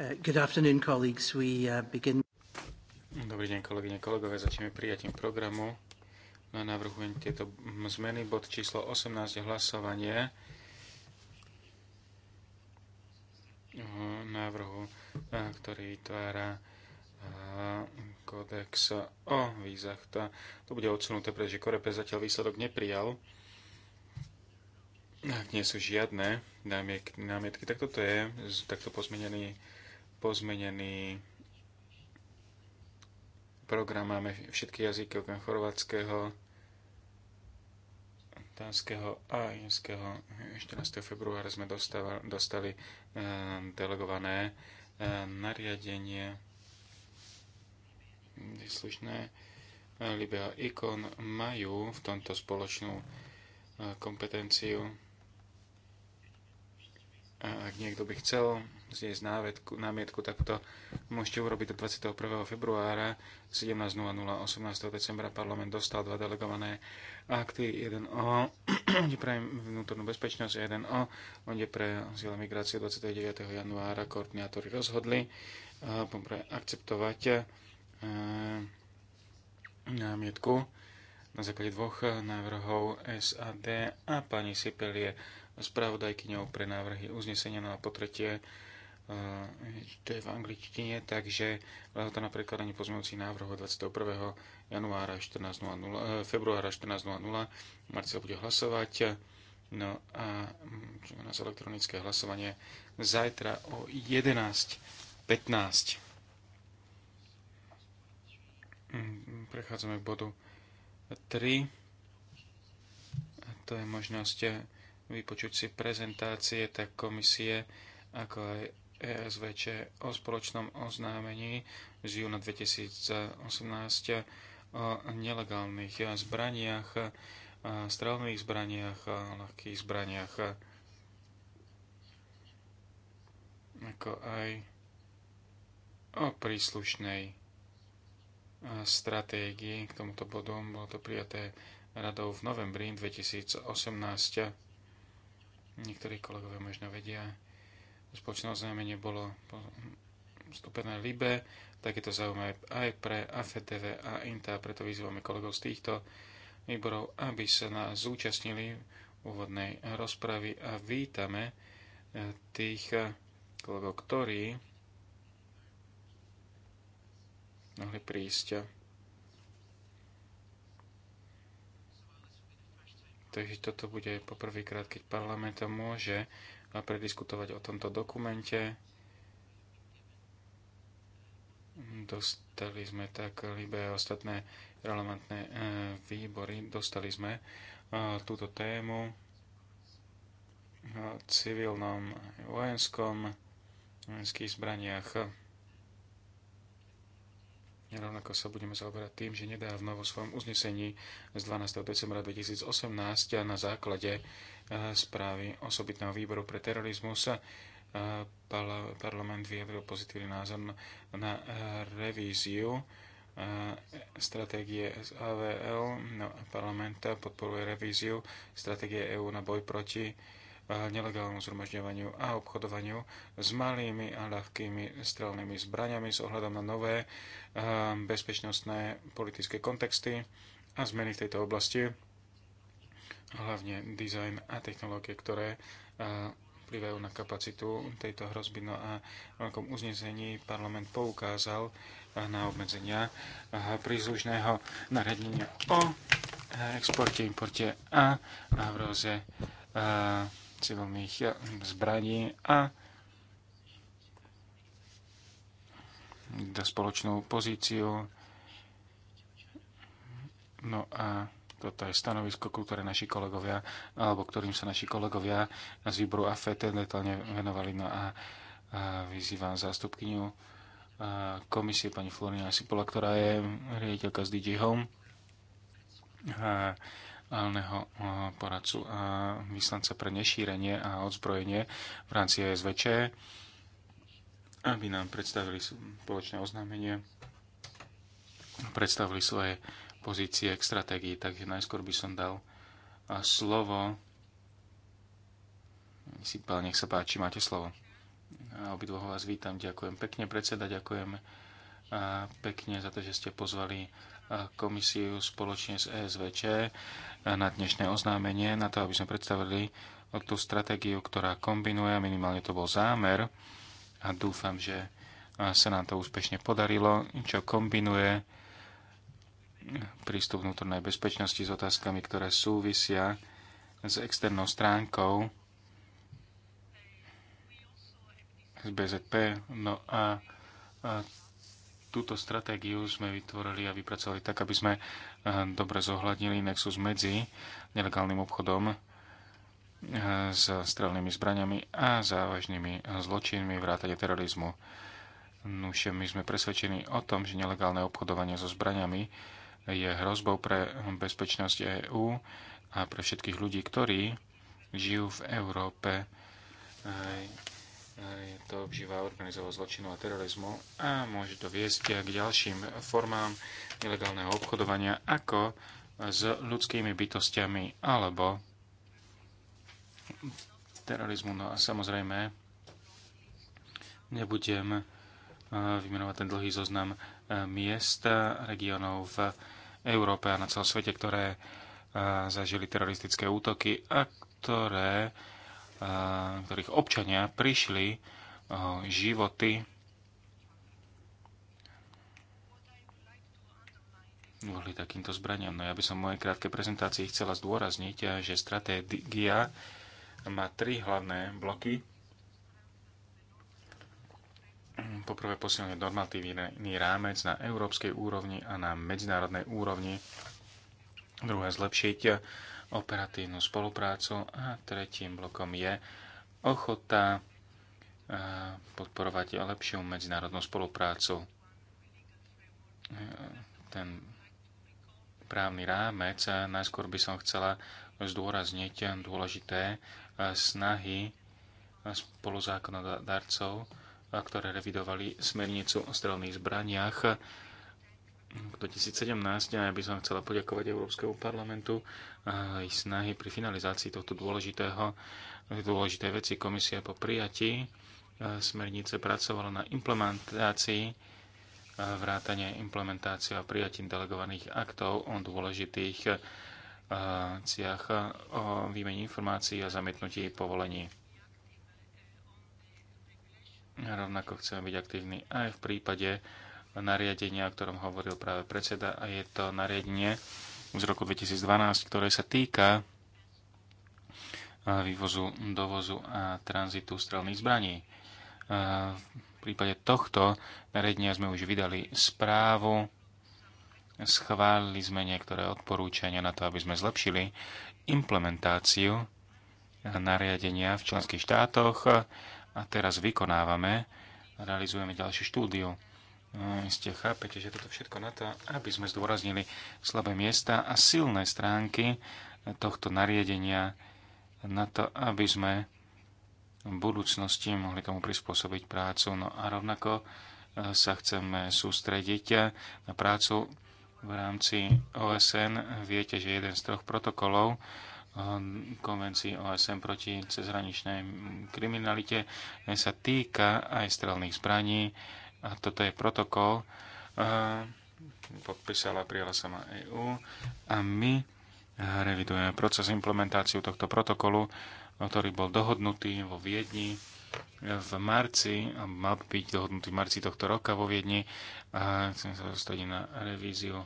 Uh, good afternoon, colleagues. We uh, begin... Dobrý deň, kolegyne, kolegové. Začneme prijatím programu. No, navrhujem tieto zmeny. Bod číslo 18, hlasovanie návrhu, eh, ktorý tvára eh, kódex o vízach. To bude odsunuté, pretože Korepe zatiaľ výsledok neprijal. Ak nie sú žiadne námietky, námietky tak toto je takto pozmenený pozmenený program, máme všetky jazyky okrem chorvátskeho, dánskeho a jenského. 14. februára sme dostali, dostali eh, delegované eh, nariadenie slušné, eh, Libia Icon majú v tomto spoločnú kompetenciu. A ak niekto by chcel zniesť návetku, námietku, tak to môžete urobiť do 21. februára 17.00 18. decembra parlament dostal dva delegované akty, jeden o pre vnútornú bezpečnosť a jeden o onde pre zile migrácie 29. januára koordinátori rozhodli uh, pre akceptovať uh, námietku na základe dvoch návrhov SAD a pani Sipelie je spravodajkyňou pre návrhy uznesenia na no potretie. tretie Eh, to je v angličtine, takže to na prekladanie pozmeňujúcich návrhov 21. januára 14.00, eh, februára 14.00. Marcel bude hlasovať. No a mm, čaká nás elektronické hlasovanie zajtra o 11.15. Mm, prechádzame k bodu 3. To je možnosť eh, vypočuť si prezentácie tak komisie, ako aj ESVČ o spoločnom oznámení z júna 2018 o nelegálnych zbraniach, strelných zbraniach, a ľahkých zbraniach, ako aj o príslušnej stratégii k tomuto bodu. Bolo to prijaté radou v novembri 2018. Niektorí kolegovia možno vedia, spoločné oznámenie bolo vstúpené Libe, tak je to zaujímavé aj pre AFTV e a INTA, preto vyzývame kolegov z týchto výborov, aby sa nás zúčastnili v úvodnej rozpravy a vítame eh, tých eh, kolegov, ktorí mohli prísť. Takže toto bude poprvýkrát, keď parlament môže a prediskutovať o tomto dokumente. Dostali sme tak Libe ostatné relevantné e, výbory. Dostali sme e, túto tému civilnom vojenskom vojenských zbraniach. Nerovnako sa budeme zaoberať tým, že nedávno vo svojom uznesení z 12. decembra 2018 na základe e, správy osobitného výboru pre terorizmus e, parlament vyjadril pozitívny názor na e, revíziu stratégie AVL. No, parlament podporuje revíziu stratégie EÚ na boj proti nelegálnom zhromažďovaniu a obchodovaniu s malými a ľahkými strelnými zbraniami s ohľadom na nové bezpečnostné politické kontexty a zmeny v tejto oblasti, hlavne dizajn a technológie, ktoré vplyvajú na kapacitu tejto hrozby. No a v nejakom uznesení parlament poukázal na obmedzenia príslušného nariadenia o exporte, importe a hroze civilných zbraní a do spoločnú pozíciu. No a toto je stanovisko, ktoré naši kolegovia, alebo ktorým sa naši kolegovia z výboru AFET detálne venovali. No a, a vyzývam zástupkyniu komisie pani Florina Sipola, ktorá je riaditeľka z DJ Home. A, hlavného poradcu a vyslanca pre nešírenie a odzbrojenie v rámci SVČ, aby nám predstavili spoločné oznámenie, predstavili svoje pozície k stratégii. Takže najskôr by som dal slovo. pán, nech sa páči, máte slovo. Obidvoch vás vítam, ďakujem pekne predseda, ďakujem pekne za to, že ste pozvali komisiu spoločne s ESVČ na dnešné oznámenie, na to, aby sme predstavili tú stratégiu, ktorá kombinuje, minimálne to bol zámer a dúfam, že sa nám to úspešne podarilo, čo kombinuje prístup vnútornej bezpečnosti s otázkami, ktoré súvisia s externou stránkou z BZP. No a, a túto stratégiu sme vytvorili a vypracovali tak, aby sme eh, dobre zohľadnili nexus medzi nelegálnym obchodom eh, s strelnými zbraniami a závažnými eh, zločinmi vrátane terorizmu. Nuže my sme presvedčení o tom, že nelegálne obchodovanie so zbraniami je hrozbou pre bezpečnosť EÚ a pre všetkých ľudí, ktorí žijú v Európe je to obžíva organizovaného zločinu a terorizmu a môže to viesť k ďalším formám nelegálneho obchodovania ako s ľudskými bytostiami alebo terorizmu. No a samozrejme nebudem e, vymenovať ten dlhý zoznam e, miest, regiónov v Európe a na celom svete, ktoré e, zažili teroristické útoky a ktoré ktorých občania prišli životy kvôli takýmto zbraniam. No ja by som v mojej krátkej prezentácii chcela zdôrazniť, že stratégia má tri hlavné bloky. Poprvé posilne normatívny rámec na európskej úrovni a na medzinárodnej úrovni. Druhé zlepšiť operatívnu spoluprácu a tretím blokom je ochota e, podporovať lepšiu medzinárodnú spoluprácu. E, ten právny rámec, e, najskôr by som chcela zdôrazniť dôležité snahy spoluzákonodarcov, ktoré revidovali smernicu o strelných zbraniach v 2017 a ja by som chcela poďakovať Európskemu parlamentu a ich snahy pri finalizácii tohto dôležitého, dôležité veci. Komisia po prijatí e, smernice pracovala na implementácii e, vrátanie implementácia a prijatím delegovaných aktov o dôležitých e, ciach o výmene informácií a zamietnutí povolení. Rovnako chceme byť aktívni aj v prípade nariadenia, o ktorom hovoril práve predseda, a je to nariadenie z roku 2012, ktoré sa týka eh, vývozu, dovozu a tranzitu strelných zbraní. Eh, v prípade tohto nariadenia sme už vydali správu, schválili sme niektoré odporúčania na to, aby sme zlepšili implementáciu nariadenia v členských štátoch eh, a teraz vykonávame, realizujeme ďalšiu štúdiu No, ste chápete, že toto všetko na to, aby sme zdôraznili slabé miesta a silné stránky tohto nariadenia na to, aby sme v budúcnosti mohli tomu prispôsobiť prácu. No a rovnako e, sa chceme sústrediť na prácu v rámci OSN. Viete, že jeden z troch protokolov e, konvencii OSN proti cezhraničnej kriminalite e, sa týka aj strelných zbraní a toto je protokol, eh, podpísala a prijala sama EU a my eh, revidujeme proces implementáciu tohto protokolu, ktorý bol dohodnutý vo Viedni eh, v marci, a mal byť dohodnutý v marci tohto roka vo Viedni a chcem sa zostať na revíziu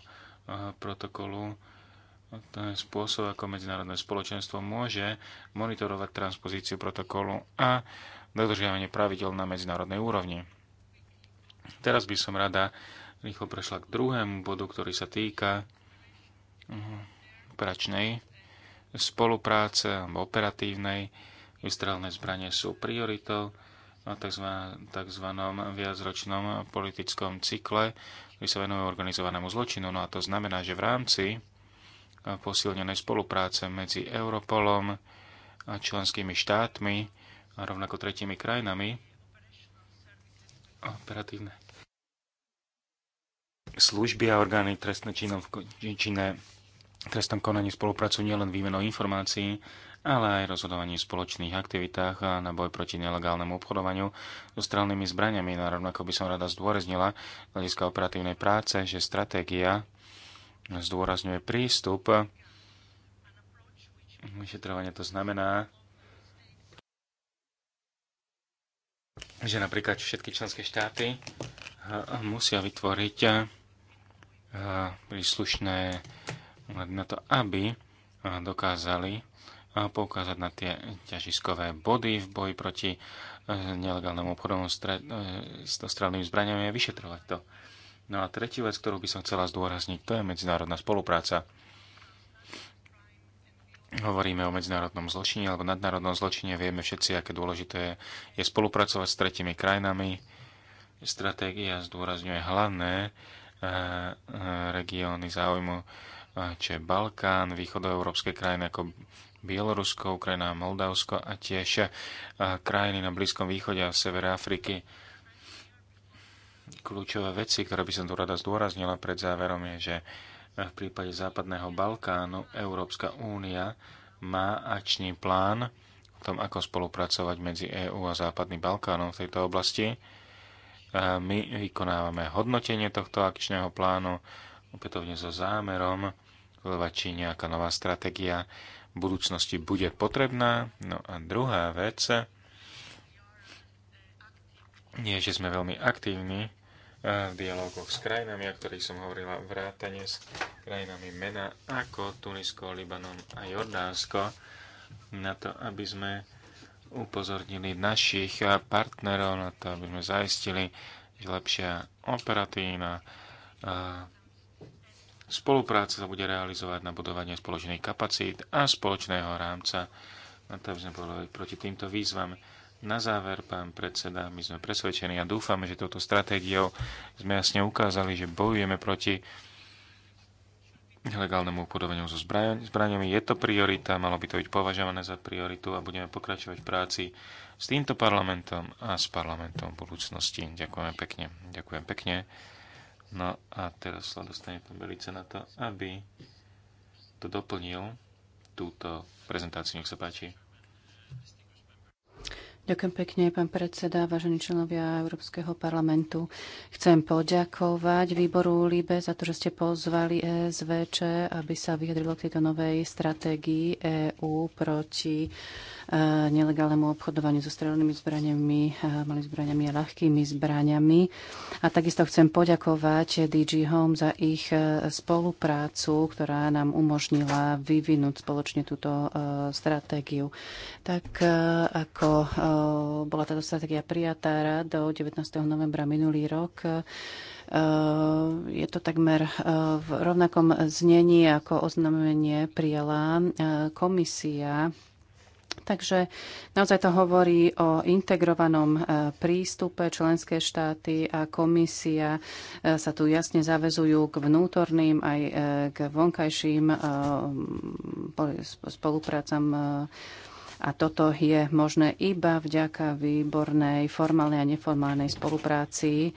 protokolu. To je spôsob, ako medzinárodné spoločenstvo môže monitorovať transpozíciu protokolu a dodržiavanie pravidel na medzinárodnej úrovni teraz by som rada rýchlo prešla k druhému bodu, ktorý sa týka mhm, operačnej spolupráce alebo operatívnej. Vystrelné zbranie sú prioritou na tzv. tzv. viacročnom politickom cykle, ktorý sa venuje organizovanému zločinu. No a to znamená, že v rámci e, posilnenej spolupráce medzi Europolom a členskými štátmi a rovnako tretími krajinami operatívne služby a orgány trestné činom činné trestnom konaní spolupracujú nielen výmenou informácií, ale aj rozhodovaní v spoločných aktivitách na boj proti nelegálnemu obchodovaniu so strelnými zbraniami. No a rovnako by som rada zdôraznila z hľadiska operatívnej práce, že stratégia zdôrazňuje prístup Vyšetrovanie To znamená, že napríklad všetky členské štáty eh, musia vytvoriť eh, príslušné na to, aby dokázali poukázať na tie ťažiskové body v boji proti e, nelegálnemu obchodu e, s dostrelnými zbraniami a vyšetrovať to. No a tretí vec, ktorú by som chcela zdôrazniť, to je medzinárodná spolupráca. Hovoríme o medzinárodnom zločine alebo nadnárodnom zločine, vieme všetci, aké dôležité je, je spolupracovať s tretimi krajinami. Stratégia zdôrazňuje hlavné Eh, eh, regióny záujmu, eh, či je Balkán, východoeurópske krajiny ako Bielorusko, Ukrajina a Moldavsko a tiež krajiny na Blízkom východe a v severe Afriky. Kľúčové veci, ktoré by som tu rada zdôraznila pred záverom, je, že v prípade Západného Balkánu Európska únia má akčný plán o tom, ako spolupracovať medzi EÚ a Západným Balkánom v tejto oblasti. My vykonávame hodnotenie tohto akčného plánu opätovne so zámerom, lebo či nejaká nová stratégia v budúcnosti bude potrebná. No a druhá vec je, že sme veľmi aktívni e, v dialogoch s krajinami, o ktorých som hovorila, vrátane s krajinami mena ako Tunisko, Libanon a Jordánsko, na to, aby sme upozornili našich partnerov na to, aby sme zaistili, že lepšia operatívna spolupráca sa bude realizovať na budovanie spoločných kapacít a spoločného rámca. Na to aby sme boli proti týmto výzvam. Na záver, pán predseda, my sme presvedčení a dúfame, že touto stratégiou sme jasne ukázali, že bojujeme proti nelegálnemu obchodovaniu so zbraniami. Je to priorita, malo by to byť považované za prioritu a budeme pokračovať v práci s týmto parlamentom a s parlamentom v budúcnosti. Ďakujeme pekne. Ďakujem pekne. No a teraz sa dostane pán Belice na to, aby to doplnil túto prezentáciu. Nech sa páči. Ďakujem pekne, pán predseda, vážení členovia Európskeho parlamentu. Chcem poďakovať výboru LIBE za to, že ste pozvali ESVČ, aby sa vyjadrilo k tejto novej stratégii EÚ proti Eh, nelegálnemu obchodovaniu so strelnými zbraniami, eh, malými zbraniami a ľahkými zbraniami. A takisto chcem poďakovať DG Home za ich eh, spoluprácu, ktorá nám umožnila vyvinúť spoločne túto stratégiu. Tak ako bola táto stratégia prijatá do 19. novembra minulý rok, je to takmer v rovnakom znení ako oznámenie prijala komisia Takže naozaj to hovorí o integrovanom e, prístupe. Členské štáty a komisia e, sa tu jasne zavezujú k vnútorným aj e, k vonkajším spoluprácam a toto je možné iba vďaka výbornej formálnej a neformálnej spolupráci, e,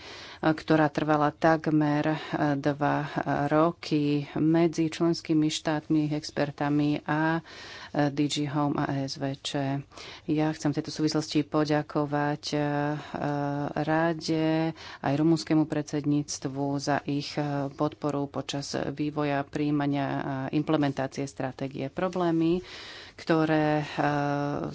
ktorá trvala takmer e, dva roky medzi členskými štátmi, expertami a e, DG Home a SVČ. Ja chcem v tejto súvislosti poďakovať Rade aj rumúnskému predsedníctvu za ich podporu počas vývoja, príjmania a implementácie stratégie. Problémy, ktoré e,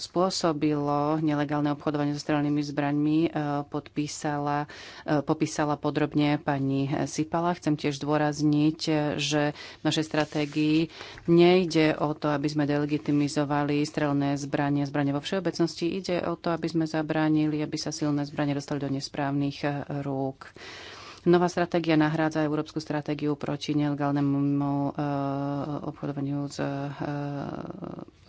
spôsobilo nelegálne obchodovanie so strelnými zbraňmi, e, podpísala, e, popísala podrobne pani Sipala. Chcem tiež zdôrazniť, že v našej stratégii nejde o to, aby sme delegitimizovali strelné zbranie, zbranie vo všeobecnosti. Ide o to, aby sme zabránili, aby sa silné zbranie dostali do nesprávnych rúk. Nová stratégia nahrádza európsku stratégiu proti nelegálnemu eh, obchodovaniu s eh,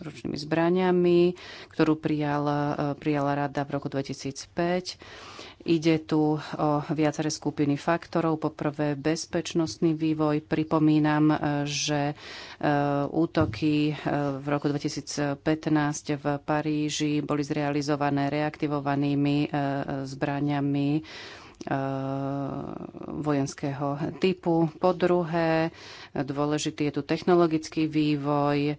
ručnými zbraniami, ktorú prijal, eh, prijala rada v roku 2005. Ide tu o viaceré skupiny faktorov. Poprvé bezpečnostný vývoj. Pripomínam, že útoky v roku 2015 v Paríži boli zrealizované reaktivovanými zbraniami Eh, vojenského typu. Po druhé, dôležitý je tu technologický vývoj, eh,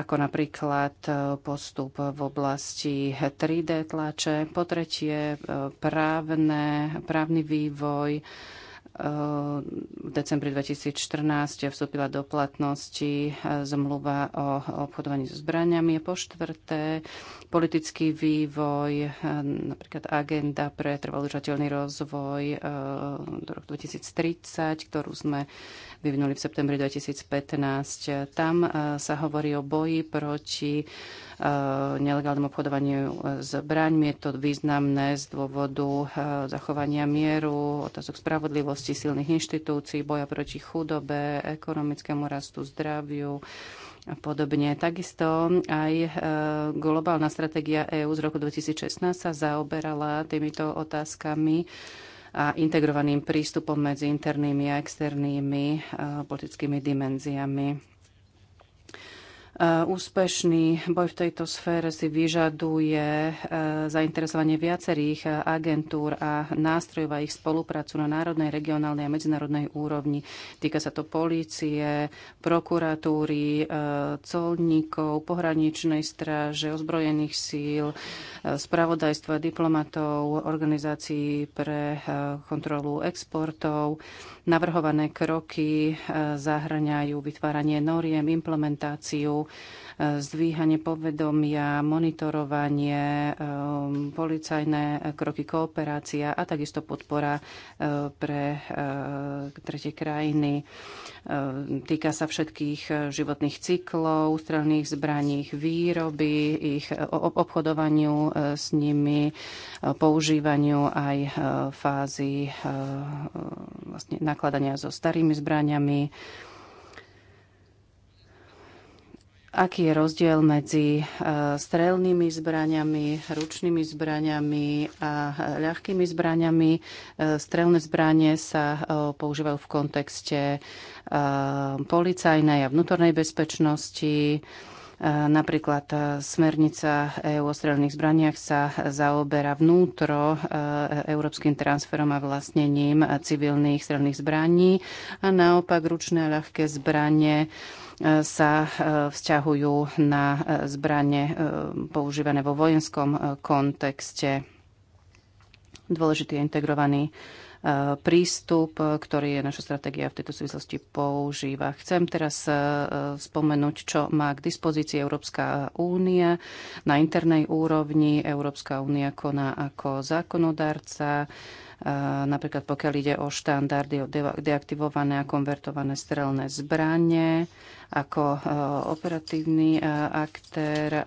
ako napríklad eh, postup v oblasti 3D tlače. Po tretie, právne, právny vývoj, v decembri 2014 vstúpila do platnosti e, zmluva o obchodovaní so zbraniami. Po štvrté, politický vývoj, e, napríklad agenda pre trvalúžateľný rozvoj e, do roku 2030, ktorú sme vyvinuli v septembri 2015. Tam e, sa hovorí o boji proti e, nelegálnemu obchodovaniu s braňmi. Je to významné z dôvodu e, zachovania mieru, otázok spravodlivosti, silných inštitúcií, boja proti chudobe, ekonomickému rastu, zdraviu a podobne. Takisto aj globálna stratégia EÚ z roku 2016 sa zaoberala týmito otázkami a integrovaným prístupom medzi internými a externými eh, politickými dimenziami Eh, úspešný boj v tejto sfére si vyžaduje eh, zainteresovanie viacerých eh, agentúr a nástrojov a ich spoluprácu na národnej, regionálnej a medzinárodnej úrovni. Týka sa to polície, prokuratúry, colníkov, pohraničnej stráže, ozbrojených síl, spravodajstva, diplomatov, organizácií pre kontrolu exportov. Navrhované kroky zahrňajú vytváranie noriem, implementáciu Eh, zdvíhanie povedomia, monitorovanie, eh, policajné kroky, kooperácia a takisto podpora eh, pre tretie krajiny. Týka sa všetkých životných cyklov, strelných zbraní, výroby, ich obchodovaniu s nimi, používaniu aj fázy vlastne nakladania so starými zbraniami, aký je rozdiel medzi e, strelnými zbraniami, ručnými zbraniami a ľahkými zbraniami. E, strelné zbranie sa e, používajú v kontexte policajnej a vnútornej bezpečnosti. Napríklad smernica EU o strelných zbraniach sa zaoberá vnútro európskym transferom a vlastnením civilných strelných zbraní a naopak ručné a ľahké zbranie sa e, vzťahujú na e, zbranie e, používané vo vojenskom kontexte. Dôležitý je integrovaný prístup, ktorý je naša stratégia v tejto súvislosti používa. Chcem teraz spomenúť, čo má k dispozícii Európska únia. Na internej úrovni Európska únia koná ako zákonodárca, napríklad pokiaľ ide o štandardy, o deaktivované a konvertované strelné zbranie, ako e, operatívny e, aktér e,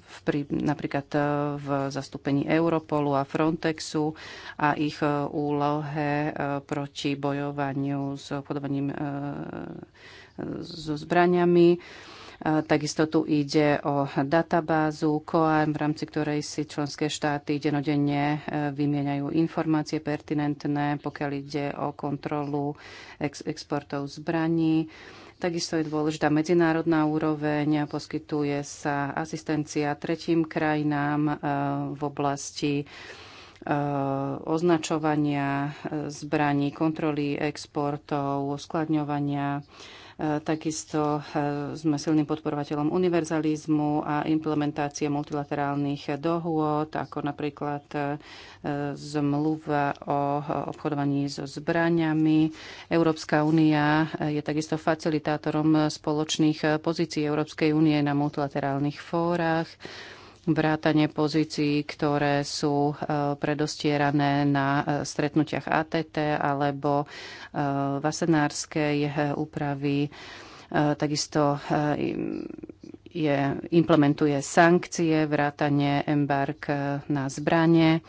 v, napríklad v zastúpení Europolu a Frontexu a ich úlohe proti bojovaniu s obchodovaním so zbraniami Takisto tu ide o databázu COAM, v rámci ktorej si členské štáty denodenne e, vymieňajú informácie pertinentné, pokiaľ ide o kontrolu ex- exportov zbraní. Takisto je dôležitá medzinárodná úroveň, poskytuje sa asistencia tretím krajinám e, v oblasti e, označovania zbraní, kontroly exportov, skladňovania Takisto e, sme silným podporovateľom univerzalizmu a implementácie multilaterálnych dohôd, ako napríklad e, zmluva o obchodovaní so zbraniami. Európska únia e, je takisto facilitátorom spoločných pozícií Európskej únie na multilaterálnych fórach vrátanie pozícií, ktoré sú e, predostierané na e, stretnutiach ATT alebo e, vasenárskej úpravy. Takisto je, implementuje sankcie, vrátanie embark na zbranie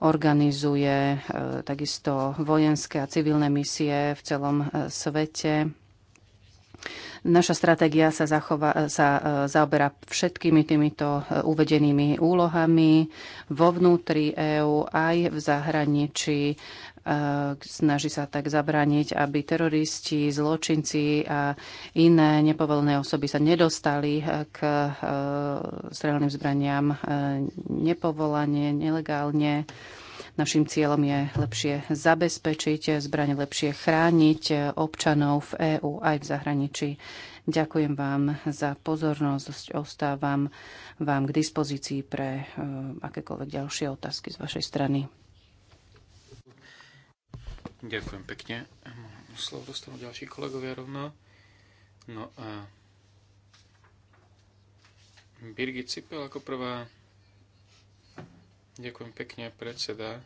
organizuje takisto vojenské a civilné misie v celom svete Naša stratégia sa, zachova, sa e, zaoberá všetkými týmito e, uvedenými úlohami vo vnútri EÚ aj v zahraničí. E, snaží sa tak zabrániť, aby teroristi, zločinci a iné nepovolené osoby sa nedostali k strelným zbraniam nepovolanie, nelegálne. Našim cieľom je lepšie zabezpečiť zbranie, lepšie chrániť občanov v EÚ aj v zahraničí. Ďakujem vám za pozornosť. Ostávam vám k dispozícii pre e, akékoľvek ďalšie otázky z vašej strany. Ďakujem pekne. Slovo dostanú ďalší kolegovia rovno. No a Birgit Cipel ako prvá Ďakujem pekne, predseda.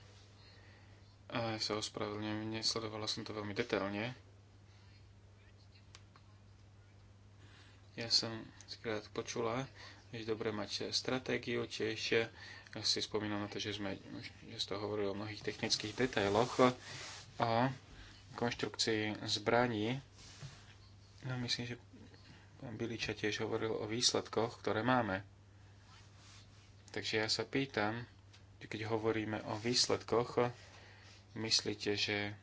A ja sa ospravedlňujem, nesledovala som to veľmi detailne. Ja som skrát počula, že dobre mať stratégiu, tiež ja si spomínam na to, že sme že z toho hovorili o mnohých technických detailoch a konštrukcii zbraní. No, myslím, že pán Biliča tiež hovoril o výsledkoch, ktoré máme. Takže ja sa pýtam, keď hovoríme o výsledkoch, myslíte, že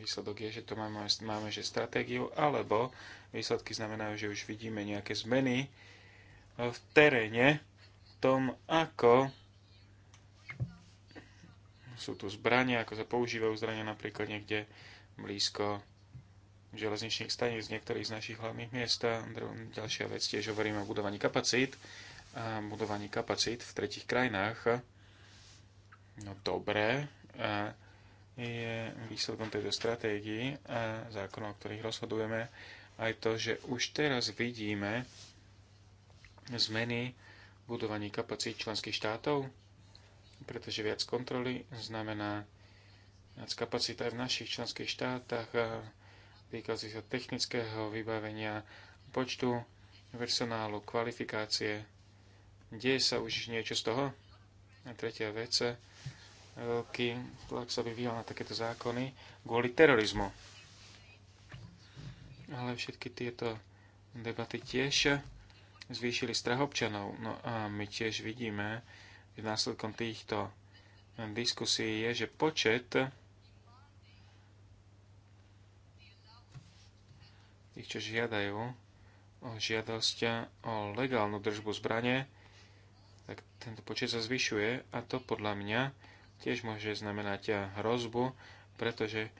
výsledok je, že to máme, máme že stratégiu, alebo výsledky znamenajú, že už vidíme nejaké zmeny v teréne, v tom, ako sú tu zbrania, ako sa používajú zbrania napríklad niekde blízko železničných staníc z niektorých z našich hlavných miest. Ďalšia vec tiež hovoríme o budovaní kapacít a budovaní kapacít v tretich krajinách. No dobré, je výsledkom tejto stratégii a zákonov, o ktorých rozhodujeme, aj to, že už teraz vidíme zmeny v budovaní kapacít členských štátov, pretože viac kontroly znamená viac kapacít aj v našich členských štátach, týka sa technického vybavenia, počtu personálu, kvalifikácie, Deje sa už niečo z toho? A tretia vec, e, veľký tlak sa vyvíjal na takéto zákony kvôli terorizmu. Ale všetky tieto debaty tiež zvýšili strach občanov. No a my tiež vidíme, že následkom týchto diskusí je, že počet tých, čo žiadajú o žiadosť o legálnu držbu zbrane, tak tento počet sa zvyšuje a to podľa mňa tiež môže znamenať hrozbu, pretože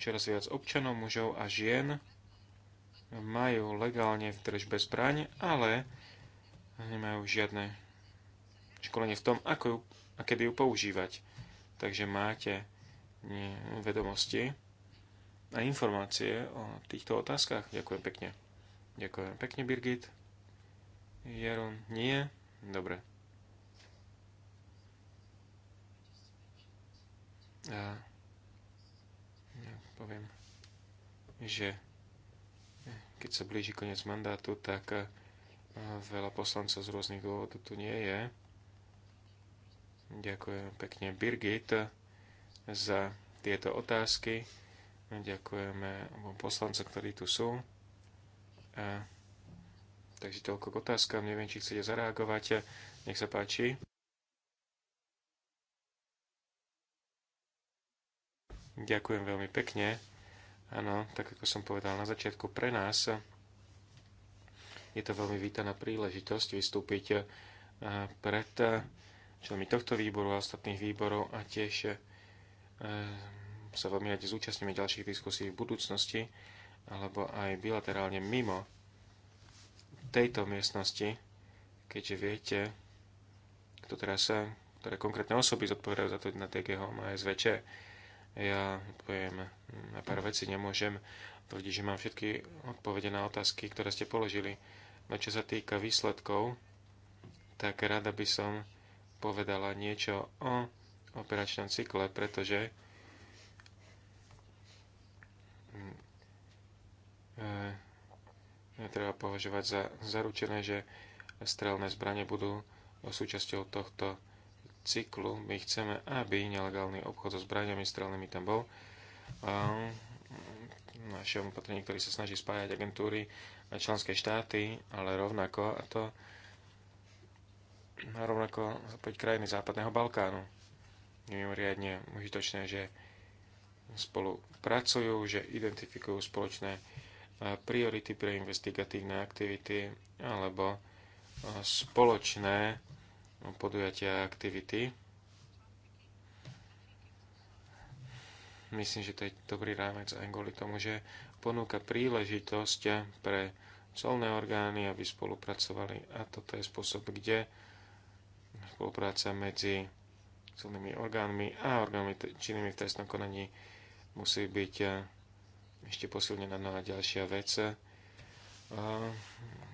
čoraz viac občanov, mužov a žien majú legálne v držbe zbraň, ale nemajú žiadne školenie v tom, ako ju, a kedy ju používať. Takže máte vedomosti a informácie o týchto otázkach. Ďakujem pekne. Ďakujem pekne, Birgit. Jaron, nie. Dobre. A ja poviem, že keď sa blíži koniec mandátu, tak eh, veľa poslancov z rôznych dôvodov tu nie je. Ďakujem pekne Birgit za tieto otázky. Ďakujeme poslancom, ktorí tu sú. A Takže toľko k otázkam. Neviem, či chcete zareagovať. Nech sa páči. Ďakujem veľmi pekne. Áno, tak ako som povedal na začiatku, pre nás je to veľmi vítaná príležitosť vystúpiť eh, pred eh, členmi tohto výboru a ostatných výborov a tiež eh, sa veľmi radi zúčastníme ďalších diskusí v budúcnosti alebo aj bilaterálne mimo tejto miestnosti, keďže viete, kto teraz sa, ktoré konkrétne osoby zodpovedajú za to na DG Home a SVČ. Ja poviem na pár vecí, nemôžem tvrdiť, že mám všetky odpovede na otázky, ktoré ste položili. No čo sa týka výsledkov, tak rada by som povedala niečo o operačnom cykle, pretože treba považovať za zaručené, že strelné zbranie budú súčasťou tohto cyklu. My chceme, aby nelegálny obchod so zbraniami strelnými tam bol. Naše opatrenie, ktorý sa snaží spájať agentúry a členské štáty, ale rovnako, a to rovnako opäť krajiny Západného Balkánu. Je mimoriadne užitočné, že spolu pracujú, že identifikujú spoločné priority pre investigatívne aktivity alebo spoločné podujatia a aktivity. Myslím, že to je dobrý rámec aj kvôli tomu, že ponúka príležitosť pre colné orgány, aby spolupracovali. A toto je spôsob, kde spolupráca medzi colnými orgánmi a orgánmi činnými v trestnom konaní musí byť ešte posilnená. na ďalšia vec,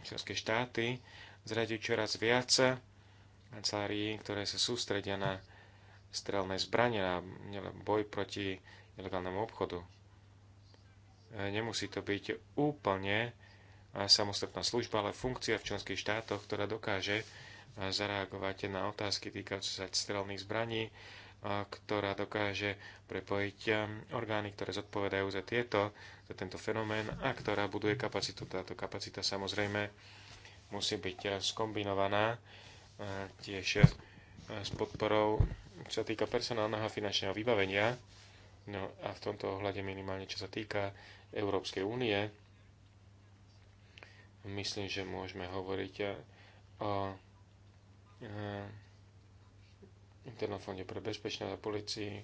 členské štáty zraďujú čoraz viac kancelárií, ktoré sa sústredia na strelné zbranie, na boj proti nelegálnemu obchodu. Nemusí to byť úplne samostatná služba, ale funkcia v členských štátoch, ktorá dokáže zareagovať na otázky týkajúce sa strelných zbraní, ktorá dokáže prepojiť um, orgány, ktoré zodpovedajú za tieto, za tento fenomén a ktorá buduje kapacitu. Táto kapacita samozrejme musí byť uh, skombinovaná uh, tiež uh, s podporou, čo sa týka personálneho a finančného vybavenia. No a v tomto ohľade minimálne, čo sa týka Európskej únie, myslím, že môžeme hovoriť o internom fonde pre bezpečnosť a policii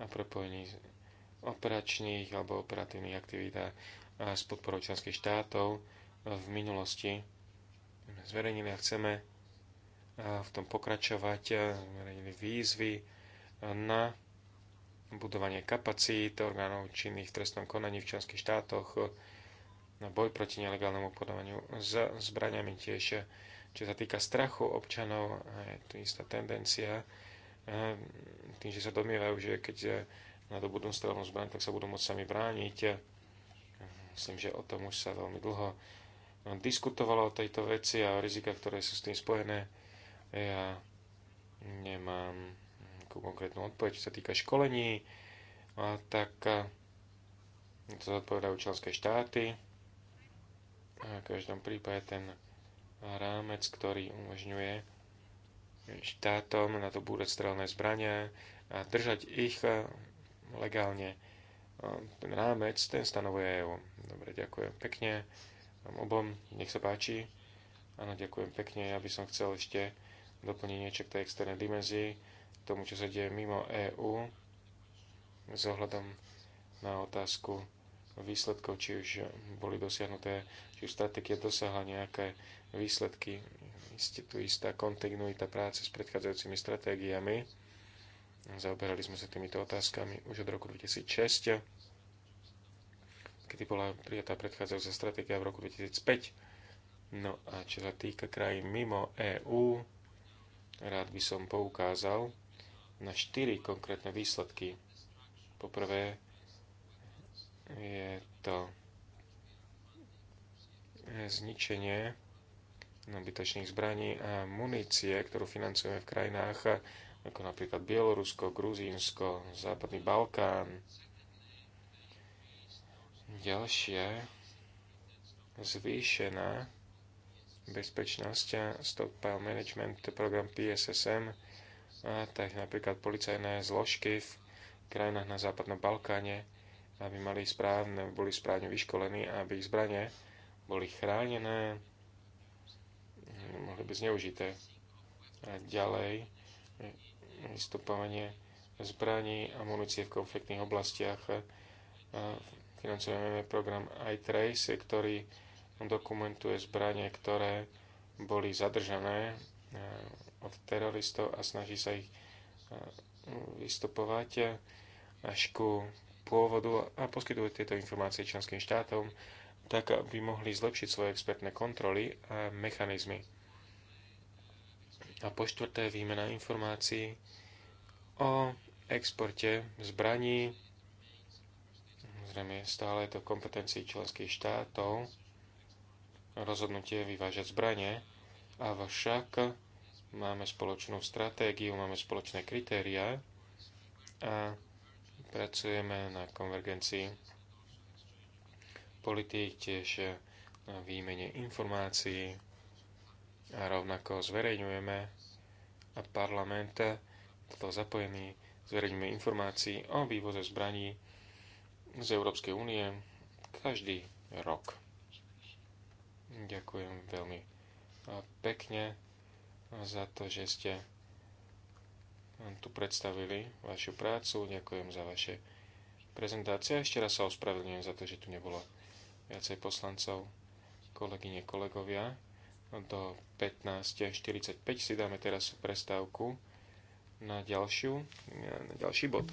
a prepojení operačných alebo operatívnych aktivít s podporou členských štátov v minulosti zverejnili a chceme v tom pokračovať, zverejnili výzvy na budovanie kapacít orgánov činných v trestnom konaní v členských štátoch, na boj proti nelegálnemu podávaniu s zbraniami tiež. Čo sa týka strachu občanov, je tu istá tendencia tým, že sa domnievajú, že keď na to budú strelnú zbraň, tak sa budú môcť sami brániť. Myslím, že o tom už sa veľmi dlho no, diskutovalo o tejto veci a o rizikách, ktoré sú s tým spojené. Ja nemám konkrétnu odpoveď, čo sa týka školení, tak to zodpovedajú členské štáty. A v každom prípade ten rámec, ktorý umožňuje štátom na to búrať strelné zbrania a držať ich eh, legálne. Ten rámec, ten stanovuje EU. Dobre, ďakujem pekne. Obom, nech sa páči. Áno, ďakujem pekne. Ja by som chcel ešte doplniť niečo k tej externej dimenzii, tomu, čo sa deje mimo EU, s ohľadom na otázku výsledkov, či už boli dosiahnuté, či už stratégia dosiahla nejaké výsledky isté tu istá kontinuita práce s predchádzajúcimi stratégiami. Zaoberali sme sa týmito otázkami už od roku 2006, kedy bola prijatá predchádzajúca stratégia v roku 2005. No a čo sa týka krajín mimo EÚ, rád by som poukázal na štyri konkrétne výsledky. Poprvé je to zničenie bytočných zbraní a munície, ktorú financujeme v krajinách ako napríklad Bielorusko, Gruzínsko, Západný Balkán. Ďalšie zvýšená bezpečnosť a stockpile management program PSSM, a tak napríklad policajné zložky v krajinách na Západnom Balkáne, aby mali správne, boli správne vyškolení, aby ich zbranie boli chránené, mohli byť zneužité. A ďalej vystupovanie zbraní a munície v konfliktných oblastiach. Financujeme program iTrace, ktorý dokumentuje zbranie, ktoré boli zadržané e, od teroristov a snaží sa ich e, vystupovať e, až ku pôvodu a poskytuje tieto informácie členským štátom, tak aby mohli zlepšiť svoje expertné kontroly a mechanizmy. A po štvrté výmena informácií o exporte zbraní. Zrejme stále je to kompetencií členských štátov rozhodnutie vyvážať zbranie, avšak máme spoločnú stratégiu, máme spoločné kritéria a pracujeme na konvergencii politík, tiež na výmene informácií a rovnako zverejňujeme a parlament toto zapojený zverejňujeme informácií o vývoze zbraní z Európskej únie každý rok. Ďakujem veľmi pekne za to, že ste tu predstavili vašu prácu. Ďakujem za vaše prezentácie. Ešte raz sa ospravedlňujem za to, že tu nebolo viacej poslancov, kolegyne, kolegovia do 15.45 si dáme teraz prestávku na, ďalšiu, na ďalší bod.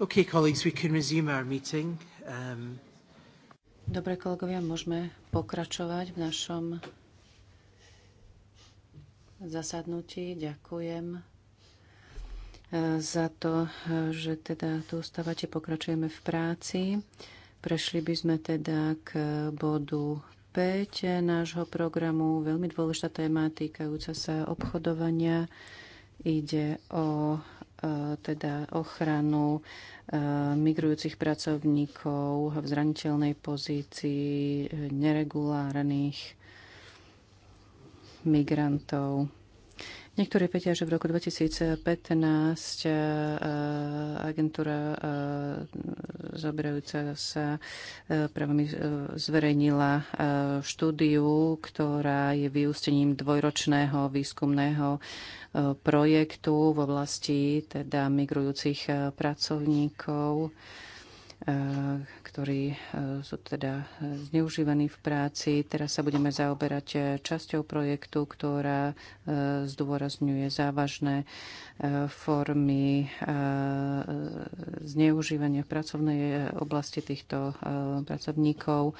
Okay, colleagues, we can resume our meeting. Um... Dobre, kolegovia, môžeme pokračovať v našom zasadnutí. Ďakujem eh, za to, eh, že teda tu stávate, pokračujeme v práci. Prešli by sme teda k eh, bodu 5 nášho programu. Veľmi dôležitá téma týkajúca sa obchodovania. Ide o E, teda ochranu e, migrujúcich pracovníkov v zraniteľnej pozícii e, neregulárnych migrantov. Niektorí vedia, že v roku 2015 e, e, agentúra e, zaoberajúca sa právami zverejnila štúdiu, ktorá je vyústením dvojročného výskumného projektu v oblasti teda migrujúcich pracovníkov Eh, ktorí eh, sú teda eh, zneužívaní v práci. Teraz sa budeme zaoberať časťou projektu, ktorá zdôrazňuje závažné formy zneužívania v pracovnej oblasti týchto pracovníkov.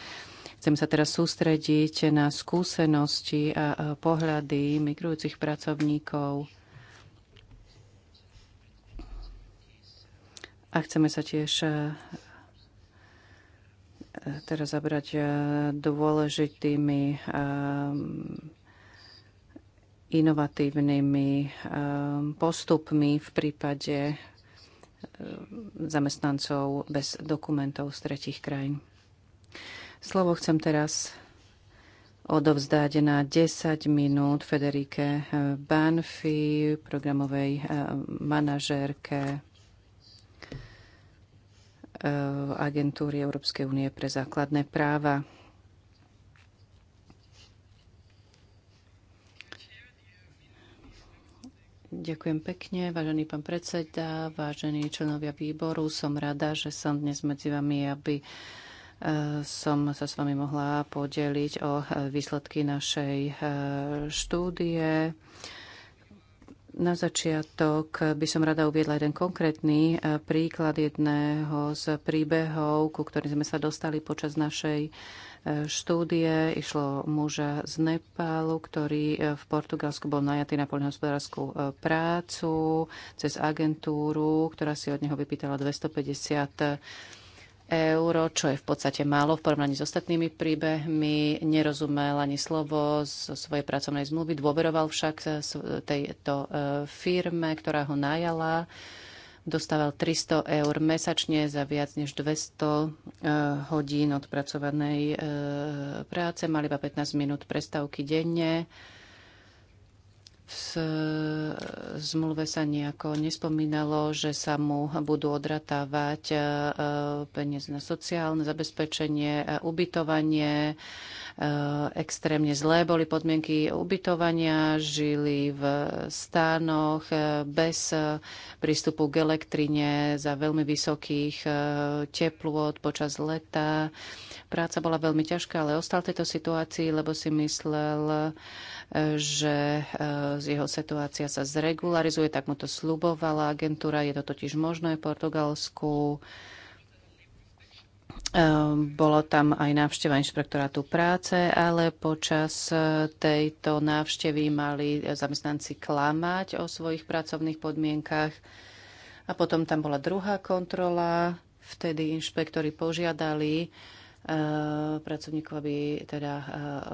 Chcem sa teraz sústrediť na skúsenosti a pohľady migrujúcich pracovníkov. A chceme sa tiež teraz zabrať eh, dôležitými eh, inovatívnymi eh, postupmi v prípade zamestnancov bez dokumentov z tretich krajín. Slovo chcem teraz odovzdať na 10 minút Federike Banfi, programovej manažérke Eh, agentúry Európskej únie pre základné práva. Ďakujem pekne, vážený pán predseda, vážení členovia výboru. Som rada, že som dnes medzi vami, aby eh, som sa s vami mohla podeliť o eh, výsledky našej štúdie. Na začiatok by som rada uviedla jeden konkrétny e, príklad jedného z príbehov, ku ktorým sme sa dostali počas našej e, štúdie. Išlo muža z Nepálu, ktorý e, v Portugalsku bol najatý na poľnohospodárskú prácu cez agentúru, ktorá si od neho vypýtala 250 euro, čo je v podstate málo v porovnaní s ostatnými príbehmi. Nerozumel ani slovo zo svojej pracovnej zmluvy, dôveroval však tejto e, firme, ktorá ho najala. Dostával 300 eur mesačne za viac než 200 e, hodín odpracovanej e, práce. Mal iba 15 minút prestávky denne v zmluve sa nejako nespomínalo, že sa mu budú odratávať e, e, peniaze na sociálne zabezpečenie, e, ubytovanie, Eh, extrémne zlé boli podmienky ubytovania, žili v stánoch eh, bez eh, prístupu k elektrine za veľmi vysokých teplôt počas leta. Práca bola veľmi ťažká, ale ostal v tejto situácii, lebo si myslel, že z jeho situácia sa zregularizuje, tak mu to slubovala agentúra, je to totiž možné v Portugalsku. Ehm, bolo tam aj návšteva inšpektorátu práce, ale počas e, tejto návštevy mali zamestnanci klamať o svojich pracovných podmienkach. A potom tam bola druhá kontrola. Vtedy inšpektori požiadali Eh, pracovníkov, aby teda eh,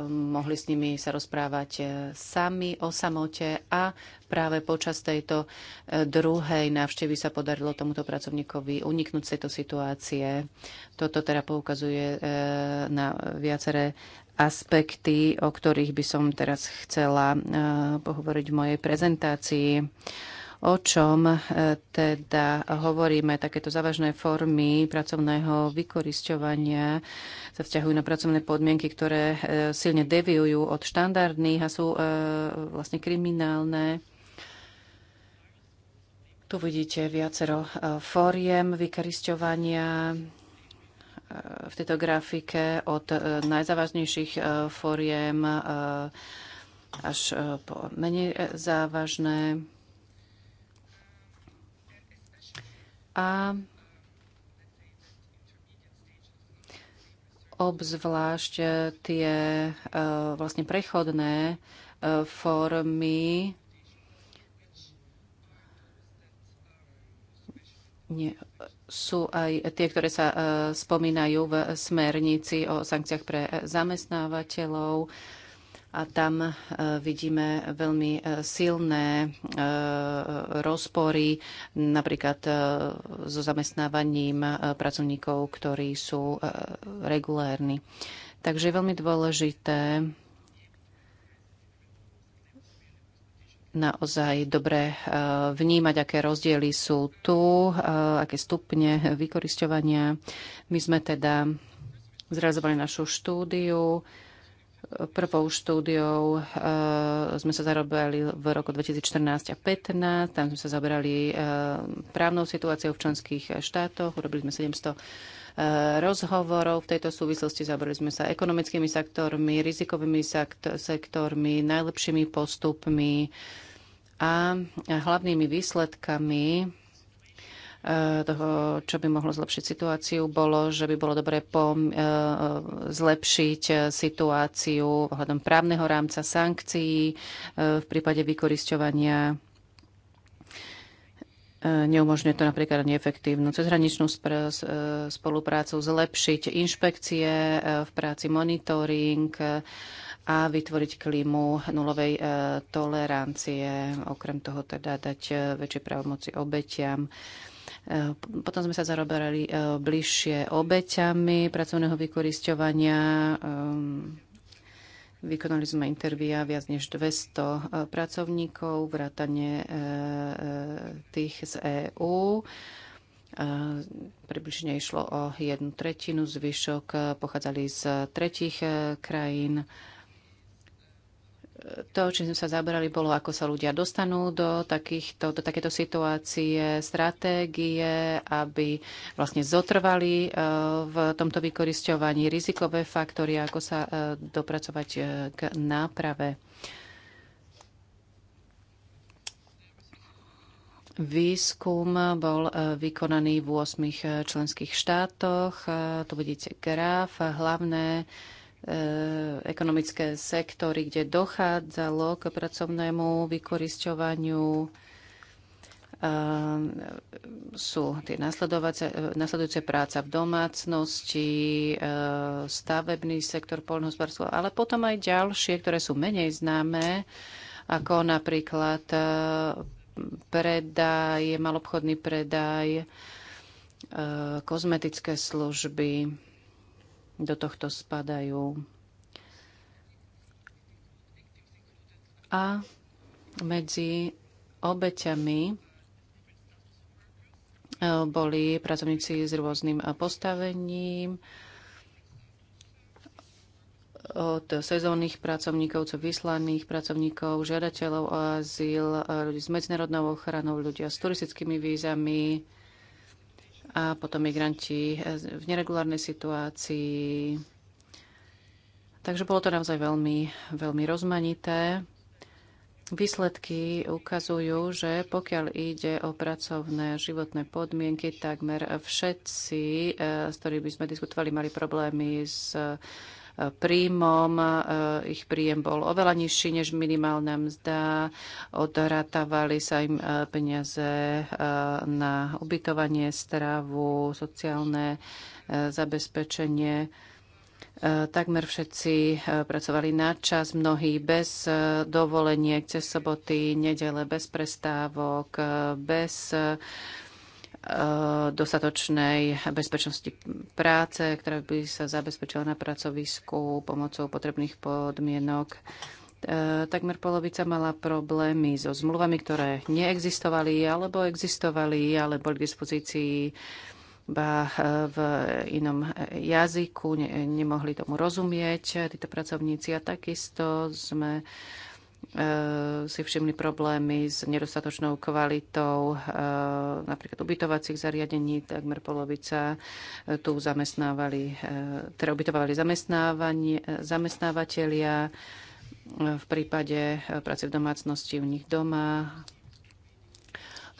mohli s nimi sa rozprávať eh, sami o samote a práve počas tejto druhej návštevy sa podarilo tomuto pracovníkovi uniknúť z tejto situácie. Toto teda poukazuje na viaceré aspekty, o ktorých by som teraz chcela pohovoriť v mojej prezentácii o čom e, teda hovoríme. Takéto závažné formy pracovného vykorisťovania sa vzťahujú na pracovné podmienky, ktoré e, silne deviujú od štandardných a sú e, vlastne kriminálne. Tu vidíte viacero fóriem vykorisťovania v tejto grafike od najzávažnejších fóriem až po menej závažné. a obzvlášť e, tie e, vlastne prechodné e, formy Nie, sú aj tie, ktoré sa spomínajú v smernici o sankciách pre zamestnávateľov a tam e, vidíme veľmi e, silné e, rozpory napríklad so zamestnávaním pracovníkov, ktorí sú regulérni. Takže je veľmi dôležité naozaj dobre vnímať, aké rozdiely sú tu, aké stupne vykorisťovania. My sme teda zrealizovali našu štúdiu Prvou štúdiou e, sme sa zarobili v roku 2014 a 2015. Tam sme sa zabrali e, právnou situáciou v členských štátoch. Urobili sme 700 e, rozhovorov. V tejto súvislosti zabrali sme sa ekonomickými sektormi, rizikovými sektormi, najlepšími postupmi a hlavnými výsledkami Eh, toho, čo by mohlo zlepšiť situáciu, bolo, že by bolo dobre pom- eh, zlepšiť eh, situáciu ohľadom právneho rámca sankcií v prípade vykorisťovania neumožňuje to napríklad neefektívnu cezhraničnú spoluprácu, zlepšiť inšpekcie v práci monitoring a vytvoriť klímu nulovej tolerancie. Okrem toho teda dať väčšie právomoci obetiam. Eh, potom sme sa zaroberali eh, bližšie obeťami pracovného vykorisťovania. Ehm, vykonali sme intervíja viac než 200 eh, pracovníkov, vrátane tých z EÚ. Približne išlo o jednu tretinu, zvyšok pochádzali z tretich krajín to, čím sme sa zabrali, bolo, ako sa ľudia dostanú do, takýchto, do takéto situácie, stratégie, aby vlastne zotrvali e, v tomto vykoristovaní rizikové faktory, ako sa e, dopracovať e, k náprave. Výskum bol vykonaný v 8 členských štátoch. Tu vidíte graf. Hlavné Eh, ekonomické sektory, kde dochádzalo k pracovnému vykorisťovaniu. Eh, sú tie eh, nasledujúce práca v domácnosti, stavebný sektor, poľnohospodárstvo, ale potom aj ďalšie, ktoré sú menej známe, ako napríklad predaj, malobchodný predaj, kozmetické služby, do tohto spadajú. A medzi obeťami e, boli pracovníci s rôznym postavením, od sezónnych pracovníkov, co vyslaných pracovníkov, žiadateľov o azyl, e, ľudí s medzinárodnou ochranou, ľudia s turistickými vízami, a potom migranti eh, v neregulárnej situácii. Takže bolo to naozaj veľmi, veľmi rozmanité. Výsledky ukazujú, že pokiaľ ide o pracovné životné podmienky, takmer všetci, eh, s ktorými sme diskutovali, mali problémy s príjmom. E, ich príjem bol oveľa nižší než minimálna mzda. Odratávali sa im e, peniaze e, na ubytovanie, stravu, sociálne zabezpečenie. Takmer všetci pracovali na čas, mnohí bez dovoleniek, cez soboty, nedele, bez prestávok, bez Eh, dostatočnej bezpečnosti práce, ktorá by sa zabezpečila na pracovisku pomocou potrebných podmienok. Eh, takmer polovica mala problémy so zmluvami, ktoré neexistovali alebo existovali, ale boli k dispozícii iba eh, v inom jazyku, ne, nemohli tomu rozumieť títo pracovníci a takisto sme E, si všimli problémy s nedostatočnou kvalitou e, napríklad ubytovacích zariadení, takmer polovica e, tu zamestnávali, teda ubytovali zamestnávateľia, v prípade práce v domácnosti u nich doma,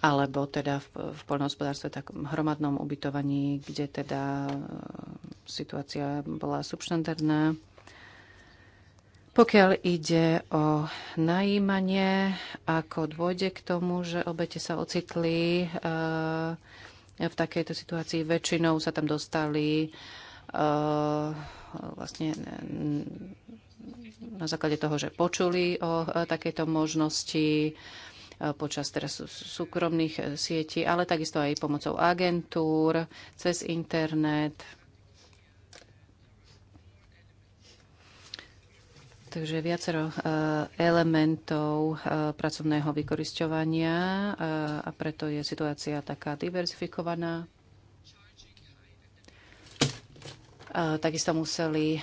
alebo teda v, v poľnohospodárstve takom hromadnom ubytovaní, kde teda situácia bola subštandardná. Pokiaľ ide o najímanie, ako dôjde k tomu, že obete sa ocitli eh, v takejto situácii, väčšinou sa tam dostali eh, vlastne na základe toho, že počuli o eh, takejto možnosti počas teraz súkromných sietí, ale takisto aj pomocou agentúr, cez internet, Takže viacero e, elementov e, pracovného vykorisťovania e, a preto je situácia taká diverzifikovaná. Takisto museli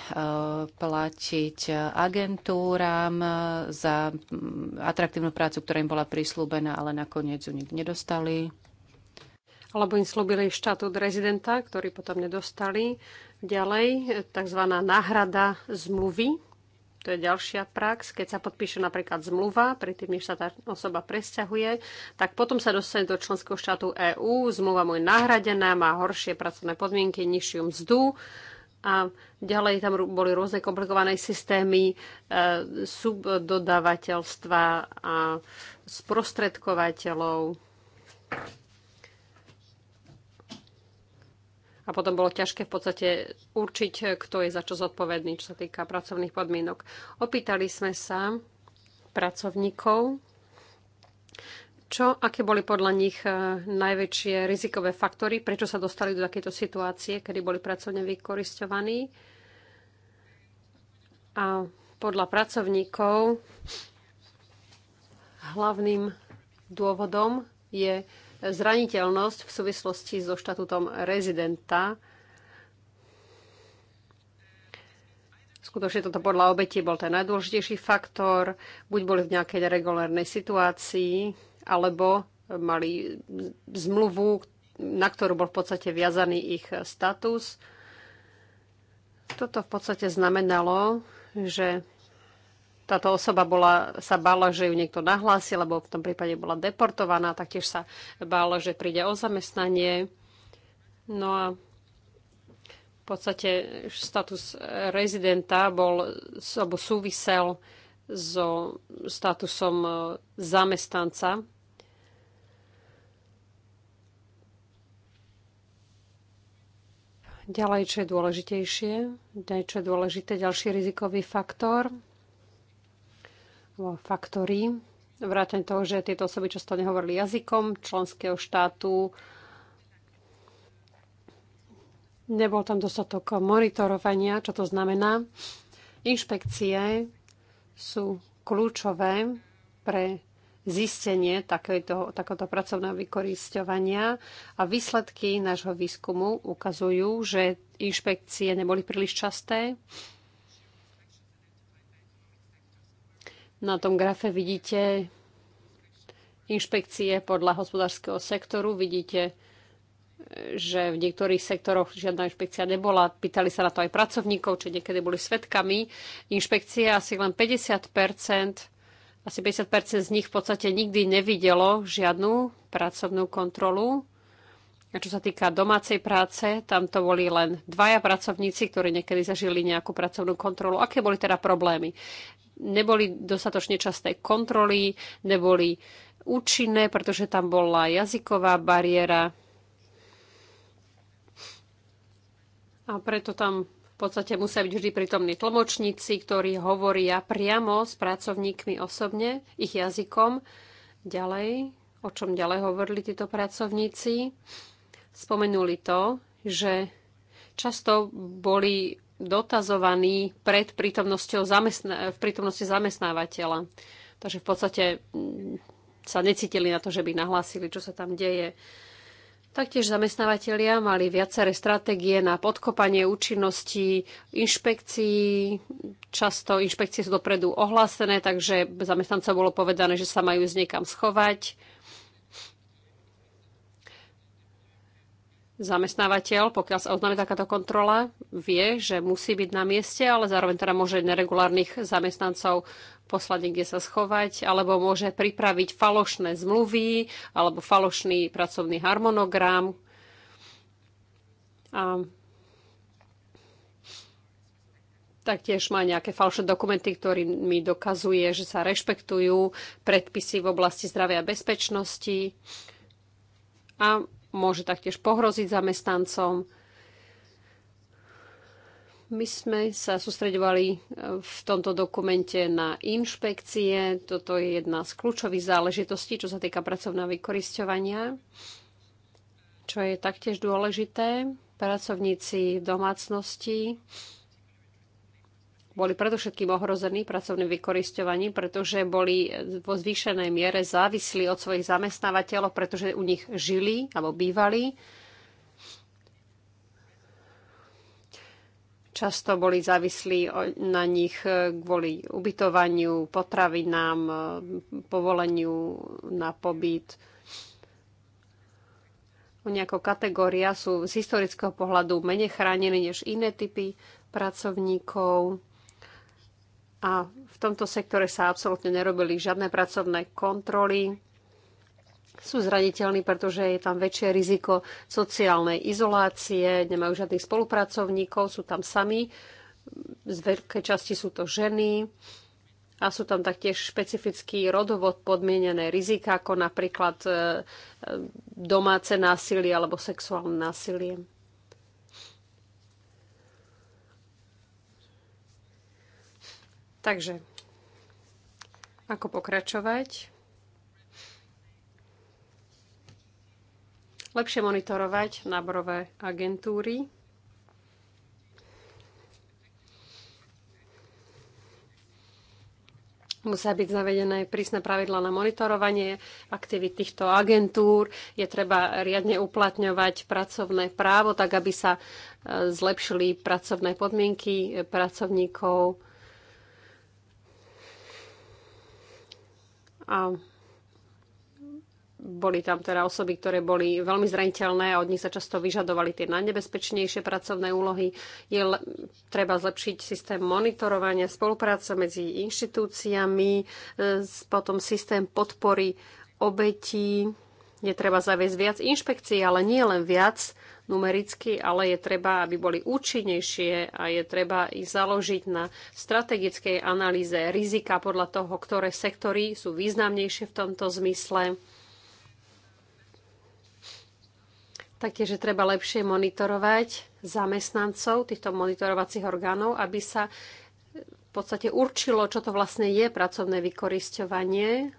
platiť agentúram za mm, atraktívnu prácu, ktorá im bola prislúbená, ale nakoniec ju nikdy nedostali. Alebo im slúbili štatút rezidenta, ktorý potom nedostali. Ďalej, tzv. náhrada zmluvy, to je ďalšia prax. Keď sa podpíše napríklad zmluva, predtým, než sa tá osoba presťahuje, tak potom sa dostane do členského štátu EÚ, zmluva mu je nahradená, má horšie pracovné podmienky, nižšiu mzdu a ďalej tam boli rôzne komplikované systémy e, subdodávateľstva a sprostredkovateľov. a potom bolo ťažké v podstate určiť, kto je za čo zodpovedný, čo sa týka pracovných podmienok. Opýtali sme sa pracovníkov, čo, aké boli podľa nich e, najväčšie rizikové faktory, prečo sa dostali do takéto situácie, kedy boli pracovne vykoristovaní. A podľa pracovníkov hlavným dôvodom je zraniteľnosť v súvislosti so štatutom rezidenta. Skutočne toto podľa obetí bol ten najdôležitejší faktor. Buď boli v nejakej regulárnej situácii, alebo mali zmluvu, na ktorú bol v podstate viazaný ich status. Toto v podstate znamenalo, že táto osoba bola, sa bála, že ju niekto nahlási, lebo v tom prípade bola deportovaná, taktiež sa bála, že príde o zamestnanie. No a v podstate status rezidenta bol, alebo súvisel so statusom e, zamestnanca. Ďalej, čo je dôležitejšie, čo je dôležité, ďalší rizikový faktor, vo faktórii. Vrátane toho, že tieto osoby často nehovorili jazykom členského štátu, nebol tam dostatok monitorovania, čo to znamená. Inšpekcie sú kľúčové pre zistenie takéto, takéto pracovného vykoristovania a výsledky nášho výskumu ukazujú, že inšpekcie neboli príliš časté Na tom grafe vidíte inšpekcie podľa hospodárskeho sektoru. Vidíte, že v niektorých sektoroch žiadna inšpekcia nebola. Pýtali sa na to aj pracovníkov, či niekedy boli svetkami. Inšpekcie asi len 50 asi 50 z nich v podstate nikdy nevidelo žiadnu pracovnú kontrolu. A čo sa týka domácej práce, tam to boli len dvaja pracovníci, ktorí niekedy zažili nejakú pracovnú kontrolu. Aké boli teda problémy? Neboli dostatočne časté kontroly, neboli účinné, pretože tam bola jazyková bariéra. A preto tam v podstate musia byť vždy prítomní tlmočníci, ktorí hovoria priamo s pracovníkmi osobne, ich jazykom. Ďalej, o čom ďalej hovorili títo pracovníci spomenuli to, že často boli dotazovaní pred prítomnosťou zamestna- v prítomnosti zamestnávateľa. Takže v podstate mm, sa necítili na to, že by nahlásili, čo sa tam deje. Taktiež zamestnávateľia mali viaceré stratégie na podkopanie účinnosti inšpekcií. Často inšpekcie sú dopredu ohlásené, takže zamestnancov bolo povedané, že sa majú z niekam schovať zamestnávateľ, pokiaľ sa oznámi takáto kontrola, vie, že musí byť na mieste, ale zároveň teda môže neregulárnych zamestnancov poslať niekde sa schovať, alebo môže pripraviť falošné zmluvy, alebo falošný pracovný harmonogram. A taktiež má nejaké falšné dokumenty, ktorými dokazuje, že sa rešpektujú predpisy v oblasti zdravia a bezpečnosti. A môže taktiež pohroziť zamestnancom. My sme sa sústredovali e, v tomto dokumente na inšpekcie. Toto je jedna z kľúčových záležitostí, čo sa týka pracovného vykorisťovania. Čo je taktiež dôležité, pracovníci domácnosti boli predovšetkým ohrození pracovným vykoristovaním, pretože boli vo zvýšenej miere závislí od svojich zamestnávateľov, pretože u nich žili alebo bývali. Často boli závislí na nich kvôli ubytovaniu, potravinám, povoleniu na pobyt. Oni ako kategória sú z historického pohľadu menej chránení než iné typy pracovníkov a v tomto sektore sa absolútne nerobili žiadne pracovné kontroly. Sú zraniteľní, pretože je tam väčšie riziko sociálnej izolácie, nemajú žiadnych spolupracovníkov, sú tam sami. Z veľkej časti sú to ženy a sú tam taktiež špecifický rodovod podmienené rizika, ako napríklad e, e, domáce násilie alebo sexuálne násilie. Takže, ako pokračovať? Lepšie monitorovať náborové agentúry. Musia byť zavedené prísne pravidla na monitorovanie aktivít týchto agentúr. Je treba riadne uplatňovať pracovné právo, tak aby sa e, zlepšili pracovné podmienky pracovníkov. A boli tam teda osoby, ktoré boli veľmi zraniteľné a od nich sa často vyžadovali tie najnebezpečnejšie pracovné úlohy. Je treba zlepšiť systém monitorovania, spolupráce medzi inštitúciami, e, potom systém podpory obetí. Je treba zaviesť viac inšpekcií, ale nie len viac, numericky, ale je treba, aby boli účinnejšie a je treba ich založiť na strategickej analýze rizika podľa toho, ktoré sektory sú významnejšie v tomto zmysle. Taktiež je treba lepšie monitorovať zamestnancov týchto monitorovacích orgánov, aby sa v podstate určilo, čo to vlastne je pracovné vykorisťovanie.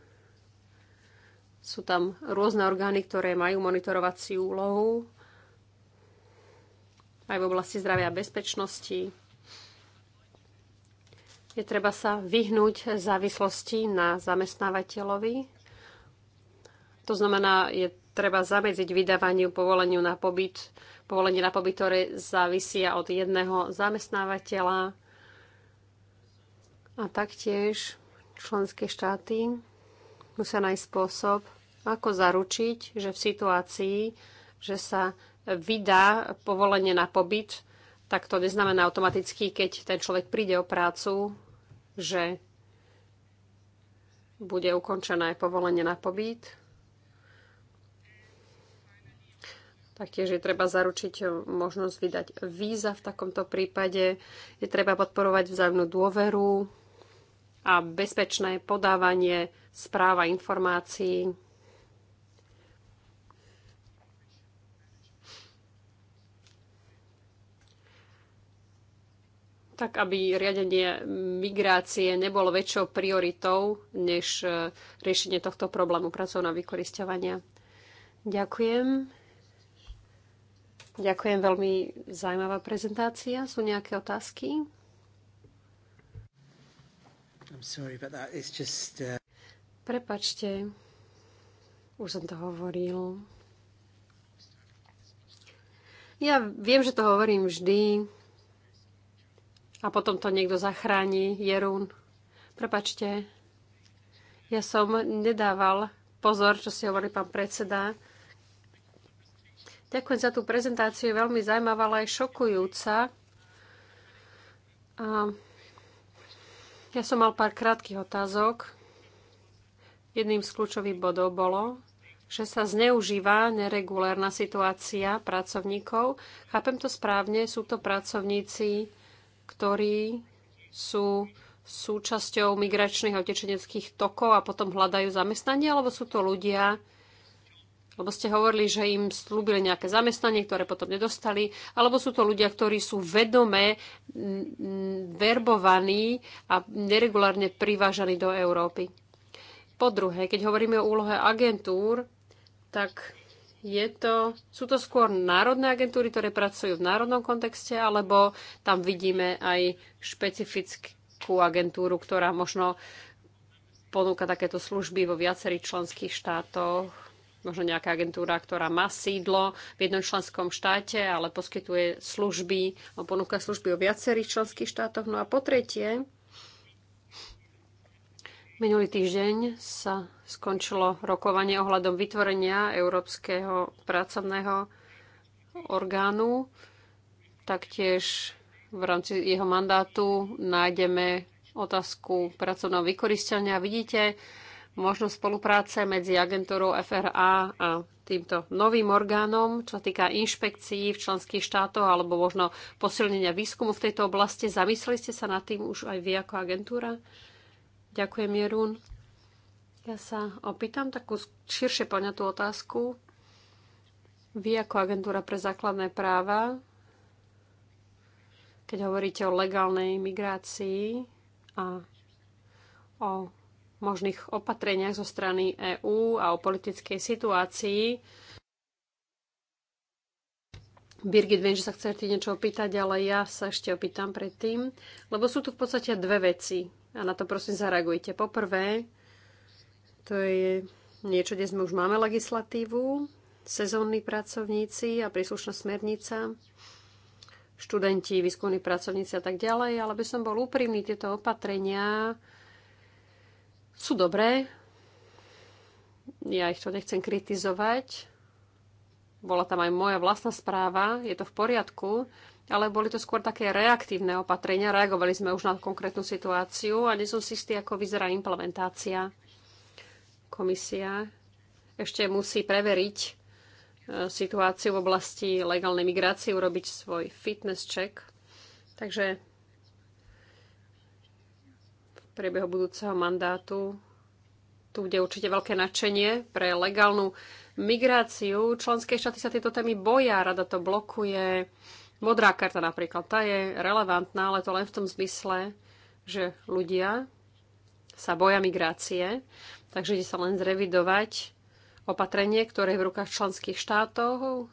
Sú tam rôzne orgány, ktoré majú monitorovaciu úlohu aj v oblasti zdravia a bezpečnosti. Je treba sa vyhnúť závislosti na zamestnávateľovi. To znamená, je treba zamedziť vydávaniu povoleniu na pobyt, povolenie na pobyt, ktoré závisia od jedného zamestnávateľa. A taktiež členské štáty musia nájsť spôsob, ako zaručiť, že v situácii, že sa vydá povolenie na pobyt, tak to neznamená automaticky, keď ten človek príde o prácu, že bude ukončené povolenie na pobyt. Taktiež je treba zaručiť možnosť vydať víza v takomto prípade. Je treba podporovať vzájomnú dôveru a bezpečné podávanie správa informácií. tak aby riadenie migrácie nebolo väčšou prioritou než e, riešenie tohto problému pracovného vykoristovania. Ďakujem. Ďakujem, veľmi zaujímavá prezentácia. Sú nejaké otázky? Sorry, just, uh... Prepačte, už som to hovoril. Ja viem, že to hovorím vždy, a potom to niekto zachráni. Jerún, prepačte, ja som nedával pozor, čo si hovorí pán predseda. Ďakujem za tú prezentáciu, je veľmi zaujímavá, ale aj šokujúca. A ja som mal pár krátkých otázok. Jedným z kľúčových bodov bolo, že sa zneužíva neregulárna situácia pracovníkov. Chápem to správne, sú to pracovníci, ktorí sú súčasťou migračných a utečeneckých tokov a potom hľadajú zamestnanie, alebo sú to ľudia, lebo ste hovorili, že im slúbili nejaké zamestnanie, ktoré potom nedostali, alebo sú to ľudia, ktorí sú vedome verbovaní a neregulárne privážaní do Európy. Po druhé, keď hovoríme o úlohe agentúr, tak je to, sú to skôr národné agentúry, ktoré pracujú v národnom kontexte, alebo tam vidíme aj špecifickú agentúru, ktorá možno ponúka takéto služby vo viacerých členských štátoch, možno nejaká agentúra, ktorá má sídlo v jednom členskom štáte, ale poskytuje služby, ponúka služby vo viacerých členských štátoch. No a po tretie, Minulý týždeň sa skončilo rokovanie ohľadom vytvorenia Európskeho pracovného orgánu. Taktiež v rámci jeho mandátu nájdeme otázku pracovného vykoristenia. Vidíte možnosť spolupráce medzi agentúrou FRA a týmto novým orgánom, čo týka inšpekcií v členských štátoch alebo možno posilnenia výskumu v tejto oblasti. Zamysleli ste sa nad tým už aj vy ako agentúra? Ďakujem, Jerún. Ja sa opýtam takú širšie poňatú otázku. Vy ako agentúra pre základné práva, keď hovoríte o legálnej migrácii a o možných opatreniach zo strany EÚ a o politickej situácii, Birgit, viem, že sa chcete niečo opýtať, ale ja sa ešte opýtam predtým, lebo sú tu v podstate dve veci a na to prosím zareagujte. Poprvé, to je niečo, kde sme už máme legislatívu, sezónni pracovníci a príslušná smernica, študenti, výskumní pracovníci a tak ďalej, ale by som bol úprimný, tieto opatrenia sú dobré. Ja ich to nechcem kritizovať. Bola tam aj moja vlastná správa, je to v poriadku, ale boli to skôr také reaktívne opatrenia. Reagovali sme už na konkrétnu situáciu a nie som si istý, ako vyzerá implementácia. Komisia ešte musí preveriť e, situáciu v oblasti legálnej migrácie, urobiť svoj fitness check. Takže v priebehu budúceho mandátu tu bude určite veľké nadšenie pre legálnu migráciu. Členské štáty sa tieto témy boja, rada to blokuje. Modrá karta napríklad, tá je relevantná, ale to len v tom zmysle, že ľudia sa boja migrácie, takže ide sa len zrevidovať opatrenie, ktoré je v rukách členských štátov.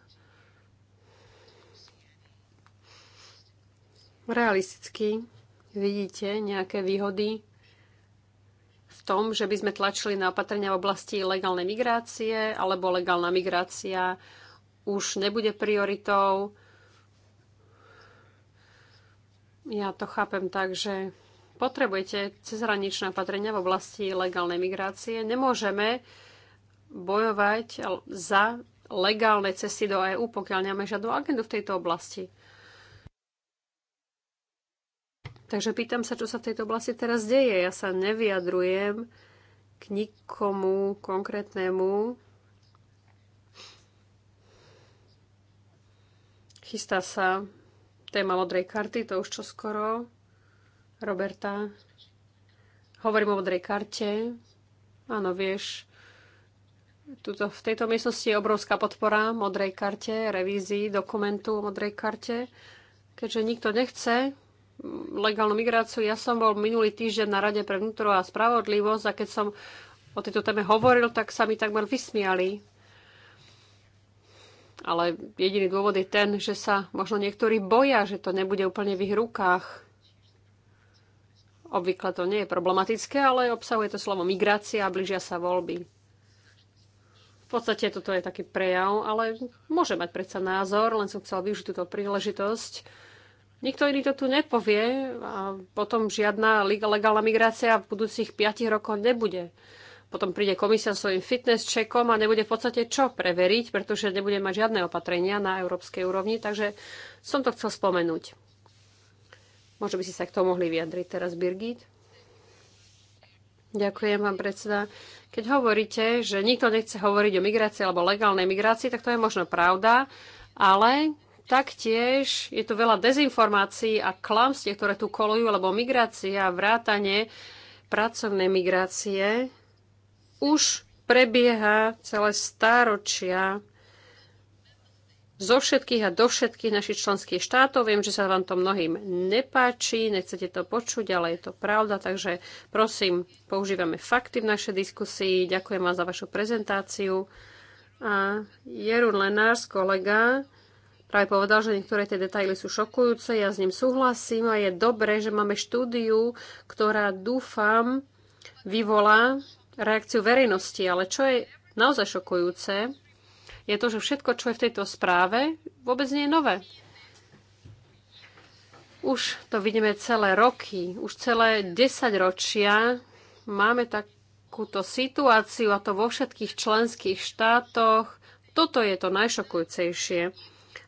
Realisticky vidíte nejaké výhody v tom, že by sme tlačili na opatrenia v oblasti legálnej migrácie, alebo legálna migrácia už nebude prioritou, Ja to chápem tak, že potrebujete cezhraničné opatrenia v oblasti legálnej migrácie. Nemôžeme bojovať za legálne cesty do EÚ, pokiaľ nemáme žiadnu agendu v tejto oblasti. Takže pýtam sa, čo sa v tejto oblasti teraz deje. Ja sa nevyjadrujem k nikomu konkrétnemu. Chystá sa téma modrej karty, to už čo skoro. Roberta, hovorím o modrej karte. Áno, vieš, tuto, v tejto miestnosti je obrovská podpora modrej karte, revízii dokumentu o modrej karte. Keďže nikto nechce legálnu migráciu, ja som bol minulý týždeň na Rade pre vnútro a spravodlivosť a keď som o tejto téme hovoril, tak sa mi takmer vysmiali. Ale jediný dôvod je ten, že sa možno niektorí boja, že to nebude úplne v ich rukách. Obvykle to nie je problematické, ale obsahuje to slovo migrácia a blížia sa voľby. V podstate toto je taký prejav, ale môže mať predsa názor, len som chcela využiť túto príležitosť. Nikto iný to tu nepovie a potom žiadna legálna migrácia v budúcich 5 rokoch nebude potom príde komisia svojim fitness checkom a nebude v podstate čo preveriť, pretože nebude mať žiadne opatrenia na európskej úrovni, takže som to chcel spomenúť. Možno by si sa k tomu mohli vyjadriť teraz, Birgit. Ďakujem vám, predseda. Keď hovoríte, že nikto nechce hovoriť o migrácii alebo legálnej migrácii, tak to je možno pravda, ale taktiež je tu veľa dezinformácií a klamstie, ktoré tu kolujú, lebo migrácia, vrátanie pracovnej migrácie už prebieha celé stáročia zo všetkých a do všetkých našich členských štátov. Viem, že sa vám to mnohým nepáči, nechcete to počuť, ale je to pravda, takže prosím, používame fakty v našej diskusii. Ďakujem vám za vašu prezentáciu. A Jerun Lenárs, kolega, práve povedal, že niektoré tie detaily sú šokujúce, ja s ním súhlasím a je dobré, že máme štúdiu, ktorá dúfam vyvolá reakciu verejnosti, ale čo je naozaj šokujúce, je to, že všetko, čo je v tejto správe, vôbec nie je nové. Už to vidíme celé roky, už celé desaťročia máme takúto situáciu a to vo všetkých členských štátoch. Toto je to najšokujúcejšie.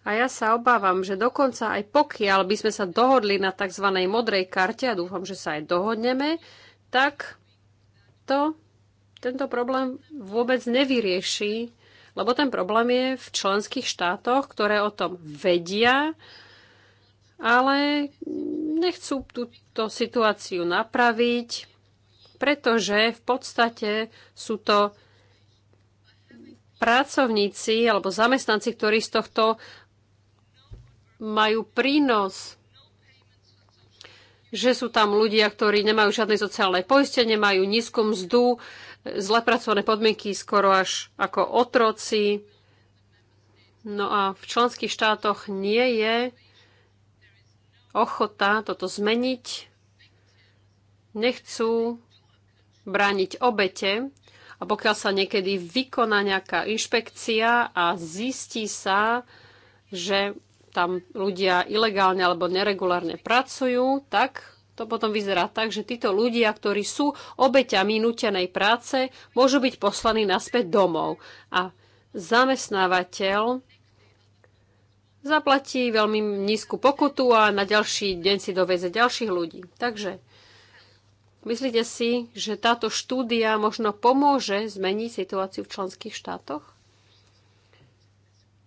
A ja sa obávam, že dokonca aj pokiaľ by sme sa dohodli na tzv. modrej karte, a dúfam, že sa aj dohodneme, tak to tento problém vôbec nevyrieši, lebo ten problém je v členských štátoch, ktoré o tom vedia, ale nechcú túto situáciu napraviť, pretože v podstate sú to pracovníci alebo zamestnanci, ktorí z tohto majú prínos, že sú tam ľudia, ktorí nemajú žiadne sociálne poistenie, majú nízku mzdu, zle pracované podmienky, skoro až ako otroci. No a v členských štátoch nie je ochota toto zmeniť. Nechcú brániť obete a pokiaľ sa niekedy vykoná nejaká inšpekcia a zistí sa, že tam ľudia ilegálne alebo neregulárne pracujú, tak to potom vyzerá tak, že títo ľudia, ktorí sú obeťami nutenej práce, môžu byť poslaní naspäť domov. A zamestnávateľ zaplatí veľmi nízku pokutu a na ďalší deň si doveze ďalších ľudí. Takže myslíte si, že táto štúdia možno pomôže zmeniť situáciu v členských štátoch?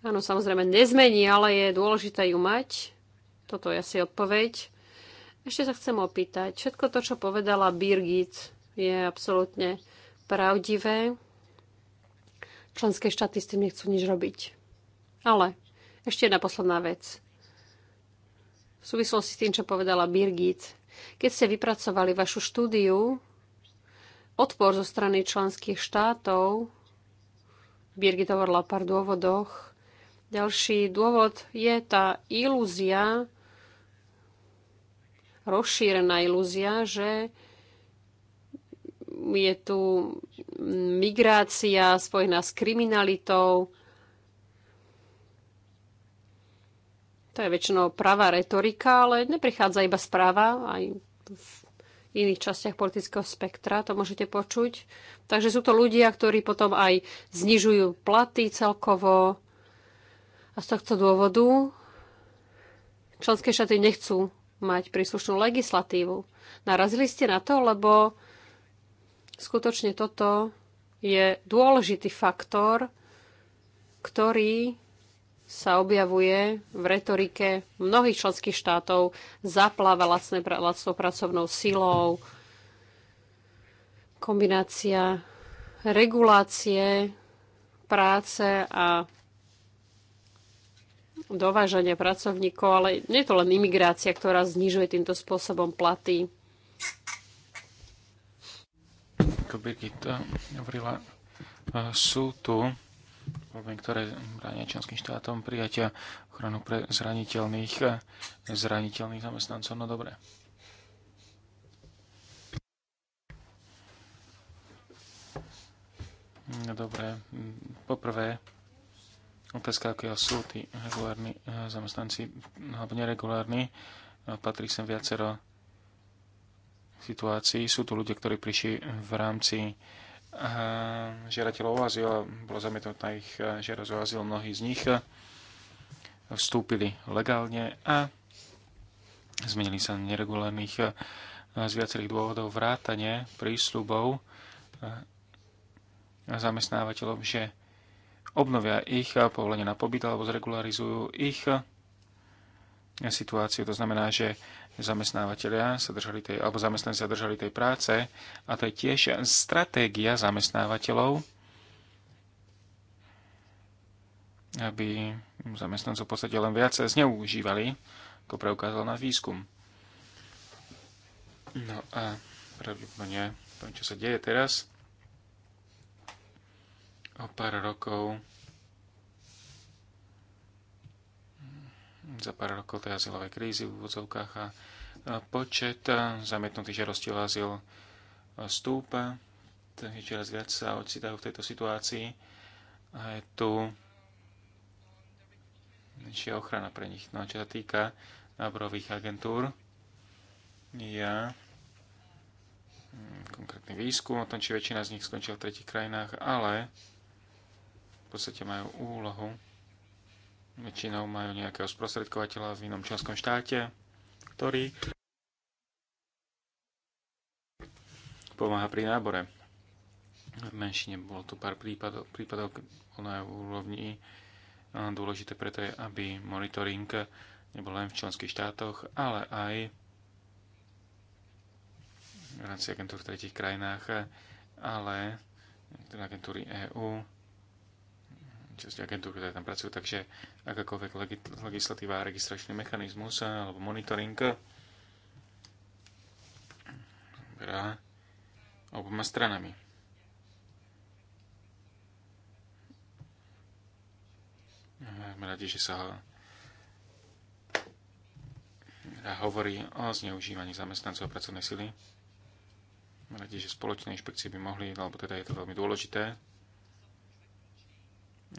Áno, samozrejme nezmení, ale je dôležité ju mať. Toto je asi odpoveď. Ešte sa chcem opýtať. Všetko to, čo povedala Birgit, je absolútne pravdivé. Členské štáty s tým nechcú nič robiť. Ale ešte jedna posledná vec. V súvislosti s tým, čo povedala Birgit, keď ste vypracovali vašu štúdiu, odpor zo strany členských štátov, Birgit hovorila o pár dôvodoch, Ďalší dôvod je tá ilúzia, rozšírená ilúzia, že je tu migrácia spojená s kriminalitou. To je väčšinou pravá retorika, ale neprichádza iba správa, aj v iných častiach politického spektra, to môžete počuť. Takže sú to ľudia, ktorí potom aj znižujú platy celkovo. A z tohto dôvodu členské štáty nechcú mať príslušnú legislatívu. Narazili ste na to, lebo skutočne toto je dôležitý faktor, ktorý sa objavuje v retorike mnohých členských štátov, zapláva lacné, lacnou pracovnou silou, kombinácia regulácie práce a dovážania pracovníkov, ale nie je to len imigrácia, ktorá znižuje týmto spôsobom platy. Ako Birgitta hovorila, e, sú tu problémy, ktoré bránia členským štátom prijatia ochranu pre zraniteľných, e, zraniteľných zamestnancov. No dobre. No dobre, poprvé preskákajú sú tí regulárni eh, zamestnanci, alebo neregulárni. Patrí sem viacero situácií. Sú tu ľudia, ktorí prišli v rámci eh, žiadateľov o azyl a bolo zamietnutá ich eh, žiadosť o azyl. Mnohí z nich vstúpili legálne a zmenili sa neregulárnych z viacerých dôvodov vrátane prísľubov zamestnávateľov, že obnovia ich povolenie na pobyt alebo zregularizujú ich situáciu. To znamená, že zamestnávateľia sa držali tej, alebo zamestnanci sa držali tej práce a to je tiež stratégia zamestnávateľov, aby zamestnancov v podstate len viac zneužívali, ako preukázal na výskum. No a pravdepodobne, to, čo sa deje teraz, o pár rokov za pár rokov tej azylovej krízy v úvodzovkách a počet zamietnutých žiadostí o azyl stúpa, takže čoraz viac sa ocitajú v tejto situácii a je tu menšia ochrana pre nich. No a čo sa týka náborových agentúr, ja mm, konkrétny výskum o tom, či väčšina z nich skončila v tretich krajinách, ale v podstate majú úlohu, väčšinou majú nejakého sprostredkovateľa v inom členskom štáte, ktorý pomáha pri nábore. V menšine bolo tu pár prípadov, prípadov na úrovni dôležité preto je, aby monitoring nebol len v členských štátoch, ale aj v rámci agentúr v tretich krajinách, ale agentúry EÚ cez agentúry, ktoré tam pracujú, takže akákoľvek legislatíva a registračný mechanizmus eh, alebo monitoring berá oboma stranami. Eh, sme radi, že sa teda hovorí o zneužívaní zamestnancov a pracovnej sily. Sme radi, že spoločné inšpekcie by mohli, alebo teda je to veľmi dôležité,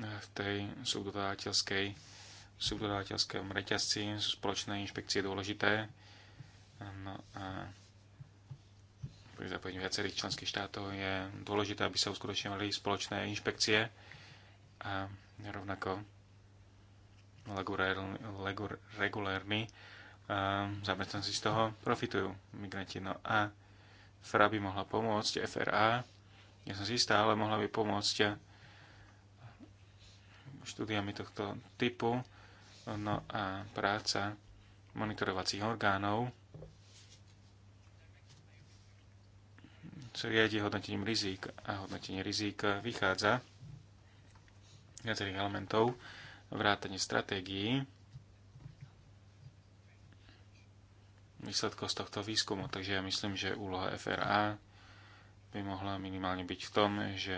v tej subdodávateľskej subdodávateľskom reťazci sú spoločné inšpekcie dôležité. No a pri zapojení viacerých členských štátov je dôležité, aby sa uskutočňovali spoločné inšpekcie a rovnako regulérni zamestnanci z toho profitujú, migranti. No a FRA by mohla pomôcť, FRA, ja som si istá, ale mohla by pomôcť štúdiami tohto typu, no a práca monitorovacích orgánov čo riadi hodnotením rizík a hodnotenie rizík vychádza viacerých elementov vrátanie stratégií výsledkov z tohto výskumu. Takže ja myslím, že úloha FRA by mohla minimálne byť v tom, že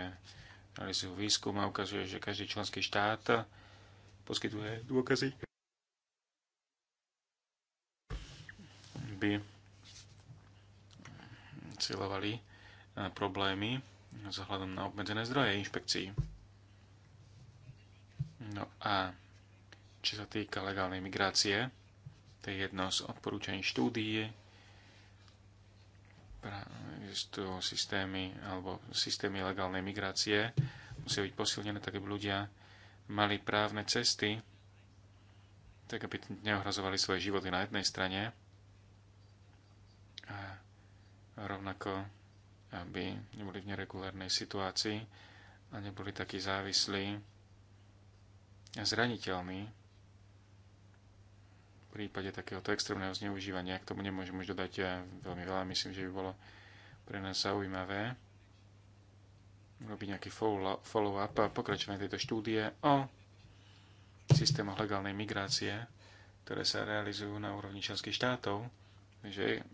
analýzu výskuma ukazuje, že každý členský štát poskytuje dôkazy, by cieľovali problémy s ohľadom na obmedzené zdroje inšpekcií. No a čo sa týka legálnej migrácie, to je jedno z odporúčaní štúdie, existujú systémy alebo systémy legálnej migrácie, musia byť posilnené tak, aby ľudia mali právne cesty, tak aby neohrazovali svoje životy na jednej strane a rovnako aby neboli v neregulárnej situácii a neboli takí závislí a zraniteľní prípade takéhoto extrémneho zneužívania. K tomu nemôžem už dodať eh, veľmi veľa. Myslím, že by bolo pre nás zaujímavé robiť nejaký follow-up a pokračovanie tejto štúdie o systémoch legálnej migrácie, ktoré sa realizujú na úrovni členských štátov. Takže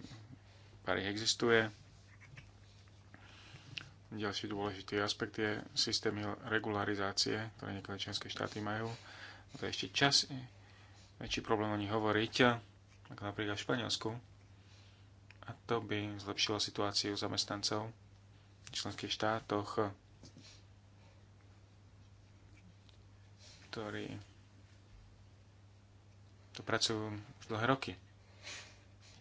pár ich existuje. Ďalší dôležitý aspekt je systémy regularizácie, ktoré niektoré členské štáty majú. To je ešte čas, väčší problém o nich hovoriť, ako napríklad v Španielsku. A to by zlepšilo situáciu zamestnancov v členských štátoch, ktorí to pracujú už dlhé roky.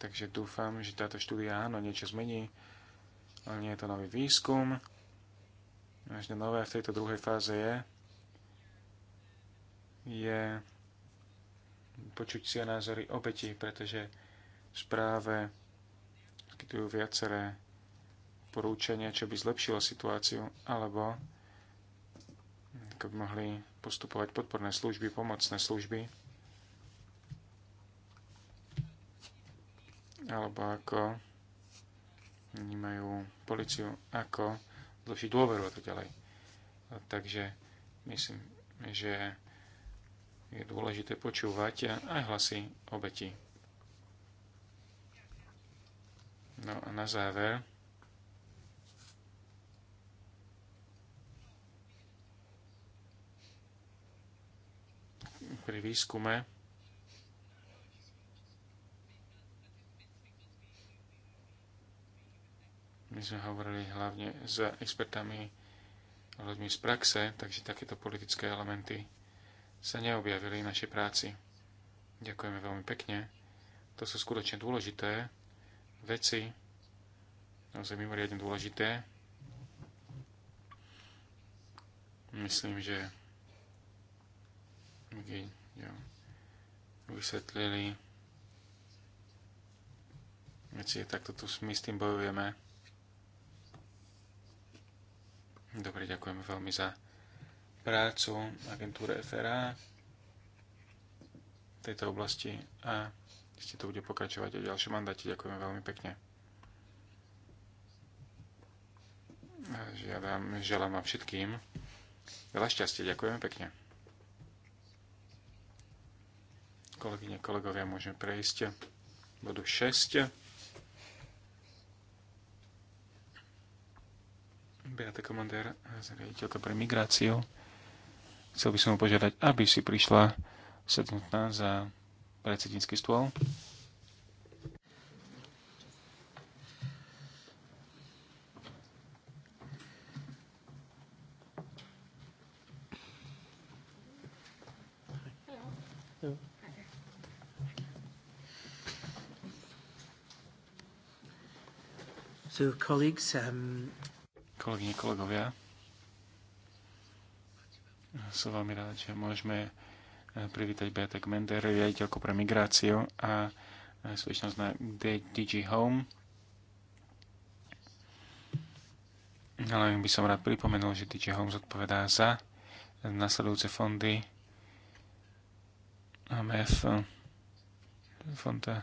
Takže dúfam, že táto štúdia áno, niečo zmení, ale nie je to nový výskum. Vážne nové v tejto druhej fáze je, je počuť si názory obeti, pretože v správe skytujú viaceré porúčania, čo by zlepšilo situáciu, alebo ako by mohli postupovať podporné služby, pomocné služby, alebo ako vnímajú policiu, ako zlepšiť dôveru a tak ďalej. Takže myslím, že je dôležité počúvať aj hlasy obeti. No a na záver pri výskume my sme hovorili hlavne s expertami, ľuďmi z praxe, takže takéto politické elementy sa neobjavili v našej práci. Ďakujeme veľmi pekne. To sú skutočne dôležité veci, naozaj mimoriadne dôležité. Myslím, že jo, vysvetlili veci, takto tu my s tým bojujeme. Dobre, ďakujeme veľmi za prácu agentúry FRA v tejto oblasti a ste to bude pokračovať o ďalšom mandáte. Ďakujeme veľmi pekne. Žiadam, želám vám všetkým veľa šťastia. Ďakujeme pekne. Kolegyne, kolegovia, môžeme prejsť bodu 6. Beata Komandér, riaditeľka pre migráciu. Chcel by som ho požiadať, aby si prišla sednutná za predsednícky stôl. So, colleagues, um... Kolegyne, kolegovia, som veľmi rád, že môžeme e, privítať Beatek Mender, riaditeľku pre migráciu a e, súčasnosť na DG Home. Ale by som rád pripomenul, že DJ Home zodpovedá za nasledujúce fondy AMF, fond e,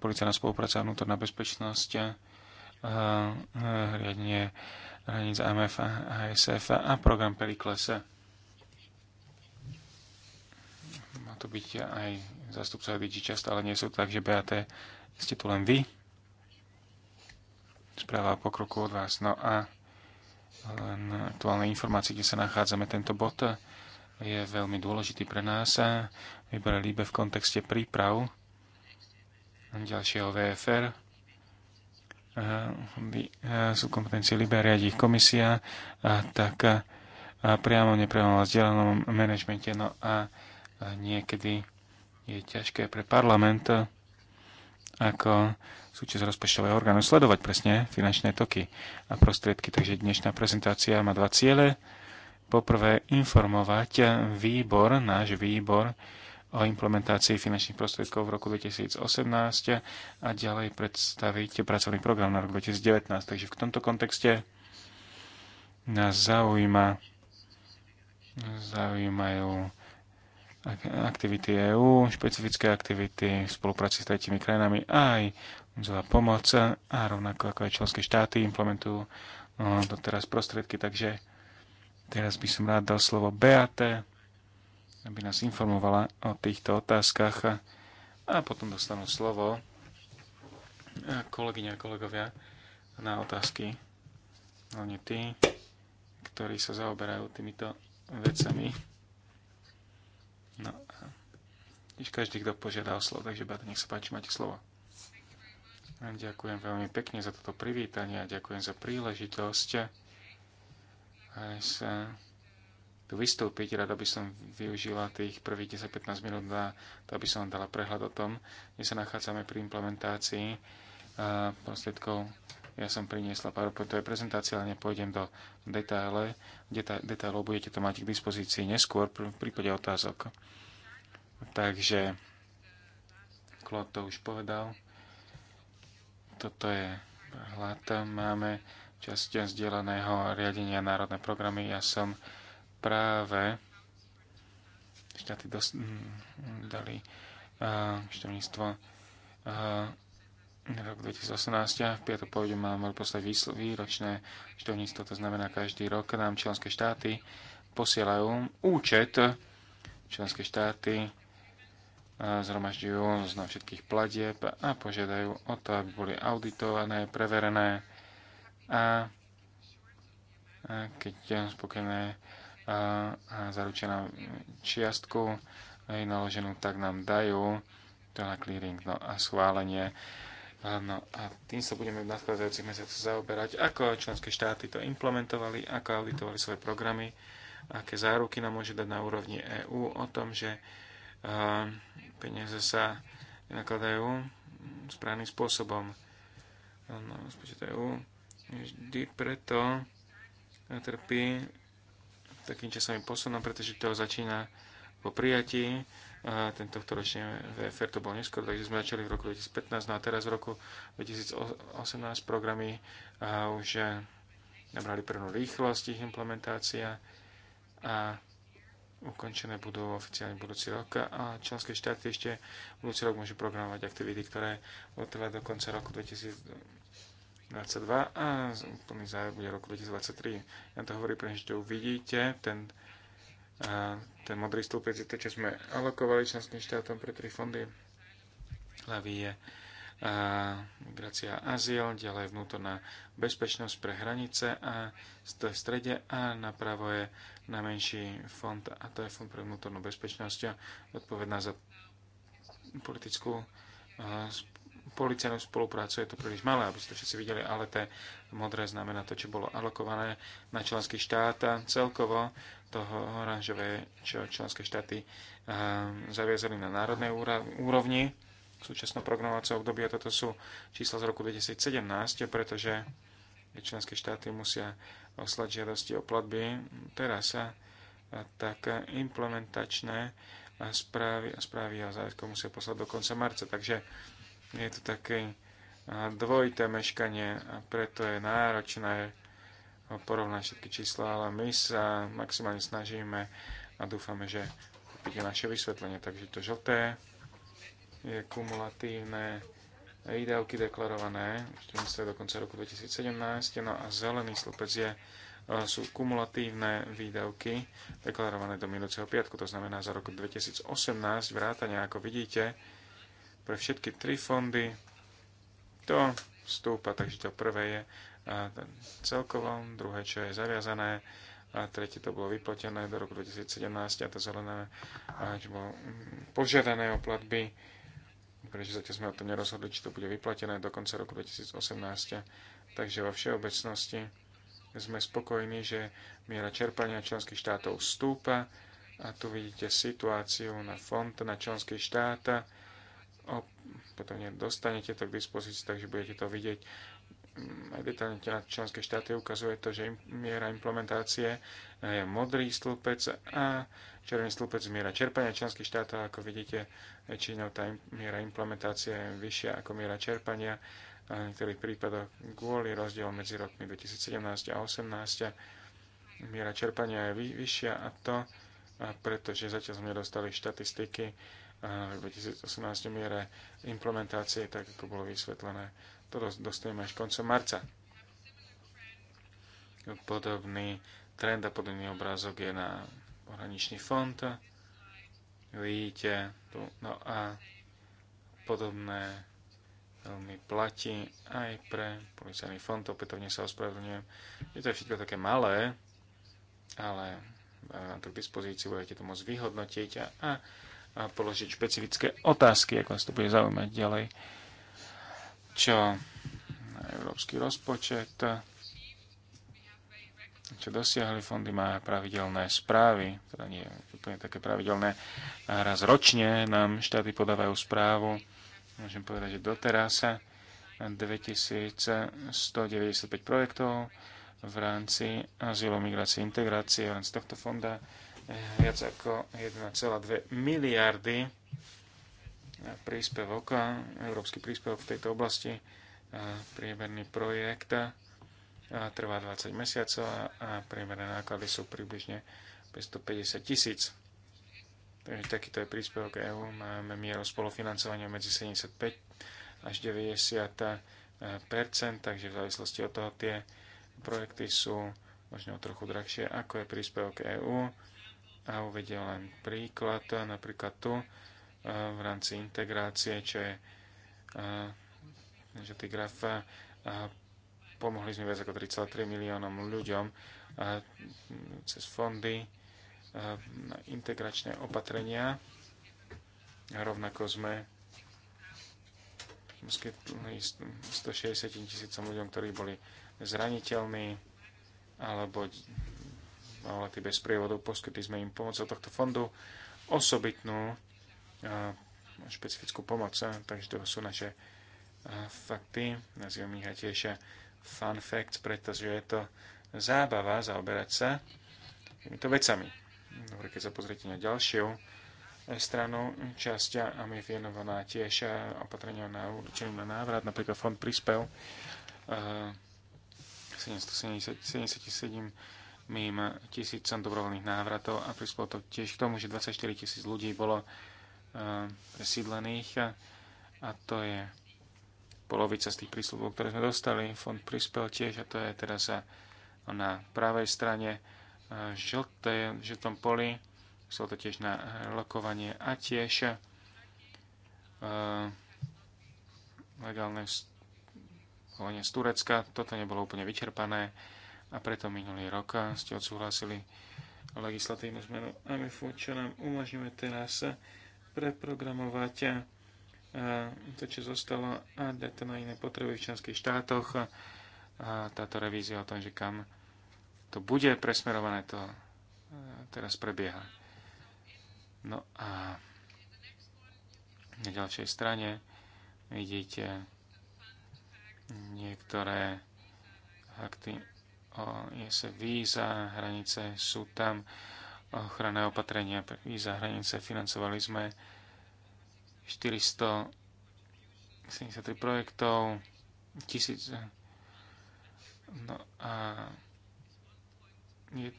policajná spolupráca, vnútorná bezpečnosť, riadenie hraníc AMF a ASF a program Periklese. Má tu byť aj zastupcovia často, ale nie sú tak, že BAT ste tu len vy. Správa o pokroku od vás. No a len aktuálne informácie, kde sa nachádzame. Tento bod je veľmi dôležitý pre nás. Vyberali by v kontexte príprav ďalšieho VFR Eh, sú kompetencie Liberia, ich komisia, tak eh, priamo nepriamo vzdelanom manažmente. No a niekedy je ťažké pre parlament eh, ako súčasť rozpočtového orgánu sledovať presne finančné toky a prostriedky. Takže dnešná prezentácia má dva ciele. Poprvé informovať výbor, náš výbor, o implementácii finančných prostriedkov v roku 2018 a ďalej predstaviť pracovný program na rok 2019. Takže v tomto kontexte nás zaujíma, zaujímajú aktivity EÚ, špecifické aktivity v spolupráci s tretimi krajinami aj núdzová pomoc a rovnako ako aj členské štáty implementujú no, doteraz prostriedky. Takže teraz by som rád dal slovo Beate aby nás informovala o týchto otázkach a potom dostanú slovo eh, kolegyňa a kolegovia na otázky. Hlavne tí, ktorí sa zaoberajú týmito vecami. No a eh, tiež každý, kto požiadal slovo, takže Bata, nech sa páči, máte slovo. ďakujem veľmi pekne za toto privítanie a ďakujem za príležitosť aj sa tu vystúpiť. Rada by som využila tých prvých 10-15 minút na to, aby som dala prehľad o tom, kde sa nachádzame pri implementácii prostriedkov. Ja som priniesla PowerPointovej prezentácie, ale nepôjdem do detaile. detailov budete to mať k dispozícii neskôr v prípade otázok. Takže Klod to už povedal. Toto je hľad. Máme časť zdieľaného riadenia národné programy. Ja som práve štáty dos- dali uh, šťavníctvo uh, rok 2018 a v piatok pôjde máme poslať výročné štovníctvo, to znamená každý rok nám členské štáty posielajú účet členské štáty zhromažďujú zoznam všetkých platieb a požiadajú o to, aby boli auditované, preverené a, keď je spokojné a zaručená čiastku aj naloženú, tak nám dajú to na clearing no a schválenie. No a tým sa budeme v nadchádzajúcich mesiacoch zaoberať, ako členské štáty to implementovali, ako auditovali svoje programy, aké záruky nám môže dať na úrovni EÚ o tom, že peniaze sa nakladajú správnym spôsobom. No, rozpočet EÚ vždy preto trpí takým časovým posunom, pretože to začína po prijatí. A tento ročne VFR to bol neskôr, takže sme začali v roku 2015, no a teraz v roku 2018 programy a už e, nabrali prvnú rýchlosť ich implementácia a ukončené budú oficiálne budúci rok a členské štáty ešte budúci rok môžu programovať aktivity, ktoré trvať do konca roku 2020 2022 a úplný záver bude roku 2023. Ja to hovorím pre že uvidíte ten, a, ten modrý stĺpec je to, čo sme alokovali členským štátom pre tri fondy. Hlavý je a, migrácia a azyl, ďalej vnútorná bezpečnosť pre hranice a to je v strede a napravo je najmenší fond a to je fond pre vnútornú bezpečnosť odpovedná za politickú policajnú spoluprácu je to príliš malé, aby ste to všetci videli, ale to modré znamená to, čo bolo alokované na členský štát a celkovo toho oranžové, čo členské štáty eh, zaviazali na národnej úrovni v súčasnom programovacom a toto sú čísla z roku 2017, pretože členské štáty musia oslať žiadosti o platby. Teraz sa eh, tak implementačné eh, správy a správy a záväzko musia poslať do konca marca. Takže je to také dvojité meškanie a preto je náročné e, porovnať všetky čísla, ale my sa maximálne snažíme a dúfame, že pochopíte naše vysvetlenie. Takže to žlté je kumulatívne výdavky deklarované, ešte do konca roku 2017, no a zelený slupec je, e, sú kumulatívne výdavky deklarované do minúceho piatku, to znamená za rok 2018 vrátania, ako vidíte, pre všetky tri fondy to stúpa, takže to prvé je celkovo, druhé, čo je zaviazané, a tretie to bolo vyplatené do roku 2017 a to zelené, a čo bolo mm, požiadané o platby, pretože zatiaľ sme o tom nerozhodli, či to bude vyplatené do konca roku 2018. Takže vo všeobecnosti sme spokojní, že miera čerpania členských štátov stúpa a tu vidíte situáciu na fond na členských štát potom dostanete to k dispozícii, takže budete to vidieť. Mm, aj detaľne na členské štáty ukazuje to, že miera implementácie e, je modrý stĺpec a červený stĺpec miera čerpania členských štátov. Ako vidíte, väčšinou tá miera implementácie je vyššia ako miera čerpania. A v niektorých prípadoch kvôli rozdielu medzi rokmi 2017 a 2018 miera čerpania je vyššia a to a pretože zatiaľ sme nedostali štatistiky 2018 miere implementácie, tak ako bolo vysvetlené. To dostaneme až koncom marca. Podobný trend a podobný obrázok je na pohraničný fond. Vidíte tu, no a podobné veľmi platí aj pre policajný fond, opätovne sa ospravedlňujem. Je to všetko také malé, ale e, to k dispozícii budete to môcť vyhodnotiť a, a a položiť špecifické otázky, ako vás to bude zaujímať ďalej. Čo na európsky rozpočet, čo dosiahli fondy, má pravidelné správy, teda nie úplne také pravidelné. A raz ročne nám štáty podávajú správu. Môžem povedať, že doteraz 2195 projektov v rámci azylu, migrácie, integrácie v rámci tohto fonda viac ako 1,2 miliardy príspevok, európsky príspevok v tejto oblasti, priemerný projekt trvá 20 mesiacov a priemerné náklady sú približne 550 tisíc. Takže takýto je príspevok EÚ. Máme mieru spolufinancovania medzi 75 až 90 percent, takže v závislosti od toho tie projekty sú možno trochu drahšie, ako je príspevok EÚ a uvedie len príklad, napríklad tu e, v rámci integrácie, čo je e, že tý graf e, pomohli sme viac ako 3,3 miliónom ľuďom cez fondy na integračné opatrenia. A rovnako sme poskytli 160 tisícom ľuďom, ktorí boli zraniteľní alebo o no, lety bez prievodov, poskytli sme im pomocou tohto fondu osobitnú špecifickú pomoc. Takže to sú naše fakty, nazývam ich aj tiež fun facts, pretože je to zábava zaoberať sa týmito vecami. Dobre, keď sa pozriete na ďalšiu e, stranu, časť a mi je venovaná tiež opatrenia na určený na návrat, napríklad fond prispel 777 mým tisícom dobrovoľných návratov a prispelo to tiež k tomu, že 24 tisíc ľudí bolo e, presídlených a to je polovica z tých prísľubov, ktoré sme dostali. Fond prispel tiež a to je teraz na pravej strane e, žlté, žltom poli. Sú to tiež na lokovanie a tiež e, legálne z Turecka. Toto nebolo úplne vyčerpané a preto minulý rok ste odsúhlasili legislatívnu zmenu MFU, čo nám umožňuje teraz preprogramovať to, čo zostalo a dať to na iné potreby v členských štátoch. A táto revízia o tom, že kam to bude presmerované, to teraz prebieha. No a na ďalšej strane vidíte niektoré akty ISF víza, hranice sú tam, ochranné opatrenia pre víza, hranice, financovali sme 473 projektov, tisíc, no a 1,3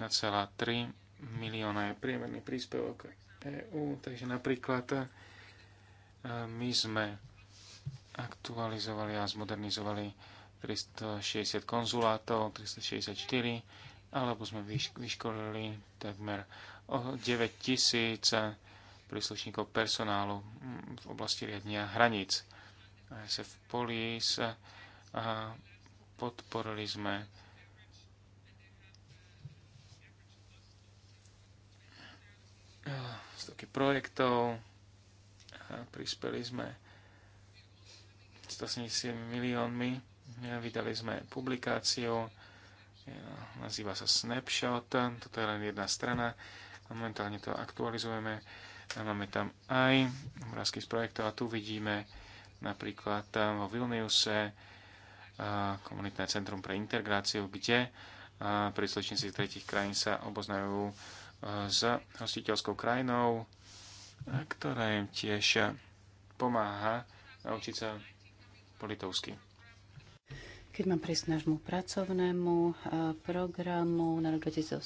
milióna je priemerný príspevok EU, takže napríklad e, my sme aktualizovali a zmodernizovali 360 konzulátov, 364, alebo sme vyškolili takmer 9 tisíc príslušníkov personálu mm, v oblasti riadenia hraníc. SF polis a podporili sme stovky projektov a prispeli sme 180 miliónmi Vydali sme publikáciu, nazýva sa Snapshot, toto je len jedna strana, momentálne to aktualizujeme. Máme tam aj obrázky z projektov a tu vidíme napríklad vo Vilniuse komunitné centrum pre integráciu, kde príslušníci z tretich krajín sa oboznajú s hostiteľskou krajinou, ktorá im tiež pomáha naučiť sa politovsky. Keď mám prísť nášmu pracovnému eh, programu na rok 2018,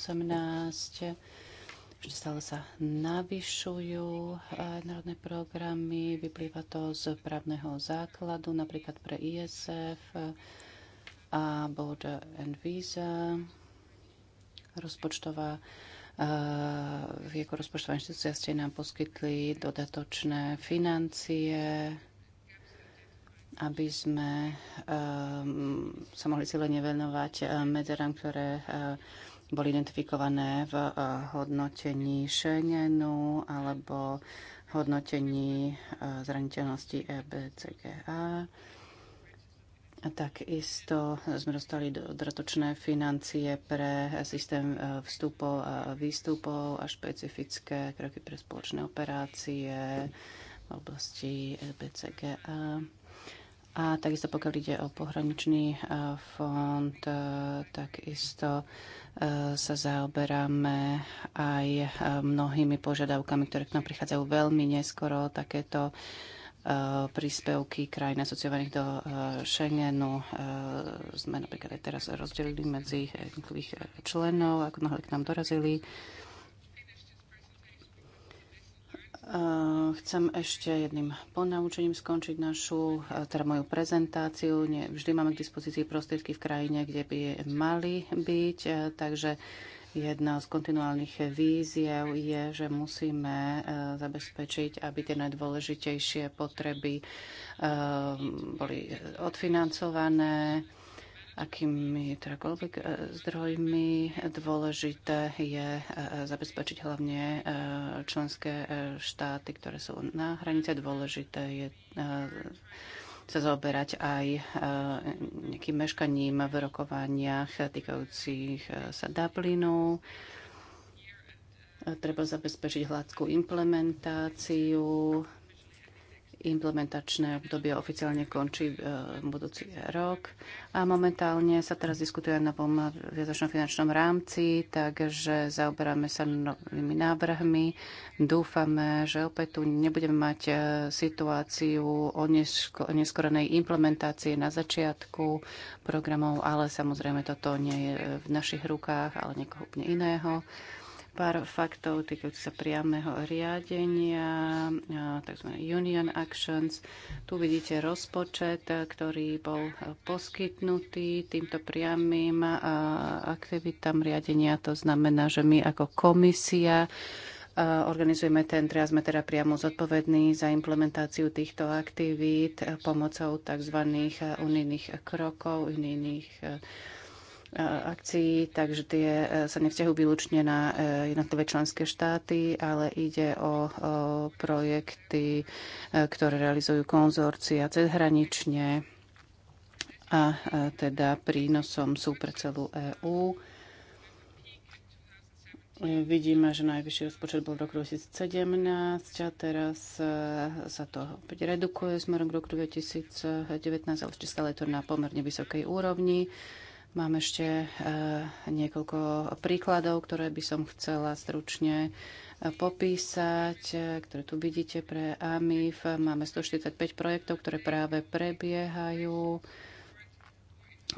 ešte stále sa navyšujú eh, národné programy, vyplýva to z právneho základu, napríklad pre ISF eh, a Border and Visa, rozpočtová ako rozpočtová inštitúcia ste nám poskytli dodatočné financie, aby sme um, sa mohli cieľene venovať eh, medzerám, ktoré uh, boli identifikované v eh, hodnotení Schengenu alebo hodnotení zraniteľnosti EBCGA. Takisto sme dostali dodatočné financie pre systém vstupov a výstupov a špecifické kroky pre spoločné operácie v oblasti EBCGA. A takisto pokiaľ ide o pohraničný e, fond, e, takisto e, sa zaoberáme aj mnohými požiadavkami, ktoré k nám prichádzajú veľmi neskoro. Takéto príspevky krajín asociovaných do Schengenu sme napríklad aj teraz rozdelili medzi jednotlivých členov, ako náhle k nám dorazili. Eh, chcem ešte jedným ponaučením skončiť našu, eh, teda moju prezentáciu. Nie, vždy máme k dispozícii prostriedky v krajine, kde by mali byť, eh, takže Jedna z kontinuálnych víziev je, že musíme zabezpečiť, aby tie najdôležitejšie potreby boli odfinancované akými tedakoľvek e, zdrojmi. Dôležité je e, zabezpečiť hlavne e, členské štáty, ktoré sú na hranice. Dôležité je sa zaoberať aj nejakým meškaním v rokovaniach týkajúcich sa Dublinu. Treba zabezpečiť hladkú implementáciu Implementačné obdobie oficiálne končí e, budúci rok a momentálne sa teraz diskutuje o novom viazočnom finančnom rámci, takže zaoberáme sa novými návrhmi. Dúfame, že opäť tu nebudeme mať e, situáciu o neskorenej implementácii na začiatku programov, ale samozrejme toto nie je v našich rukách, ale niekoho úplne iného. Pár faktov týkajúcich sa priamého riadenia, tzv. Union Actions. Tu vidíte rozpočet, ktorý bol poskytnutý týmto priamým aktivitám riadenia. To znamená, že my ako komisia organizujeme tendre a sme teda priamo zodpovední za implementáciu týchto aktivít pomocou tzv. unijných krokov, unijných akcií, takže tie e, sa nevzťahujú výlučne na e, jednotlivé členské štáty, ale ide o projekty, e, ktoré realizujú konzorcia cezhranične a teda prínosom sú pre celú EÚ. Vidíme, že najvyšší rozpočet bol v roku 2017 a teraz sa to opäť redukuje smerom k roku 2019, ale ešte stále je to na pomerne vysokej úrovni. Mám ešte eh, niekoľko príkladov, ktoré by som chcela stručne eh, popísať, eh, ktoré tu vidíte pre AMIF. Máme 145 projektov, ktoré práve prebiehajú.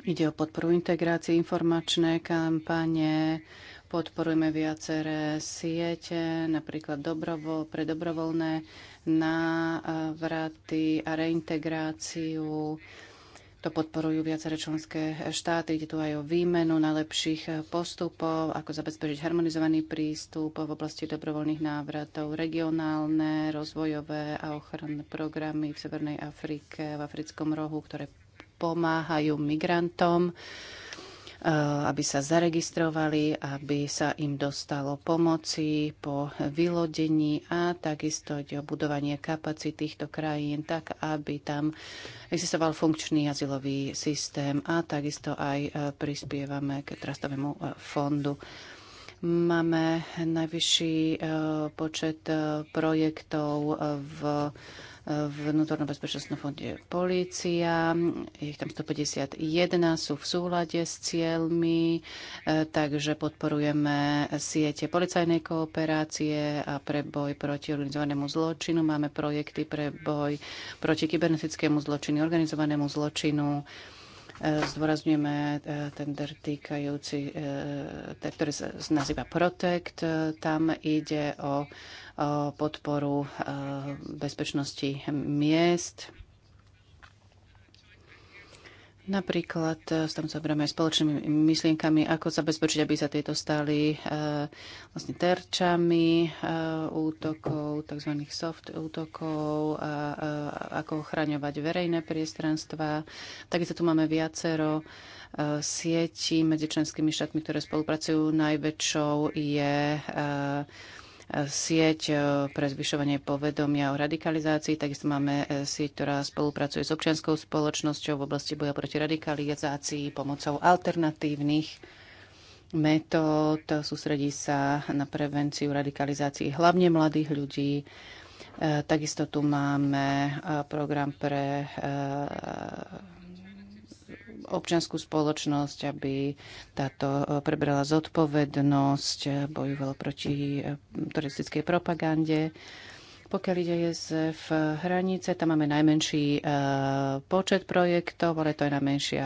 Ide o podporu integrácie, informačné kampane, podporujeme viaceré siete, napríklad dobrovoľ, pre dobrovoľné návraty a reintegráciu to podporujú viaceré členské štáty. Ide tu aj o výmenu najlepších postupov, ako zabezpečiť harmonizovaný prístup v oblasti dobrovoľných návratov, regionálne, rozvojové a ochranné programy v Severnej Afrike, v Africkom rohu, ktoré pomáhajú migrantom Eh, aby sa zaregistrovali, aby sa im dostalo pomoci po vylodení a takisto ide o budovanie kapacít týchto krajín tak, aby tam existoval funkčný azylový systém a takisto aj eh, prispievame k trastovému eh, fondu. Máme najvyšší počet projektov v vnútorno-bezpečnostnom fonde Polícia. Je ich tam 151, sú v súlade s cieľmi, e, takže podporujeme siete policajnej kooperácie a pre boj proti organizovanému zločinu. Máme projekty pre boj proti kybernetickému zločinu, organizovanému zločinu e, zdôrazňujeme e, tender týkajúci, ktorý sa nazýva Protect. Tam ide o podporu eh, bezpečnosti miest. Napríklad eh, tam sa aj spoločnými myšlienkami, ako zabezpečiť, aby sa tieto stali eh, vlastne terčami útokov, tzv. soft útokov, a, ako ochraňovať verejné priestranstva. Takisto tu máme viacero sietí medzi členskými štátmi, ktoré spolupracujú. Najväčšou je sieť e, pre zvyšovanie povedomia o radikalizácii. Takisto máme e, sieť, ktorá spolupracuje s občianskou spoločnosťou v oblasti boja proti radikalizácii pomocou alternatívnych metód. Sústredí sa na prevenciu radikalizácií hlavne mladých ľudí. E, takisto tu máme program pre občanskú spoločnosť, aby táto e, prebrala zodpovednosť, e, bojovala proti e, turistickej propagande. Pokiaľ ide v hranice, tam máme najmenší počet projektov, ale to je najmenšia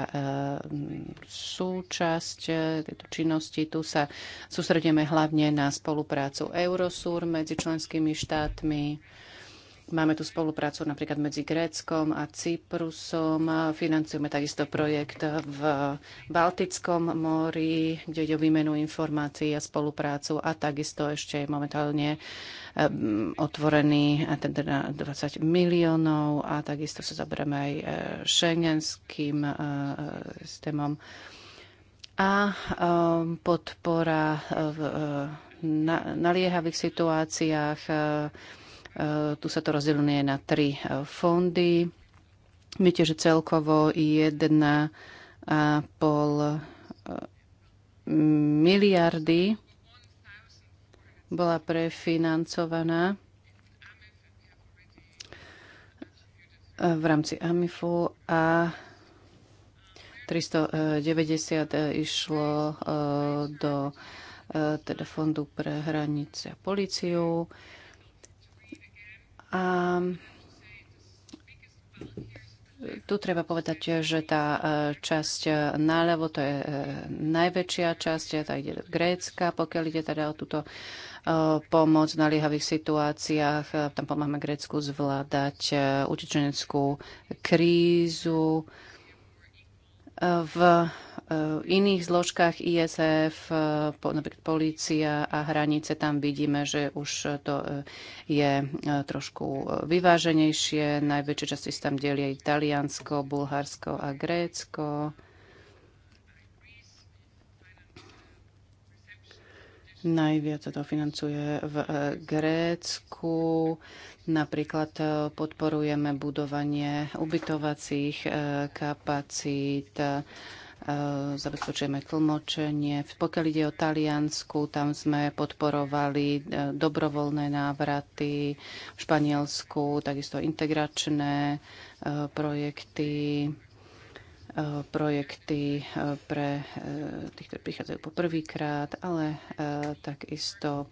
súčasť tejto činnosti. Tu sa sústredíme hlavne na spoluprácu Eurosur medzi členskými štátmi Máme tu spoluprácu napríklad medzi Gréckom a Cyprusom. Financujeme takisto projekt v Baltickom mori, kde ide o výmenu informácií a spoluprácu a takisto ešte je momentálne otvorený teda 20 miliónov a takisto sa zabereme aj e, šengenským e, e, systémom a podpora v naliehavých situáciách Eh, tu sa to rozdeluje na tri eh, fondy. Viete, že celkovo 1,5 eh, miliardy bola prefinancovaná v rámci AMIFu a 390 išlo do teda fondu pre hranice a policiu. A tu treba povedať, že tá e, časť nálevo, to je e, najväčšia časť, e, tá ide do Grécka, pokiaľ ide teda o túto pomoc v naliehavých situáciách. Tam pomáhame Grécku zvládať utečeneckú krízu. V v eh, iných zložkách ISF, eh, napríklad polícia a hranice, tam vidíme, že už to eh, je trošku vyváženejšie. Najväčšie časti sa tam delia Taliansko, Bulharsko a Grécko. Najviac sa to financuje v Grécku. Napríklad podporujeme budovanie ubytovacích kapacít E, zabezpečujeme tlmočenie. Pokiaľ ide o Taliansku, tam sme podporovali e, dobrovoľné návraty. V Španielsku takisto integračné e, projekty projekty pre tých, ktorí prichádzajú po prvýkrát, ale takisto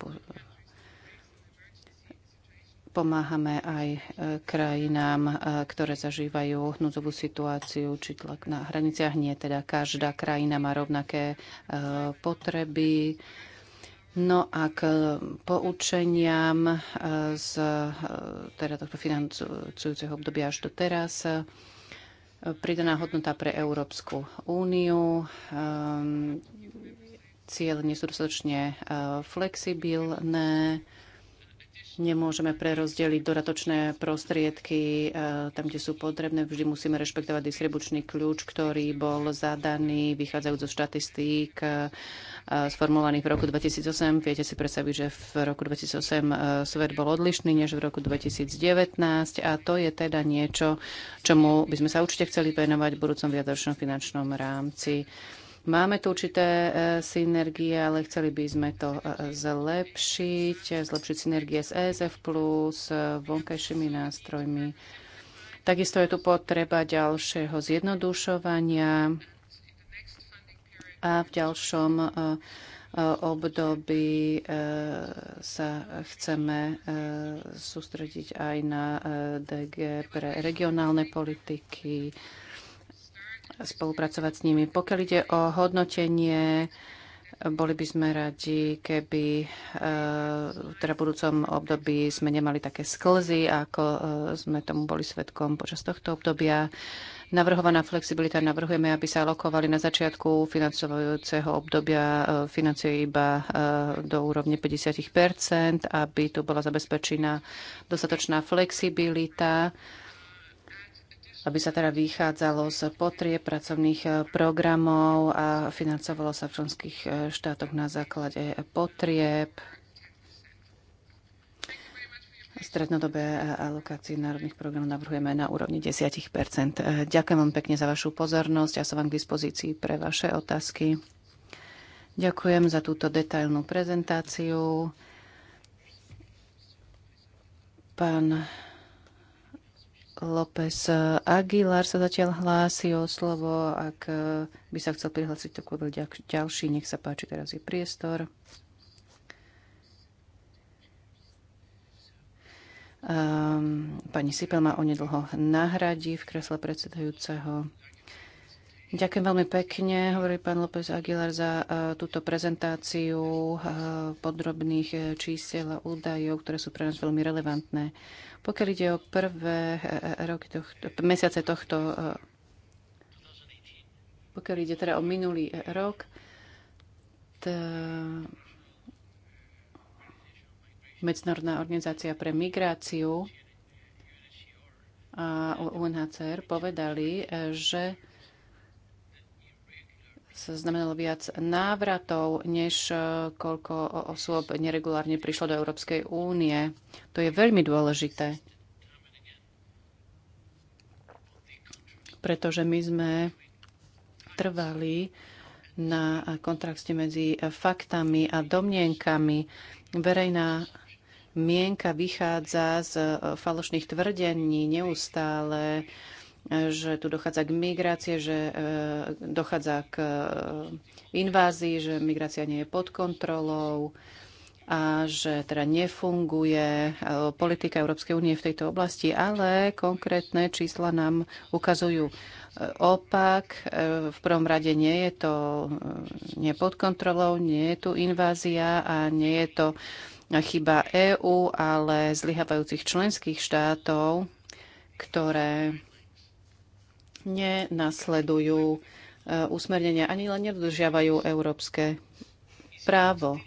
pomáhame aj e, krajinám, e, ktoré zažívajú núdzovú situáciu či tlak na hraniciach. Nie, teda každá krajina má rovnaké e, potreby. No a k poučeniam z teda tohto financujúceho obdobia až do teraz pridaná hodnota pre Európsku úniu cieľ nie sú dostatočne flexibilné, Nemôžeme prerozdeliť doratočné prostriedky e, tam, kde sú potrebné. Vždy musíme rešpektovať distribučný kľúč, ktorý bol zadaný, vychádzajúc zo štatistík e, e, sformulovaných v roku 2008. Viete si predstaviť, že v roku 2008 svet bol odlišný než v roku 2019 a to je teda niečo, čomu by sme sa určite chceli venovať v budúcom viadočnom finančnom rámci. Máme tu určité e, synergie, ale chceli by sme to e, zlepšiť, zlepšiť synergie s ESF+, s e, vonkajšími nástrojmi. Takisto je tu potreba ďalšieho zjednodušovania a v ďalšom období sa chceme sústrediť aj na DG pre regionálne politiky, spolupracovať s nimi. Pokiaľ ide o hodnotenie, boli by sme radi, keby eh, v teda budúcom období sme nemali také sklzy, ako eh, sme tomu boli svetkom počas tohto obdobia. Navrhovaná flexibilita navrhujeme, aby sa alokovali na začiatku financujúceho obdobia eh, financie iba do úrovne 50 aby tu bola zabezpečená dostatočná flexibilita aby sa teda vychádzalo z potrieb pracovných programov a financovalo sa v členských eh, štátoch na základe potrieb strednodobé eh, alokácie národných programov navrhujeme na úrovni 10 eh, Ďakujem vám pekne za vašu pozornosť. Ja som vám k dispozícii pre vaše otázky. Ďakujem za túto detailnú prezentáciu. Pán López Aguilar sa zatiaľ hlási o slovo. Ak eh, by sa chcel prihlásiť, tak uvedel ďalší. Nech sa páči, teraz je priestor. Um, pani Sipel ma onedlho nahradí v kresle predsedajúceho. Ďakujem veľmi pekne, hovorí pán López Aguilar, za eh, túto prezentáciu eh, podrobných čísel a údajov, ktoré sú pre nás veľmi relevantné. Pokiaľ ide o prvé e, e, e, roky tohto, mesiace tohto, pokiaľ ide teda o minulý rok, to Medzinárodná organizácia pre migráciu a UNHCR povedali, že znamenalo viac návratov, než e, koľko osôb neregulárne prišlo do Európskej únie. To je veľmi dôležité, pretože my sme trvali na kontrakte medzi faktami a domnienkami. Verejná mienka vychádza z e, falošných tvrdení neustále že tu dochádza k migrácie, že e, dochádza k e, invázii, že migrácia nie je pod kontrolou a že teda nefunguje e, politika Európskej únie v tejto oblasti, ale konkrétne čísla nám ukazujú opak. V prvom rade nie je to nie pod kontrolou, nie je tu invázia a nie je to chyba EÚ, ale zlyhávajúcich členských štátov, ktoré nenasledujú e, usmernenia, ani len nedodržiavajú európske právo.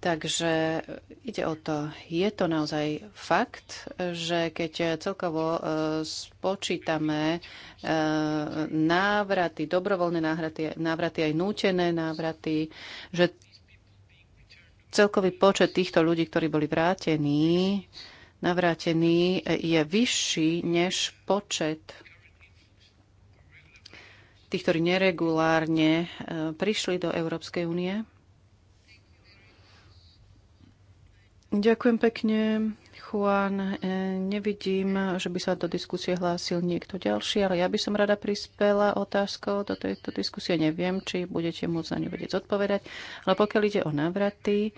Takže ide o to, je to naozaj fakt, že keď celkovo e, spočítame e, návraty, dobrovoľné návraty, návraty aj nútené návraty, že celkový počet týchto ľudí, ktorí boli vrátení, navrátení, je vyšší než počet tí, ktorí neregulárne e, prišli do Európskej únie. Ďakujem pekne, Juan. E, nevidím, že by sa do diskusie hlásil niekto ďalší, ale ja by som rada prispela otázkou do tejto diskusie. Neviem, či budete môcť na ňu vedieť zodpovedať, ale pokiaľ ide o návraty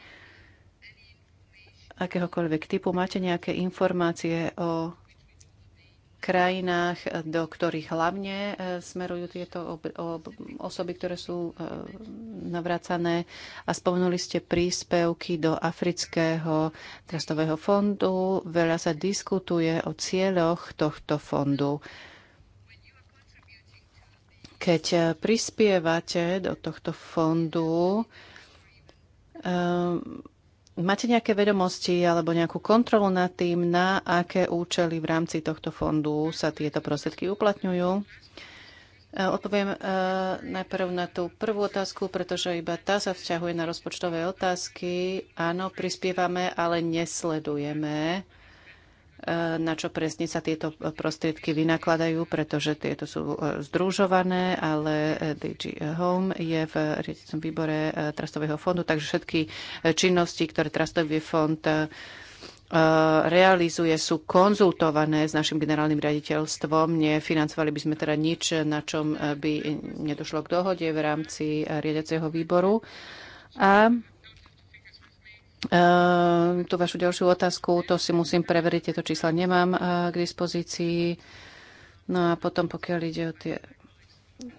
akéhokoľvek typu, máte nejaké informácie o krajinách, do ktorých hlavne e, smerujú tieto osoby, ktoré sú e, navracané. A spomenuli ste príspevky do Afrického trastového fondu. Veľa sa diskutuje o cieľoch tohto fondu. Keď e, prispievate do tohto fondu, um, Máte nejaké vedomosti alebo nejakú kontrolu nad tým, na aké účely v rámci tohto fondu sa tieto prostriedky uplatňujú? E, odpoviem e, najprv na tú prvú otázku, pretože iba tá sa vzťahuje na rozpočtové otázky. Áno, prispievame, ale nesledujeme Eh, na čo presne sa tieto prostriedky vynakladajú, pretože tieto sú eh, združované, ale eh, DG Home je v riadicom výbore Trastového fondu, takže všetky činnosti, ktoré Trastový fond realizuje, sú konzultované s našim generálnym riaditeľstvom. Nefinancovali by sme teda nič, na čom by nedošlo k dohode v rámci riadiaceho výboru. A Ehm, tú vašu ďalšiu otázku, to si musím preveriť, tieto čísla nemám eh, k dispozícii. No a potom, pokiaľ ide o tie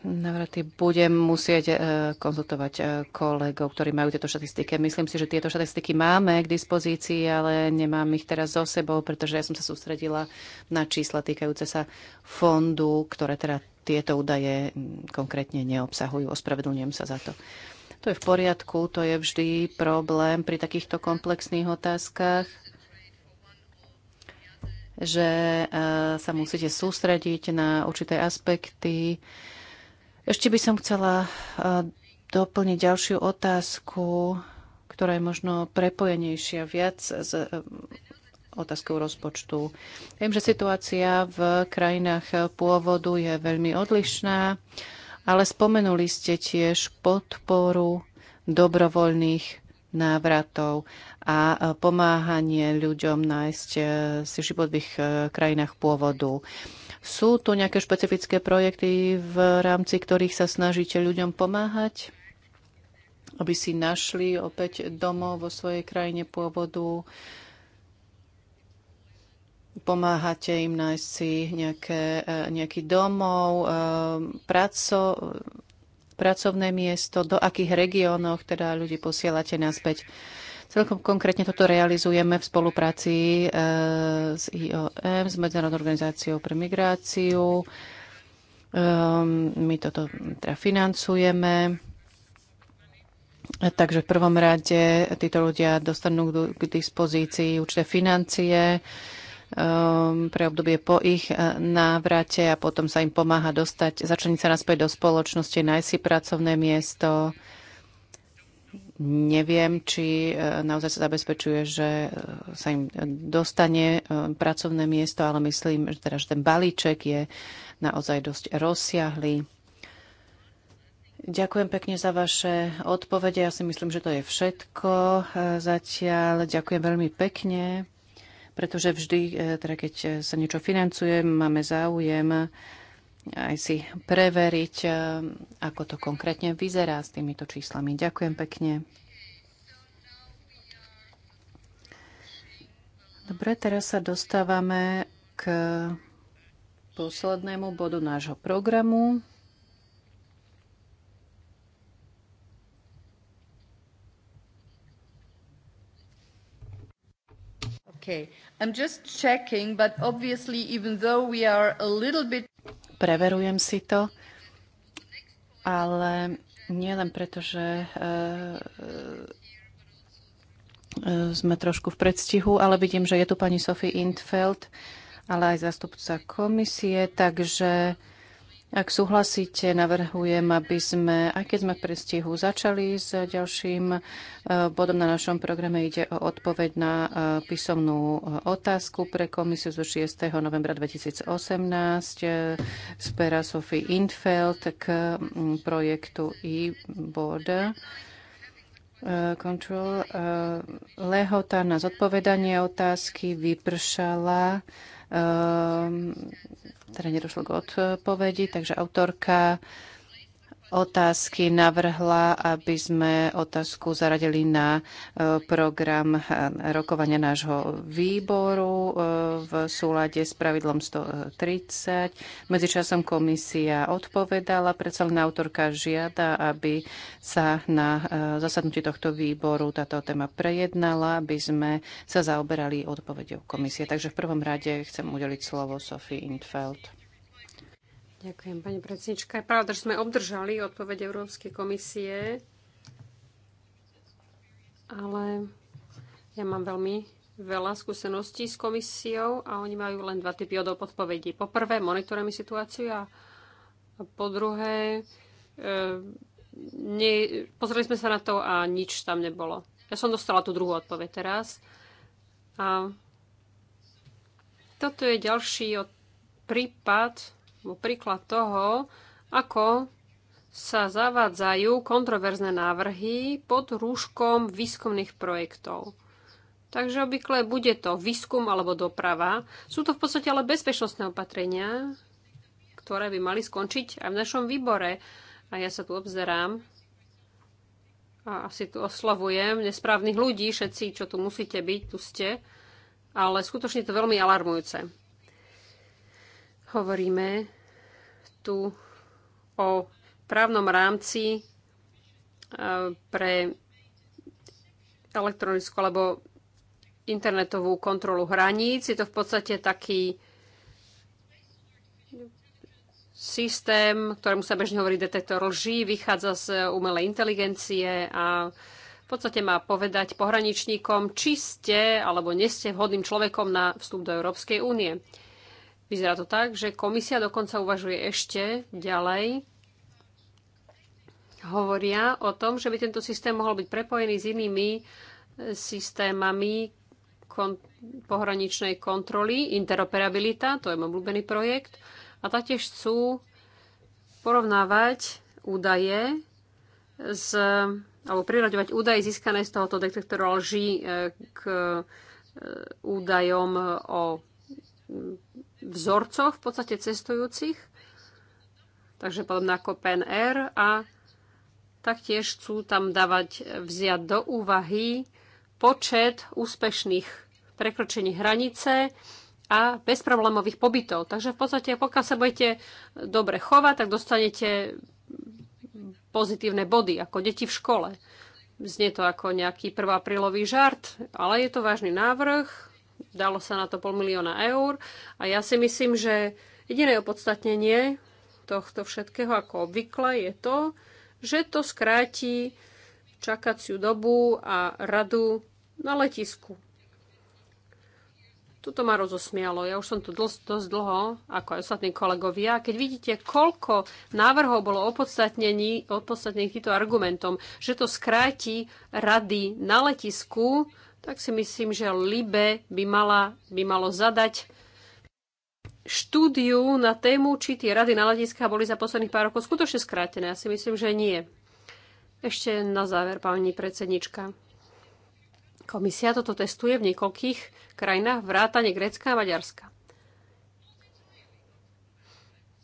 Navraty budem musieť eh, konzultovať eh, kolegov, ktorí majú tieto štatistiky. Myslím si, že tieto štatistiky máme k dispozícii, ale nemám ich teraz so sebou, pretože ja som sa sústredila na čísla týkajúce sa fondu, ktoré teda tieto údaje mm, konkrétne neobsahujú. Ospravedlňujem sa za to. To je v poriadku, to je vždy problém pri takýchto komplexných otázkach že e, sa musíte sústrediť na určité aspekty. Ešte by som chcela e, doplniť ďalšiu otázku, ktorá je možno prepojenejšia viac s e, otázkou rozpočtu. Viem, že situácia v krajinách pôvodu je veľmi odlišná ale spomenuli ste tiež podporu dobrovoľných návratov a e, pomáhanie ľuďom nájsť e, si život v ich e, krajinách pôvodu. Sú tu nejaké špecifické projekty, v rámci ktorých sa snažíte ľuďom pomáhať, aby si našli opäť domov vo svojej krajine pôvodu, pomáhate im nájsť si nejaké, e, nejaký domov, e, praco, pracovné miesto, do akých regiónoch teda ľudí posielate naspäť. Celkom konkrétne toto realizujeme v spolupráci e, s IOM, s Medzinárodnou organizáciou pre migráciu. Ehm, my toto teda financujeme. Takže v prvom rade títo ľudia dostanú k dispozícii určité financie, Um, pre obdobie po ich eh, návrate a potom sa im pomáha dostať, začleniť sa naspäť do spoločnosti, nájsť si pracovné miesto. Neviem, či eh, naozaj sa zabezpečuje, že eh, sa im dostane pracovné miesto, ale myslím, že, teda, že ten balíček je naozaj dosť rozsiahlý. Ďakujem pekne za vaše odpovede. Ja si myslím, že to je všetko zatiaľ. Ďakujem veľmi pekne pretože vždy, e, teda keď e, sa niečo financuje, máme záujem aj si preveriť, e, ako to konkrétne vyzerá s týmito číslami. Ďakujem pekne. Dobre, teraz sa dostávame k poslednému bodu nášho programu. Okay. I'm just checking, but obviously even though we are a little bit... Preverujem si to, ale nielen preto, že uh, uh, sme trošku v predstihu, ale vidím, že je tu pani Sophie Intfeld, ale aj zastupca komisie, takže ak súhlasíte, navrhujem, aby sme, aj keď sme pre stihu začali s ďalším e, bodom na našom programe. Ide o odpoveď na e, písomnú e, otázku pre komisiu zo 6. novembra 2018 z pera Sophie Infeld k projektu e-board. Control. Lehota na zodpovedanie otázky vypršala teda nedošlo k odpovedi, takže autorka otázky navrhla, aby sme otázku zaradili na e, program e, rokovania nášho výboru e, v súlade s pravidlom 130. Medzičasom komisia odpovedala, predsa len autorka žiada, aby sa na zasadnutí tohto výboru táto téma prejednala, aby sme sa zaoberali odpovedou komisie. Takže v prvom rade chcem udeliť slovo Sophie Intfeld. Ďakujem, pani predsednička. Je pravda, že sme obdržali odpoveď Európskej komisie, ale ja mám veľmi veľa skúseností s komisiou a oni majú len dva typy od odpovedí. Po prvé, monitorujeme situáciu a po druhé, e nie, pozreli sme sa na to a nič tam nebolo. Ja som dostala tú druhú odpoveď teraz. A toto je ďalší od, prípad, príklad toho, ako sa zavádzajú kontroverzné návrhy pod rúškom výskumných projektov. Takže obvykle bude to výskum alebo doprava. Sú to v podstate ale bezpečnostné opatrenia, ktoré by mali skončiť aj v našom výbore. A ja sa tu obzerám a asi tu oslavujem nesprávnych ľudí, všetci, čo tu musíte byť, tu ste. Ale skutočne to veľmi alarmujúce. Hovoríme tu o právnom rámci e, pre elektronickú alebo internetovú kontrolu hraníc. Je to v podstate taký systém, ktorému sa bežne hovorí detektor lží, vychádza z umelej inteligencie a v podstate má povedať pohraničníkom, či ste alebo neste vhodným človekom na vstup do Európskej únie. Vyzerá to tak, že komisia dokonca uvažuje ešte ďalej. Hovoria o tom, že by tento systém mohol byť prepojený s inými e, systémami kon- pohraničnej kontroly, interoperabilita, to je môj obľúbený projekt, a taktiež chcú porovnávať údaje z, alebo priraďovať údaje získané z tohoto detektora lží e, k e, údajom o vzorcoch v podstate cestujúcich, takže potom na Copen Air a taktiež chcú tam dávať vziať do úvahy počet úspešných prekročení hranice a bezproblémových pobytov. Takže v podstate, pokiaľ sa budete dobre chovať, tak dostanete pozitívne body, ako deti v škole. Znie to ako nejaký prílový žart, ale je to vážny návrh, Dalo sa na to pol milióna eur a ja si myslím, že jediné opodstatnenie tohto všetkého ako obvykle je to, že to skráti čakaciu dobu a radu na letisku. Tuto ma rozosmialo. Ja už som tu dosť, dosť dlho, ako aj ostatní kolegovia. Keď vidíte, koľko návrhov bolo opodstatnených týmto argumentom, že to skráti rady na letisku, tak si myslím, že LIBE by, mala, by malo zadať štúdiu na tému, či tie rady na letiskách boli za posledných pár rokov skutočne skrátené. Ja si myslím, že nie. Ešte na záver, pani predsednička. Komisia toto testuje v niekoľkých krajinách vrátane Grécka a Maďarska.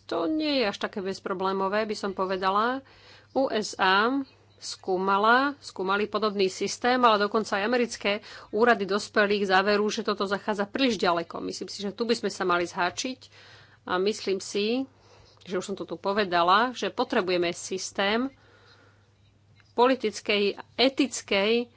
To nie je až také bezproblémové, by som povedala. USA skúmala, skúmali podobný systém, ale dokonca aj americké úrady dospeli k záveru, že toto zachádza príliš ďaleko. Myslím si, že tu by sme sa mali zháčiť a myslím si, že už som to tu povedala, že potrebujeme systém politickej, etickej,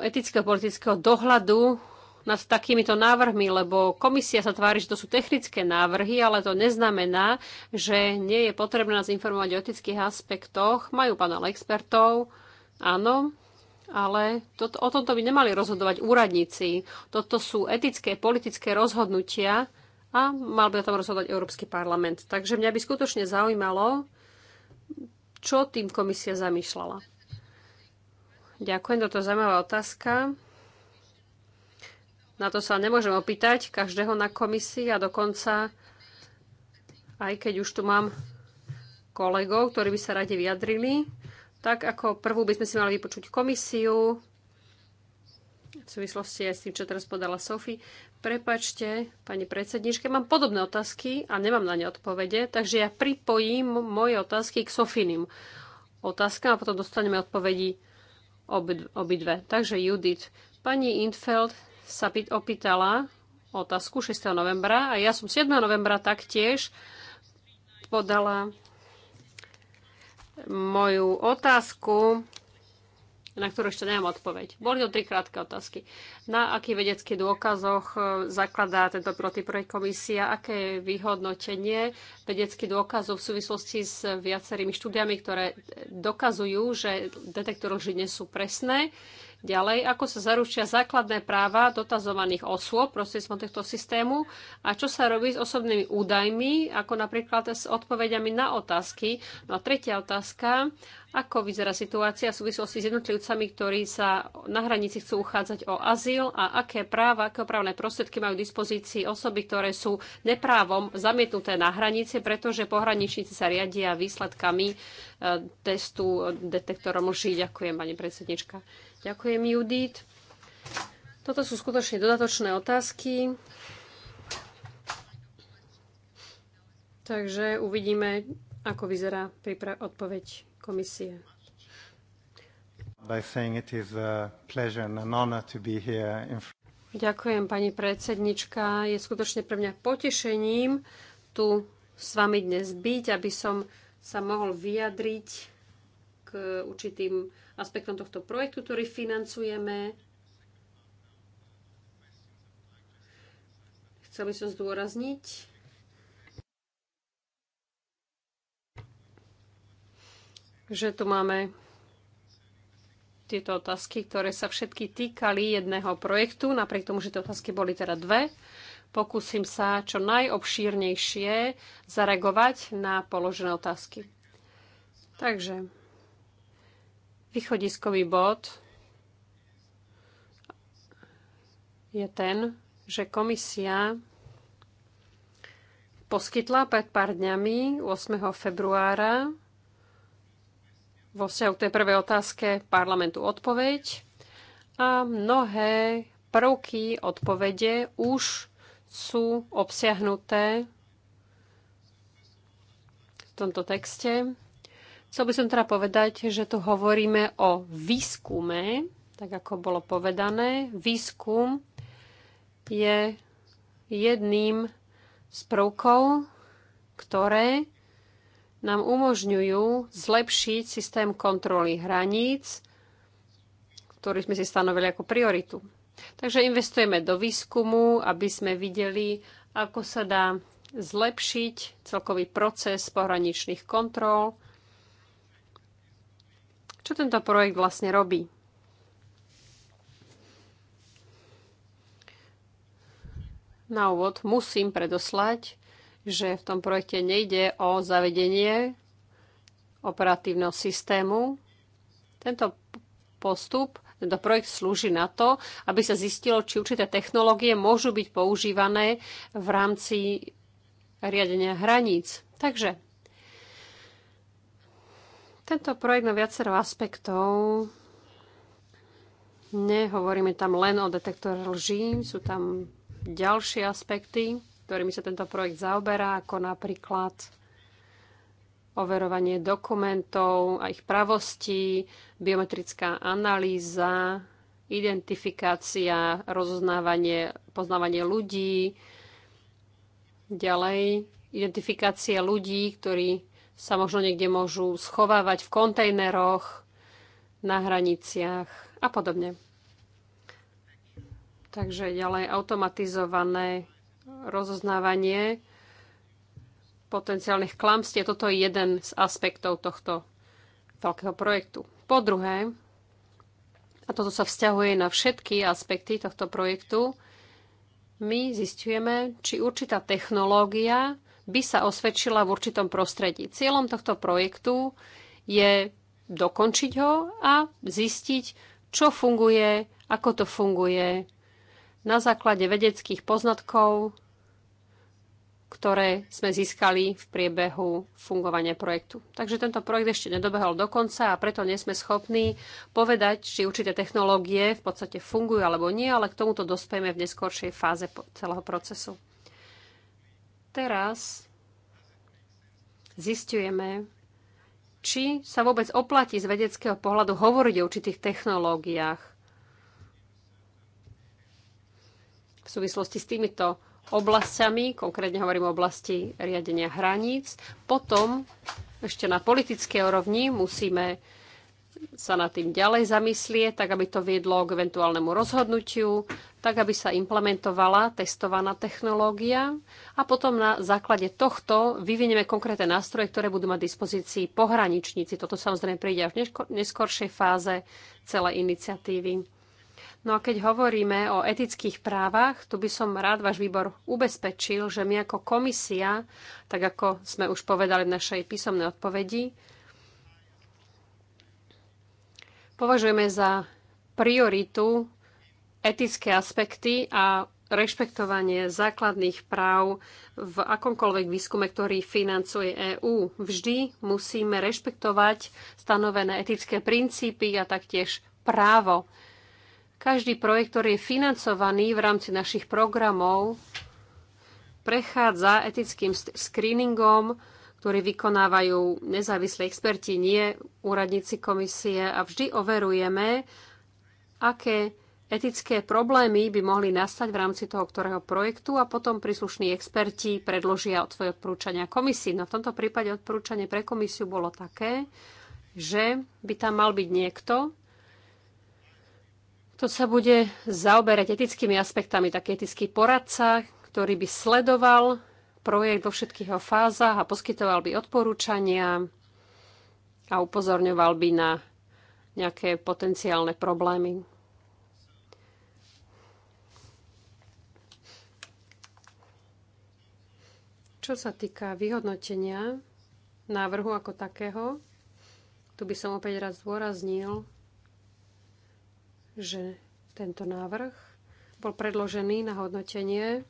etického politického dohľadu nad takýmito návrhmi, lebo komisia sa tvári, že to sú technické návrhy, ale to neznamená, že nie je potrebné nás informovať o etických aspektoch. Majú panel expertov, áno, ale to, o tomto by nemali rozhodovať úradníci. Toto sú etické, politické rozhodnutia a mal by o tom rozhodovať Európsky parlament. Takže mňa by skutočne zaujímalo, čo tým komisia zamýšľala. Ďakujem, toto je zaujímavá otázka. Na to sa nemôžem opýtať každého na komisii a dokonca, aj keď už tu mám kolegov, ktorí by sa rade vyjadrili, tak ako prvú by sme si mali vypočuť komisiu v súvislosti aj s tým, čo teraz podala Sofi. Prepačte, pani predsedničke, mám podobné otázky a nemám na ne odpovede, takže ja pripojím moje otázky k Sofinim otázkam a potom dostaneme odpovedi obidve. Takže Judith, pani Infeld, sa opýtala otázku 6. novembra a ja som 7. novembra taktiež podala moju otázku, na ktorú ešte nemám odpoveď. Boli to tri krátke otázky. Na akých vedeckých dôkazoch e, zakladá tento protiprojekt komisia? Aké je vyhodnotenie vedeckých dôkazov v súvislosti s viacerými štúdiami, ktoré dokazujú, že detektory nie sú presné? Ďalej, ako sa zaručia základné práva dotazovaných osôb prostredstvom tohto systému a čo sa robí s osobnými údajmi, ako napríklad s odpovediami na otázky. No a tretia otázka, ako vyzerá situácia v súvislosti s jednotlivcami, ktorí sa na hranici chcú uchádzať o azyl a aké práva, aké právne prostriedky majú dispozícii osoby, ktoré sú neprávom zamietnuté na hranici, pretože pohraničníci sa riadia výsledkami e, testu detektorom lží. Ďakujem, pani predsednička. Ďakujem, Judith. Toto sú skutočne dodatočné otázky. Takže uvidíme, ako vyzerá odpoveď komisie. Ďakujem, pani predsednička. Je skutočne pre mňa potešením tu s vami dnes byť, aby som sa mohol vyjadriť k určitým aspektom tohto projektu, ktorý financujeme. Chcel by som zdôrazniť, že tu máme tieto otázky, ktoré sa všetky týkali jedného projektu, napriek tomu, že tie otázky boli teda dve. Pokúsim sa čo najobšírnejšie zareagovať na položené otázky. Takže, východiskový bod je ten, že komisia poskytla pred pár dňami 8. februára vo vzťahu k tej prvej otázke parlamentu odpoveď a mnohé prvky odpovede už sú obsiahnuté v tomto texte. Chcel by som teda povedať, že tu hovoríme o výskume, tak ako bolo povedané. Výskum je jedným z prvkov, ktoré nám umožňujú zlepšiť systém kontroly hraníc, ktorý sme si stanovili ako prioritu. Takže investujeme do výskumu, aby sme videli, ako sa dá zlepšiť celkový proces pohraničných kontrol. Čo tento projekt vlastne robí? Na úvod musím predoslať, že v tom projekte nejde o zavedenie operatívneho systému. Tento postup, tento projekt slúži na to, aby sa zistilo, či určité technológie môžu byť používané v rámci riadenia hraníc. Takže tento projekt na viacero aspektov. Nehovoríme tam len o detektore lží, sú tam ďalšie aspekty ktorými sa tento projekt zaoberá, ako napríklad overovanie dokumentov a ich pravosti, biometrická analýza, identifikácia, rozoznávanie, poznávanie ľudí, ďalej identifikácia ľudí, ktorí sa možno niekde môžu schovávať v kontejneroch, na hraniciach a podobne. Takže ďalej automatizované rozoznávanie potenciálnych klamstie. Toto je jeden z aspektov tohto veľkého projektu. Po druhé, a toto sa vzťahuje na všetky aspekty tohto projektu, my zistujeme, či určitá technológia by sa osvedčila v určitom prostredí. Cieľom tohto projektu je dokončiť ho a zistiť, čo funguje, ako to funguje na základe vedeckých poznatkov, ktoré sme získali v priebehu fungovania projektu. Takže tento projekt ešte nedobehol do konca a preto nie sme schopní povedať, či určité technológie v podstate fungujú alebo nie, ale k tomuto dospejeme v neskoršej fáze celého procesu. Teraz zistujeme, či sa vôbec oplatí z vedeckého pohľadu hovoriť o určitých technológiách v súvislosti s týmito oblastiami, konkrétne hovorím o oblasti riadenia hraníc. Potom ešte na politickej úrovni musíme sa nad tým ďalej zamyslieť, tak aby to viedlo k eventuálnemu rozhodnutiu, tak aby sa implementovala testovaná technológia a potom na základe tohto vyvinieme konkrétne nástroje, ktoré budú mať dispozícii pohraničníci. Toto samozrejme príde až v neskoršej fáze celej iniciatívy. No a keď hovoríme o etických právach, tu by som rád váš výbor ubezpečil, že my ako komisia, tak ako sme už povedali v našej písomnej odpovedi, považujeme za prioritu etické aspekty a rešpektovanie základných práv v akomkoľvek výskume, ktorý financuje EÚ. Vždy musíme rešpektovať stanovené etické princípy a taktiež právo každý projekt, ktorý je financovaný v rámci našich programov, prechádza etickým screeningom, ktorý vykonávajú nezávislí experti, nie úradníci komisie a vždy overujeme, aké etické problémy by mohli nastať v rámci toho ktorého projektu a potom príslušní experti predložia svoje odporúčania komisii. No v tomto prípade odporúčanie pre komisiu bolo také, že by tam mal byť niekto, kto sa bude zaoberať etickými aspektami, taký etický poradca, ktorý by sledoval projekt vo všetkých jeho fázach a poskytoval by odporúčania a upozorňoval by na nejaké potenciálne problémy. Čo sa týka vyhodnotenia návrhu ako takého, tu by som opäť raz zdôraznil, že tento návrh bol predložený na hodnotenie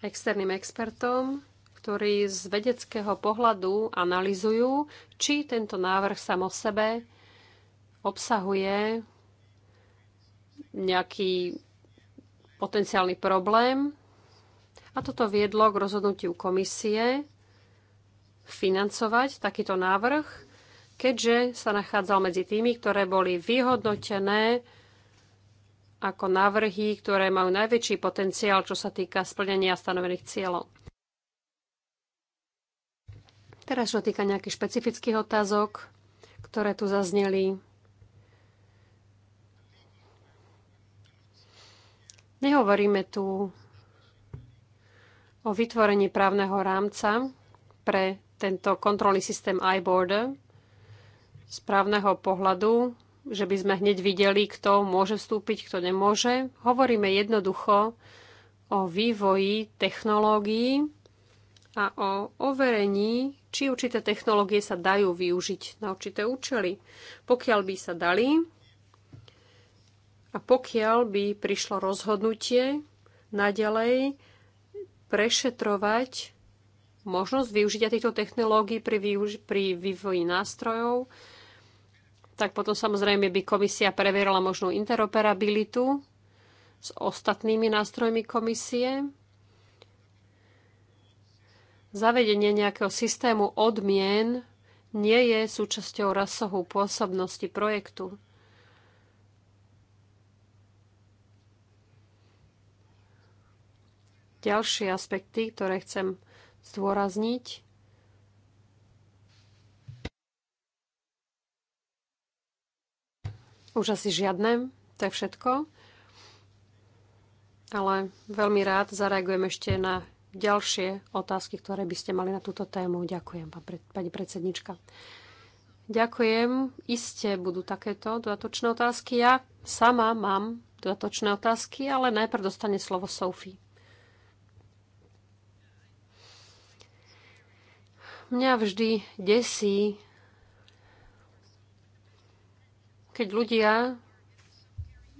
externým expertom, ktorí z vedeckého pohľadu analizujú, či tento návrh sam o sebe obsahuje nejaký potenciálny problém. A toto viedlo k rozhodnutiu komisie financovať takýto návrh, keďže sa nachádzal medzi tými, ktoré boli vyhodnotené ako návrhy, ktoré majú najväčší potenciál, čo sa týka splnenia stanovených cieľov. Teraz, čo týka nejakých špecifických otázok, ktoré tu zazneli. Nehovoríme tu o vytvorení právneho rámca pre tento kontrolný systém iBoarder, Z právneho pohľadu že by sme hneď videli, kto môže vstúpiť, kto nemôže. Hovoríme jednoducho o vývoji technológií a o overení, či určité technológie sa dajú využiť na určité účely. Pokiaľ by sa dali a pokiaľ by prišlo rozhodnutie naďalej prešetrovať možnosť využitia týchto technológií pri, využi- pri vývoji nástrojov, tak potom samozrejme by komisia preverila možnú interoperabilitu s ostatnými nástrojmi komisie. Zavedenie nejakého systému odmien nie je súčasťou rasohu pôsobnosti projektu. Ďalšie aspekty, ktoré chcem zdôrazniť, Už asi žiadne, to je všetko. Ale veľmi rád zareagujem ešte na ďalšie otázky, ktoré by ste mali na túto tému. Ďakujem, pani predsednička. Ďakujem. Isté budú takéto dodatočné otázky. Ja sama mám dodatočné otázky, ale najprv dostane slovo Sophie. Mňa vždy desí keď ľudia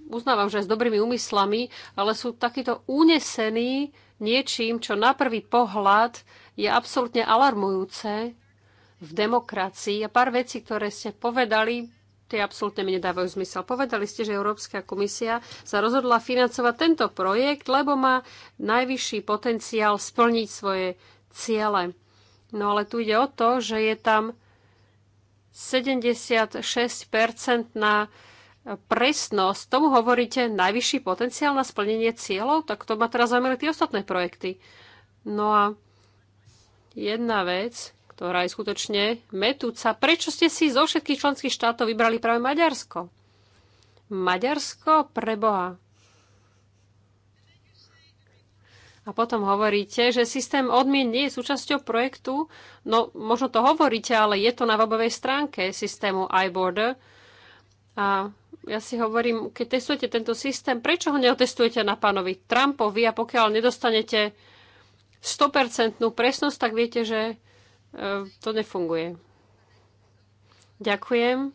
uznávam, že s dobrými úmyslami, ale sú takýto unesení niečím, čo na prvý pohľad je absolútne alarmujúce v demokracii. A pár vecí, ktoré ste povedali, tie absolútne mi nedávajú zmysel. Povedali ste, že Európska komisia sa rozhodla financovať tento projekt, lebo má najvyšší potenciál splniť svoje ciele. No ale tu ide o to, že je tam 76-percentná presnosť. Tomu hovoríte najvyšší potenciál na splnenie cieľov? Tak to ma teraz zaujímali tie ostatné projekty. No a jedna vec, ktorá je skutočne metúca. Prečo ste si zo všetkých členských štátov vybrali práve Maďarsko? Maďarsko? pre Boha. A potom hovoríte, že systém odmien nie je súčasťou projektu. No, možno to hovoríte, ale je to na webovej stránke systému iBorder. A ja si hovorím, keď testujete tento systém, prečo ho neotestujete na pánovi Trumpovi a pokiaľ nedostanete 100% presnosť, tak viete, že e, to nefunguje. Ďakujem.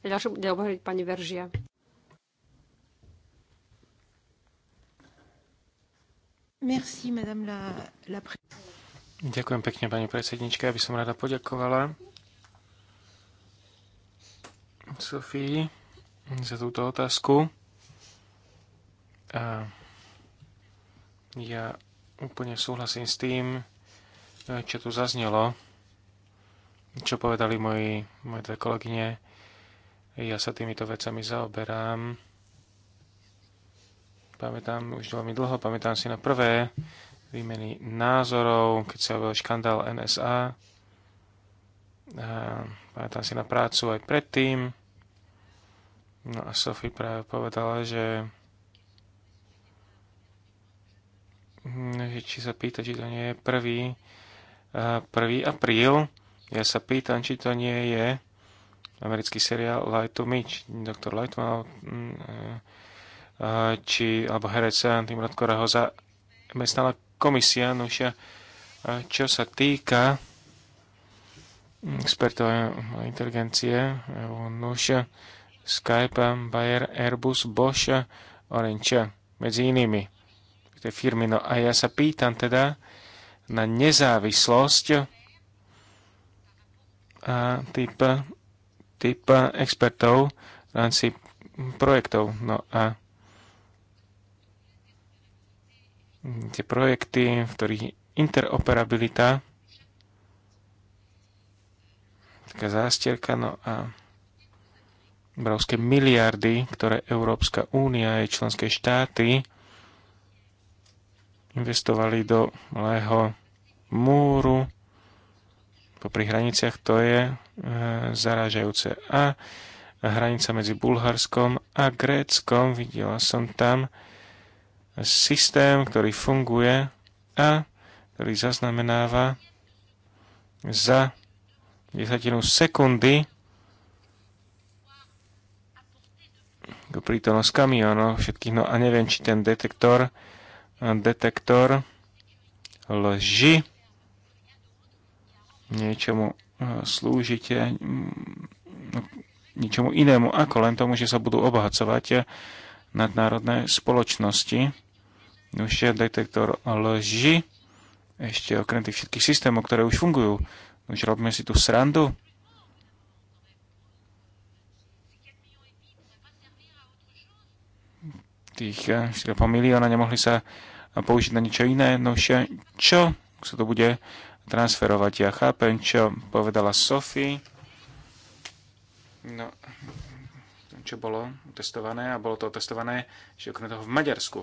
Ďalšie bude hovoriť pani Veržia. Ďakujem pekne, pani predsednička. Ja by som rada poďakovala Sofii za túto otázku. A ja úplne súhlasím s tým, čo tu zaznelo, čo povedali moji, moje dve kolegyne. Ja sa týmito vecami zaoberám pamätám už veľmi dlho, pamätám si na prvé výmeny názorov, keď sa bol škandál NSA. A pamätám si na prácu aj predtým. No a Sophie práve povedala, že že či sa pýta, či to nie je prvý, 1. apríl. Ja sa pýtam, či to nie je americký seriál Light to Me, či doktor Light mal mm, e, či, alebo herec eh, Tim Radkorého zamestnala komisia. No už, čo sa týka mm, expertov eh, inteligencie, eh, nuž, Skype, Bayer, Airbus, Bosch, Orange, medzi inými tej firmy. No a ja sa pýtam teda na nezávislosť a typ, typ expertov v rámci projektov. No a Mm, tie projekty, v ktorých interoperabilita taká zástierka, no a obrovské miliardy, ktoré Európska únia a jej členské štáty investovali do malého múru po pri hraniciach, to je e, zarážajúce. A hranica medzi Bulharskom a Gréckom, videla som tam systém, ktorý funguje a ktorý zaznamenáva za desatinu sekundy prítomnosť kamionov všetkých. No a neviem, či ten detektor, detektor lži niečomu eh, slúžite, mm, niečomu inému ako len tomu, že sa budú obohacovať eh, nadnárodné spoločnosti. Už detektor lži, ešte okrem tých všetkých systémov, ktoré už fungujú. Už robíme si tu srandu. Tých 4,5 eh, milióna nemohli sa použiť na niečo iné. No eh, čo sa to bude transferovať? Ja chápem, čo povedala Sophie. No, čo bolo testované a bolo to otestované že okrem toho v Maďarsku.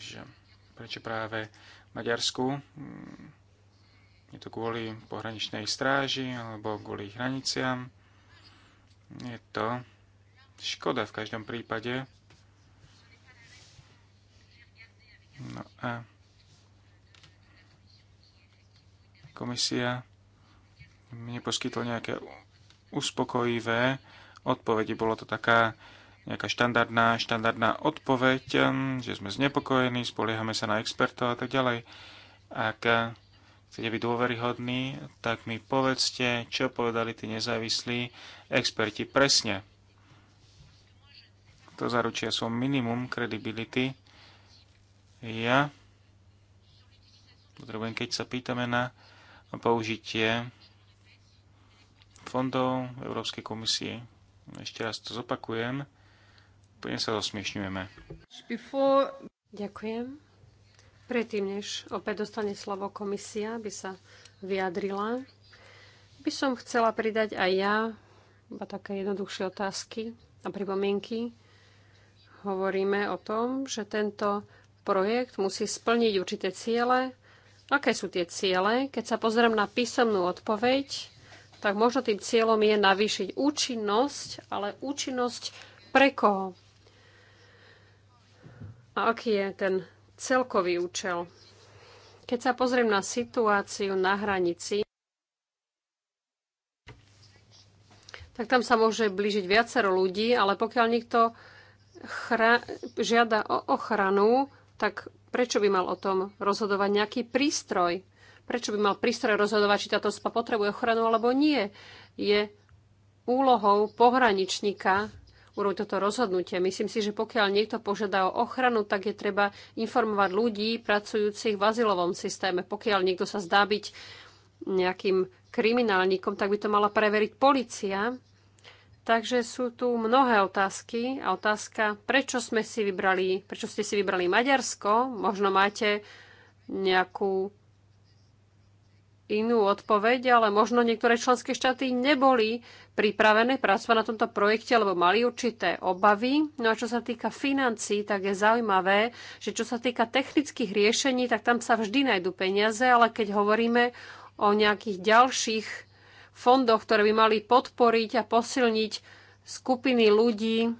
Že prečo práve v Maďarsku? Je to kvôli pohraničnej stráži alebo kvôli hraniciam. Je to škoda v každom prípade. No a komisia neposkytol nejaké uspokojivé odpovede. Bolo to taká nejaká štandardná, štandardná odpoveď, že sme znepokojení, spoliehame sa na expertov a tak ďalej. Ak eh, chcete byť dôveryhodní, tak mi povedzte, čo povedali tí nezávislí experti presne. To zaručia som minimum kredibility. Ja potrebujem, keď sa pýtame na použitie fondov Európskej komisie. Ešte raz to zopakujem. Úplne sa zosmiešňujeme. Ďakujem. Predtým, než opäť dostane slovo komisia, by sa vyjadrila, by som chcela pridať aj ja iba také jednoduchšie otázky a pripomienky. Hovoríme o tom, že tento projekt musí splniť určité ciele. Aké sú tie ciele? Keď sa pozriem na písomnú odpoveď, tak možno tým cieľom je navýšiť účinnosť, ale účinnosť pre koho? A aký je ten celkový účel? Keď sa pozriem na situáciu na hranici, tak tam sa môže blížiť viacero ľudí, ale pokiaľ niekto žiada o ochranu, tak prečo by mal o tom rozhodovať nejaký prístroj? Prečo by mal prístroj rozhodovať, či táto spa potrebuje ochranu alebo nie? Je úlohou pohraničníka urobiť toto rozhodnutie. Myslím si, že pokiaľ niekto požiada o ochranu, tak je treba informovať ľudí pracujúcich v azylovom systéme. Pokiaľ niekto sa zdá byť nejakým kriminálnikom, tak by to mala preveriť policia. Takže sú tu mnohé otázky a otázka, prečo sme si vybrali, prečo ste si vybrali Maďarsko, možno máte nejakú inú odpoveď, ale možno niektoré členské štáty neboli pripravené pracovať na tomto projekte, lebo mali určité obavy. No a čo sa týka financí, tak je zaujímavé, že čo sa týka technických riešení, tak tam sa vždy nájdú peniaze, ale keď hovoríme o nejakých ďalších fondoch, ktoré by mali podporiť a posilniť skupiny ľudí,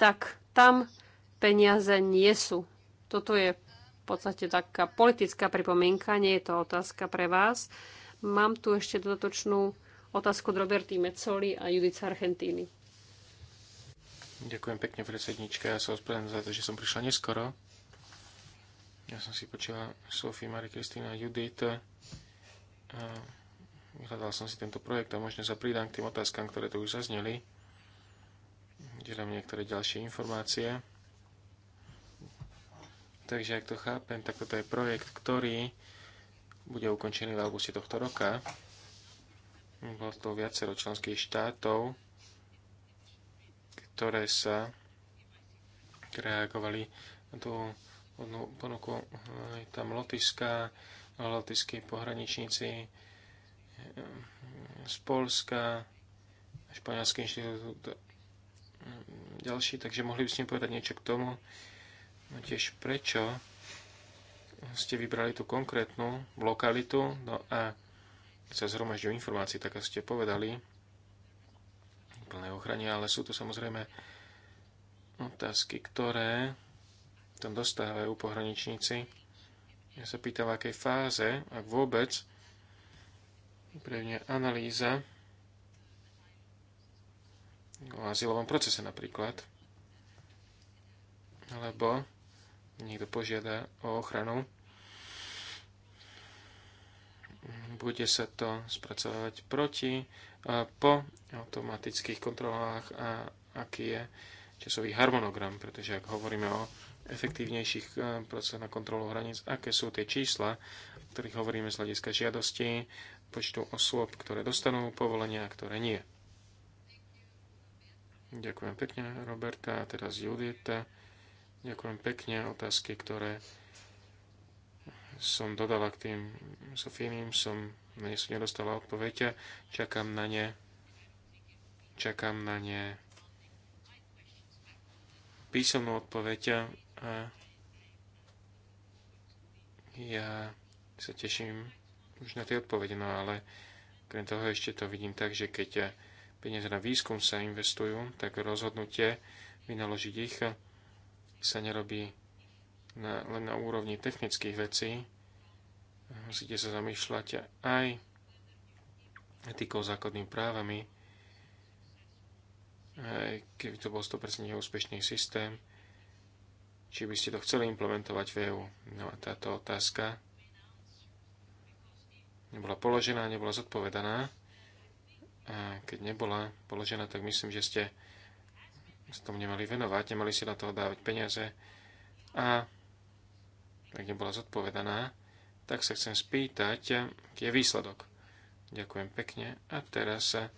tak tam peniaze nie sú. Toto je v podstate taká politická pripomienka, nie je to otázka pre vás. Mám tu ešte dodatočnú otázku od Roberty Mecoli a Judice Argentíny. Ďakujem pekne, predsednička. Ja sa ospravedlňujem za to, že som prišla neskoro. Ja som si počula Sofie, Marie Kristýna a Judith. Vyhľadal som si tento projekt a možno sa pridám k tým otázkam, ktoré tu už zazneli. Delám niektoré ďalšie informácie. Takže ak to chápem, tak toto je projekt, ktorý bude ukončený v auguste tohto roka. Bolo to viacero členských štátov, ktoré sa reagovali na tú ponuku. Je tam Lotyšská, lotyšskí pohraničníci z Polska, Španielský inštitút ďalší, takže mohli by ste mi povedať niečo k tomu, no tiež prečo ste vybrali tú konkrétnu lokalitu no a keď sa zhromažďujú informácie, tak ako ste povedali, plnej ochrane, ale sú to samozrejme otázky, ktoré tam dostávajú pohraničníci. Ja sa pýtam, v akej fáze, ak vôbec, pre analýza o azylovom procese napríklad, alebo niekto požiada o ochranu, bude sa to spracovávať proti, po automatických kontrolách a aký je časový harmonogram, pretože ak hovoríme o efektívnejších e, procesoch na kontrolu hraníc, aké sú tie čísla, o ktorých hovoríme z hľadiska žiadosti, počtu osôb, ktoré dostanú povolenia a ktoré nie. Ďakujem pekne, Roberta, a teraz Judita. Ďakujem pekne. Otázky, ktoré som dodala k tým Sofíným, som na ne som nedostala odpoveď. Čakám na ne. Čakám na ne písomnú odpoveď a ja sa teším už na tie odpovede, no ale krem toho ešte to vidím tak, že keď peniaze na výskum sa investujú, tak rozhodnutie vynaložiť ich sa nerobí na, len na úrovni technických vecí. Musíte sa zamýšľať aj etikou základným právami. Aj keby to bol 100% úspešný systém, či by ste to chceli implementovať v EU. No a táto otázka nebola položená, nebola zodpovedaná. A keď nebola položená, tak myslím, že ste sa tomu nemali venovať, nemali si na toho dávať peniaze a tak nebola zodpovedaná, tak sa chcem spýtať, aký je výsledok. Ďakujem pekne a teraz sa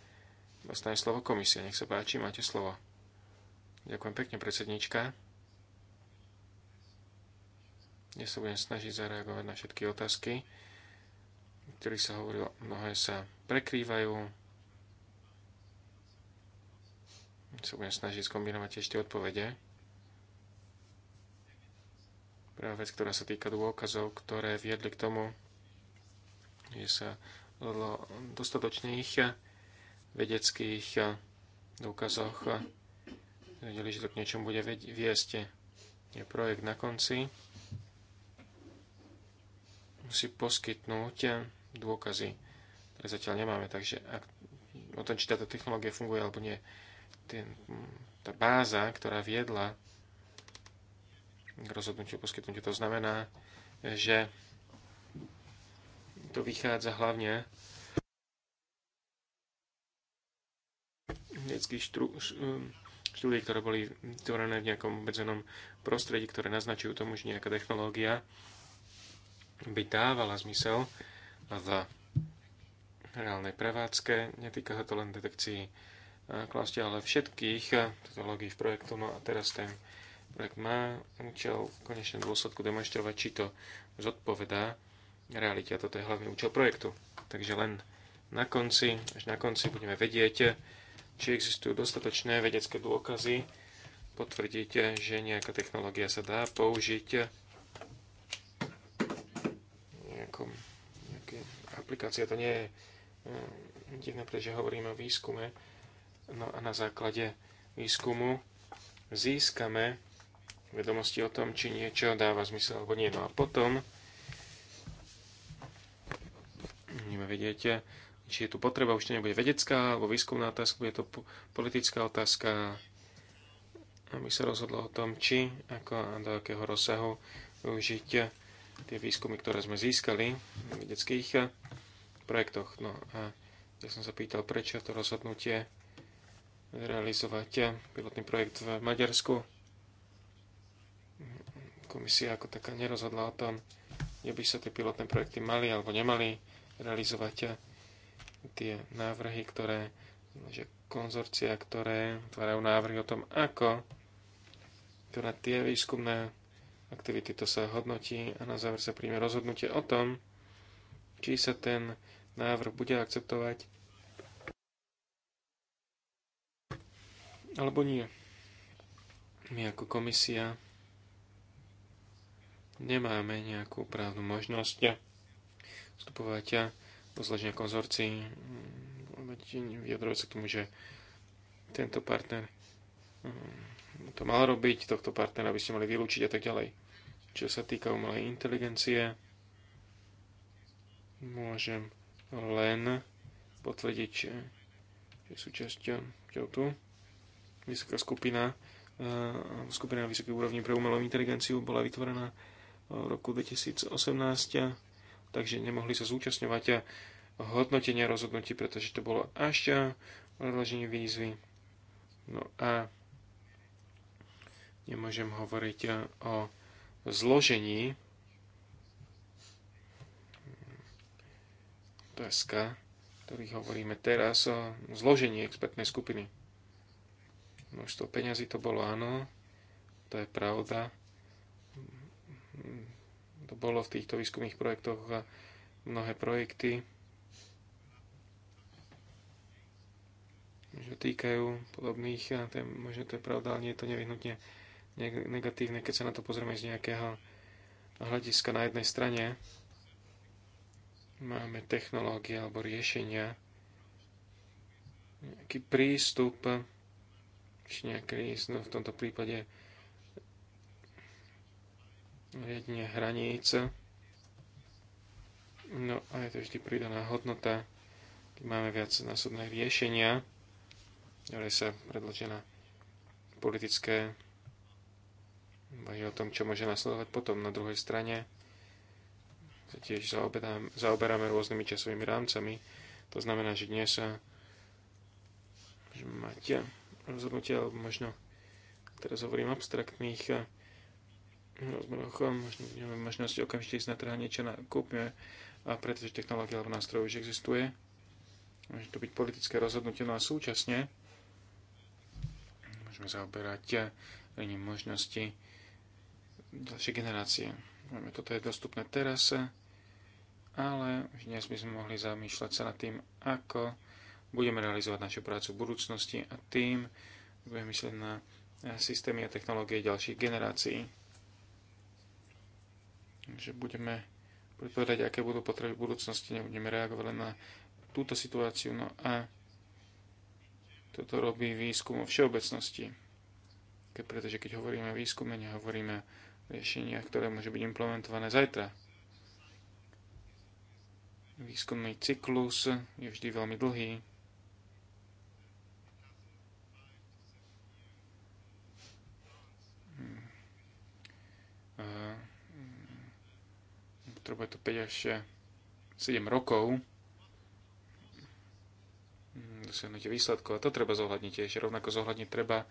dostane slovo komisia. Nech sa páči, máte slovo. Ďakujem pekne, predsednička. Ja sa budem snažiť zareagovať na všetky otázky, ktorých sa hovorilo. Mnohé sa prekrývajú, sa budem snažiť skombinovať ešte odpovede. Prvá vec, ktorá sa týka dôkazov, ktoré viedli k tomu, že sa hovorilo dostatočných vedeckých dôkazoch vedeli, že to k niečomu bude viesť. Je projekt na konci. Musí poskytnúť dôkazy, ktoré zatiaľ nemáme. Takže ak, o tom, či táto technológia funguje alebo nie, tá báza, ktorá viedla k rozhodnutiu poskytnutia. to znamená, že to vychádza hlavne vedeckých štru, um, štúdií, ktoré boli tvorené v nejakom obmedzenom prostredí, ktoré naznačujú tomu, že nejaká technológia by dávala zmysel v reálnej prevádzke. Netýka sa to len detekcií klasť, ale všetkých eh, technológií v projektu. No a teraz ten projekt má účel v konečnom dôsledku demonstrovať, či to zodpovedá realite. A toto je hlavný účel projektu. Takže len na konci, až na konci budeme vedieť, či existujú dostatočné vedecké dôkazy, potvrdíte, že nejaká technológia sa dá použiť nejakom, aplikácia. To nie je eh, divné, pretože hovoríme o výskume, No a na základe výskumu získame vedomosti o tom, či niečo dáva zmysel alebo nie. No a potom budeme vedieť, či je tu potreba, už to nebude vedecká alebo výskumná otázka, bude to politická otázka, aby sa rozhodlo o tom, či ako a do akého rozsahu využiť tie výskumy, ktoré sme získali v vedeckých projektoch. No a ja som sa pýtal, prečo to rozhodnutie realizovať pilotný projekt v Maďarsku. Komisia ako taká nerozhodla o tom, kde by sa tie pilotné projekty mali alebo nemali realizovať tie návrhy, ktoré že konzorcia, ktoré tvárajú návrhy o tom, ako na tie výskumné aktivity to sa hodnotí a na záver sa príjme rozhodnutie o tom, či sa ten návrh bude akceptovať alebo nie. My ako komisia nemáme nejakú právnu možnosť vstupovať do zloženia konzorcií, mm, vyjadrovať sa k tomu, že tento partner mm, to mal robiť, tohto partnera by ste mali vylúčiť a tak ďalej. Čo sa týka umelej inteligencie, môžem len potvrdiť, že, že súčasťou tu vysoká skupina, e, skupina na vysokej úrovni pre umelú inteligenciu bola vytvorená v roku 2018, takže nemohli sa zúčastňovať hodnotenia rozhodnutí, pretože to bolo až odloženie výzvy. No a nemôžem hovoriť o zložení otázka, ktorý hovoríme teraz, o zložení expertnej skupiny. Množstvo peňazí to bolo, áno. To je pravda. To bolo v týchto výskumných projektoch mnohé projekty, že týkajú podobných, a to je, možno to je pravda, ale nie je to nevyhnutne negatívne, keď sa na to pozrieme z nejakého hľadiska na jednej strane. Máme technológie alebo riešenia, nejaký prístup, riešenia no v tomto prípade riadenie hraníc. No a je to vždy pridaná hodnota, keď máme viac násobné riešenia, ktoré sa predložia na politické o tom, čo môže nasledovať potom. Na druhej strane sa tiež zaoberáme, zaoberáme rôznymi časovými rámcami. To znamená, že dnes sa môžeme mať rozhodnutia, alebo možno teraz hovorím abstraktných eh, rozmeroch, eh, možno nemáme možnosť okamžite ísť na trh niečo kúpime, a pretože technológia alebo nástroj už existuje. Môže to byť politické rozhodnutie, no a súčasne môžeme zaoberať eh, rinim možnosti ďalšie generácie. Máme, toto je dostupné teraz, ale už dnes by sme mohli zamýšľať sa nad tým, ako budeme realizovať našu prácu v budúcnosti a tým budeme myslieť na systémy a technológie ďalších generácií. Takže budeme predpovedať, aké budú potreby v budúcnosti, nebudeme reagovať len na túto situáciu, no a toto robí výskum o všeobecnosti. Ke, pretože keď hovoríme o výskume, nehovoríme o riešeniach, ktoré môže byť implementované zajtra. Výskumný cyklus je vždy veľmi dlhý, potrebuje to 5 až 7 rokov mm, dosiahnutie výsledkov. A to treba zohľadniť tiež. Rovnako zohľadniť treba,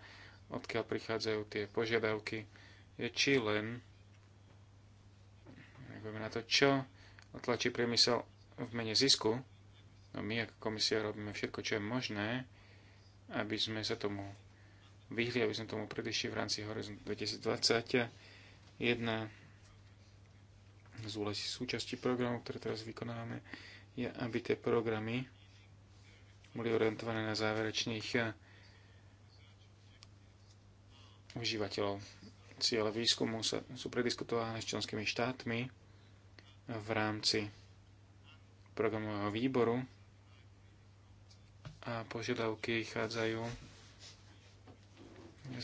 odkiaľ prichádzajú tie požiadavky. Je či len, nebudeme na to, čo tlačí priemysel v mene zisku. No my ako komisia robíme všetko, čo je možné, aby sme sa tomu vyhli, aby sme tomu predišli v rámci Horizon 2020 z súčasti programu, ktoré teraz vykonávame, je, aby tie programy boli orientované na záverečných eh, užívateľov. Ciele výskumu sa, sú prediskutované s členskými štátmi v rámci programového výboru a požiadavky chádzajú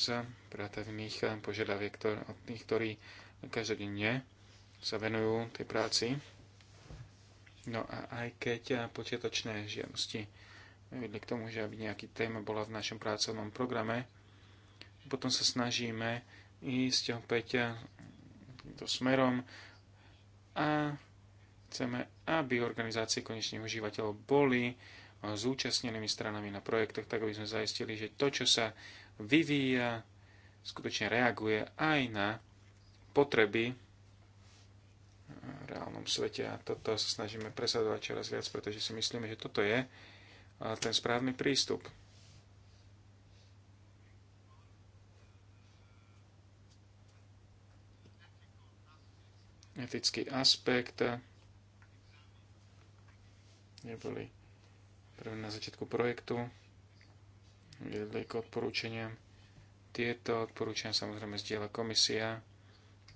za prátavných eh, požiadaviek od tých, ktorí každodenne sa venujú tej práci. No a aj keď počiatočné žiadosti vedli k tomu, že aby nejaký téma bola v našom pracovnom programe, potom sa snažíme ísť opäť do smerom a chceme, aby organizácie konečných užívateľov boli zúčastnenými stranami na projektoch, tak aby sme zaistili, že to, čo sa vyvíja, skutočne reaguje aj na potreby reálnom svete. A toto sa snažíme presadovať čoraz viac, pretože si myslíme, že toto je eh, ten správny prístup. Etický aspekt eh, neboli prvé na začiatku projektu, viedli k odporúčaniam. Tieto odporúčania samozrejme zdieľa komisia,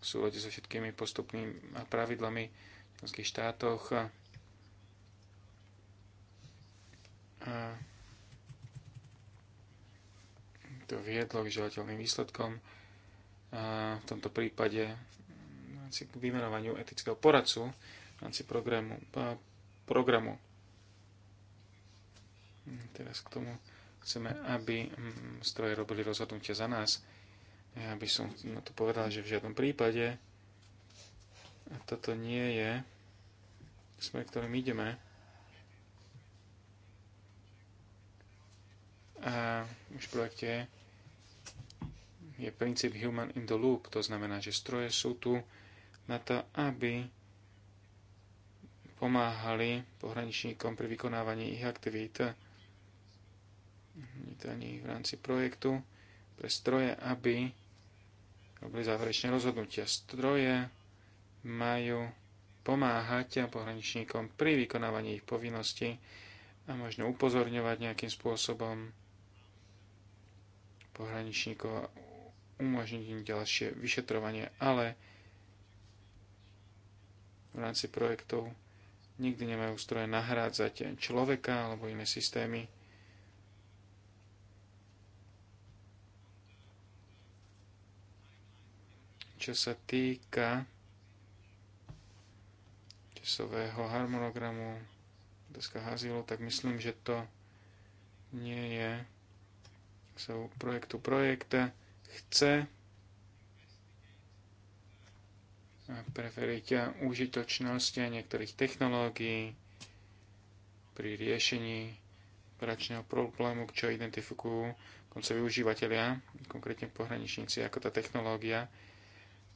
v súlade so všetkými postupnými pravidlami v členských štátoch. A to viedlo k želateľným výsledkom. A v tomto prípade k vymenovaniu etického poradcu v rámci programu, programu. Teraz k tomu chceme, aby mm, stroje robili rozhodnutia za nás. Ja by som na to povedal, že v žiadnom prípade a toto nie je smer, ktorým ideme. A už v projekte je princíp human in the loop, to znamená, že stroje sú tu na to, aby pomáhali pohraničníkom pri vykonávaní ich aktivít. Nie to ani v rámci projektu pre stroje, aby robili záverečné rozhodnutia. Stroje majú pomáhať pohraničníkom pri vykonávaní ich povinností a možno upozorňovať nejakým spôsobom pohraničníkov a umožniť im ďalšie vyšetrovanie, ale v rámci projektov nikdy nemajú stroje nahrádzať človeka alebo iné systémy čo sa týka časového harmonogramu deska Hazilu, tak myslím, že to nie je sa projektu projekta chce preferiť užitočnosť niektorých technológií pri riešení operačného problému, čo identifikujú konce užívateľia, konkrétne pohraničníci, ako tá technológia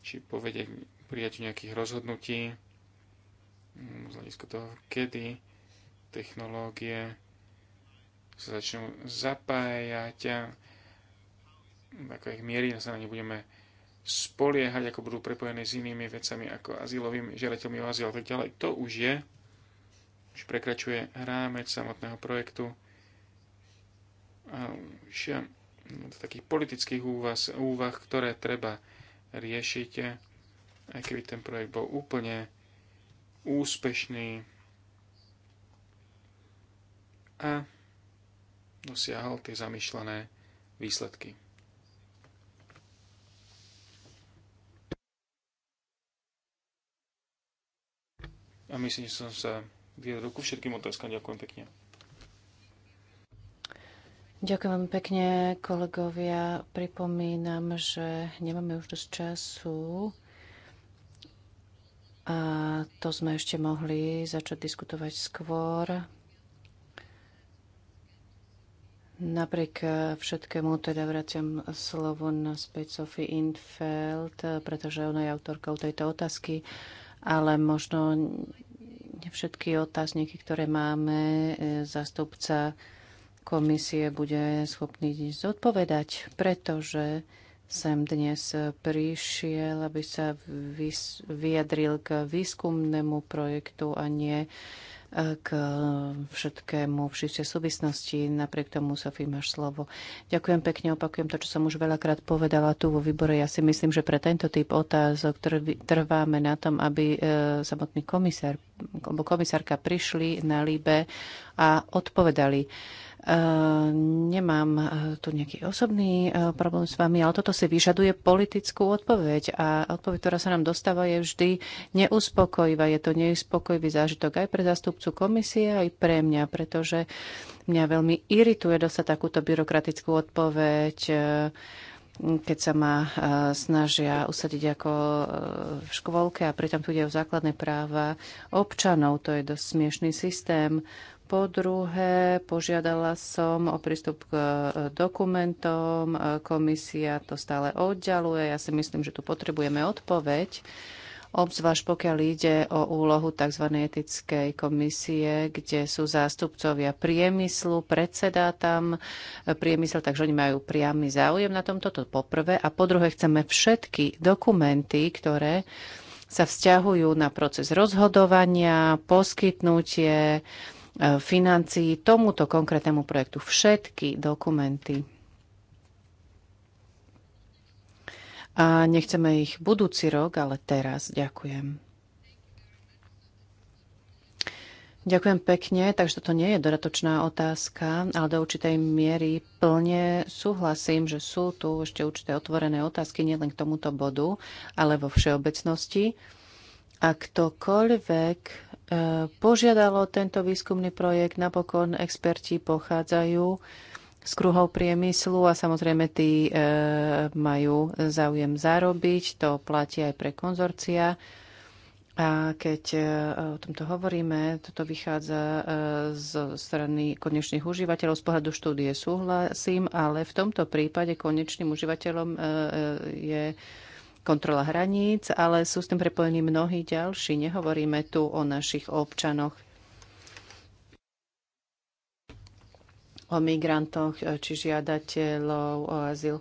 či povedie prijať nejakých rozhodnutí mm, z hľadiska toho, kedy technológie sa začnú zapájať a v akých miery sa na ne budeme spoliehať, ako budú prepojené s inými vecami ako azylovým žiadateľmi o azyl a tak ďalej. To už je, už prekračuje rámec samotného projektu a už do takých politických úvah, úvah ktoré treba riešite aj keby ten projekt bol úplne úspešný a dosiahol tie zamýšľané výsledky. A myslím, že som sa vyjadril ku všetkým otázkam. Ďakujem pekne. Ďakujem vám pekne, kolegovia. Pripomínam, že nemáme už dosť času a to sme ešte mohli začať diskutovať skôr. Napriek všetkému teda vraciam slovo na späť Sophie Infeld, pretože ona je autorkou tejto otázky, ale možno všetky otázniky, ktoré máme, e, zastupca komisie bude schopný zodpovedať, pretože sem dnes prišiel, aby sa vyjadril k výskumnému projektu a nie e, k všetkému všetké súvislosti. Napriek tomu, Sofie, máš slovo. Ďakujem pekne, opakujem to, čo som už veľakrát povedala tu vo výbore. Ja si myslím, že pre tento typ otázok trváme na tom, aby e, samotný komisár alebo komisárka prišli na Líbe a odpovedali Eh, nemám eh, tu nejaký osobný eh, problém s vami, ale toto si vyžaduje politickú odpoveď. A odpoveď, ktorá sa nám dostáva, je vždy neuspokojivá. Je to neuspokojivý zážitok aj pre zástupcu komisie, aj pre mňa, pretože mňa veľmi irituje dostať takúto byrokratickú odpoveď keď sa ma snažia usadiť ako v škôlke a pritom tu ide o základné práva občanov. To je dosť smiešný systém. Po druhé, požiadala som o prístup k e, dokumentom. E, komisia to stále oddialuje. Ja si myslím, že tu potrebujeme odpoveď obzvlášť pokiaľ ide o úlohu tzv. etickej komisie, kde sú zástupcovia priemyslu, predseda tam e, priemysel, takže oni majú priamy záujem na tomto, to poprvé. A po druhé, chceme všetky dokumenty, ktoré sa vzťahujú na proces rozhodovania, poskytnutie, E, financií tomuto konkrétnemu projektu všetky dokumenty. A nechceme ich budúci rok, ale teraz. Ďakujem. Ďakujem pekne, takže toto nie je dodatočná otázka, ale do určitej miery plne súhlasím, že sú tu ešte určité otvorené otázky nielen k tomuto bodu, ale vo všeobecnosti. A ktokoľvek E, požiadalo tento výskumný projekt. Napokon experti pochádzajú z kruhov priemyslu a samozrejme tí e, majú záujem zarobiť. To platí aj pre konzorcia. A keď e, o tomto hovoríme, toto vychádza z zo strany konečných užívateľov. Z pohľadu štúdie súhlasím, ale v tomto prípade konečným užívateľom je kontrola hraníc, ale sú s tým prepojení mnohí ďalší. Nehovoríme tu o našich občanoch, o migrantoch či žiadateľov o azyl.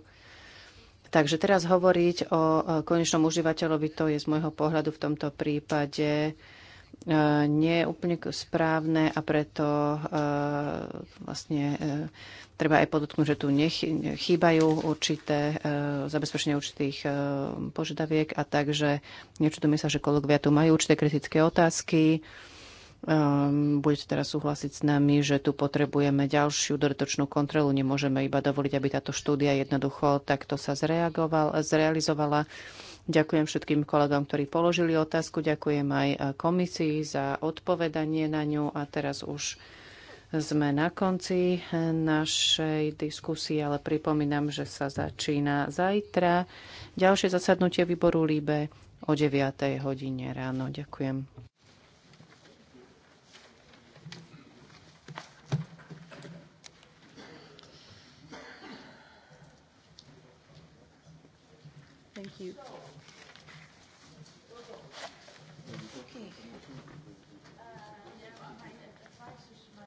Takže teraz hovoriť o konečnom užívateľovi, to je z môjho pohľadu v tomto prípade nie je úplne správne a preto e, vlastne e, treba aj podotknúť, že tu chýbajú určité e, zabezpečenie určitých požiadaviek a takže tu sa, že kolegovia tu majú určité kritické otázky. Budete teraz súhlasiť s nami, že tu potrebujeme ďalšiu dodatočnú kontrolu. Nemôžeme iba dovoliť, aby táto štúdia jednoducho takto sa zreagoval, zrealizovala. Ďakujem všetkým kolegom, ktorí položili otázku. Ďakujem aj e, komisii za odpovedanie na ňu. A teraz už sme na konci e, našej diskusie, ale pripomínam, že sa začína zajtra. Ďalšie zasadnutie výboru Líbe o 9. hodine ráno. Ďakujem.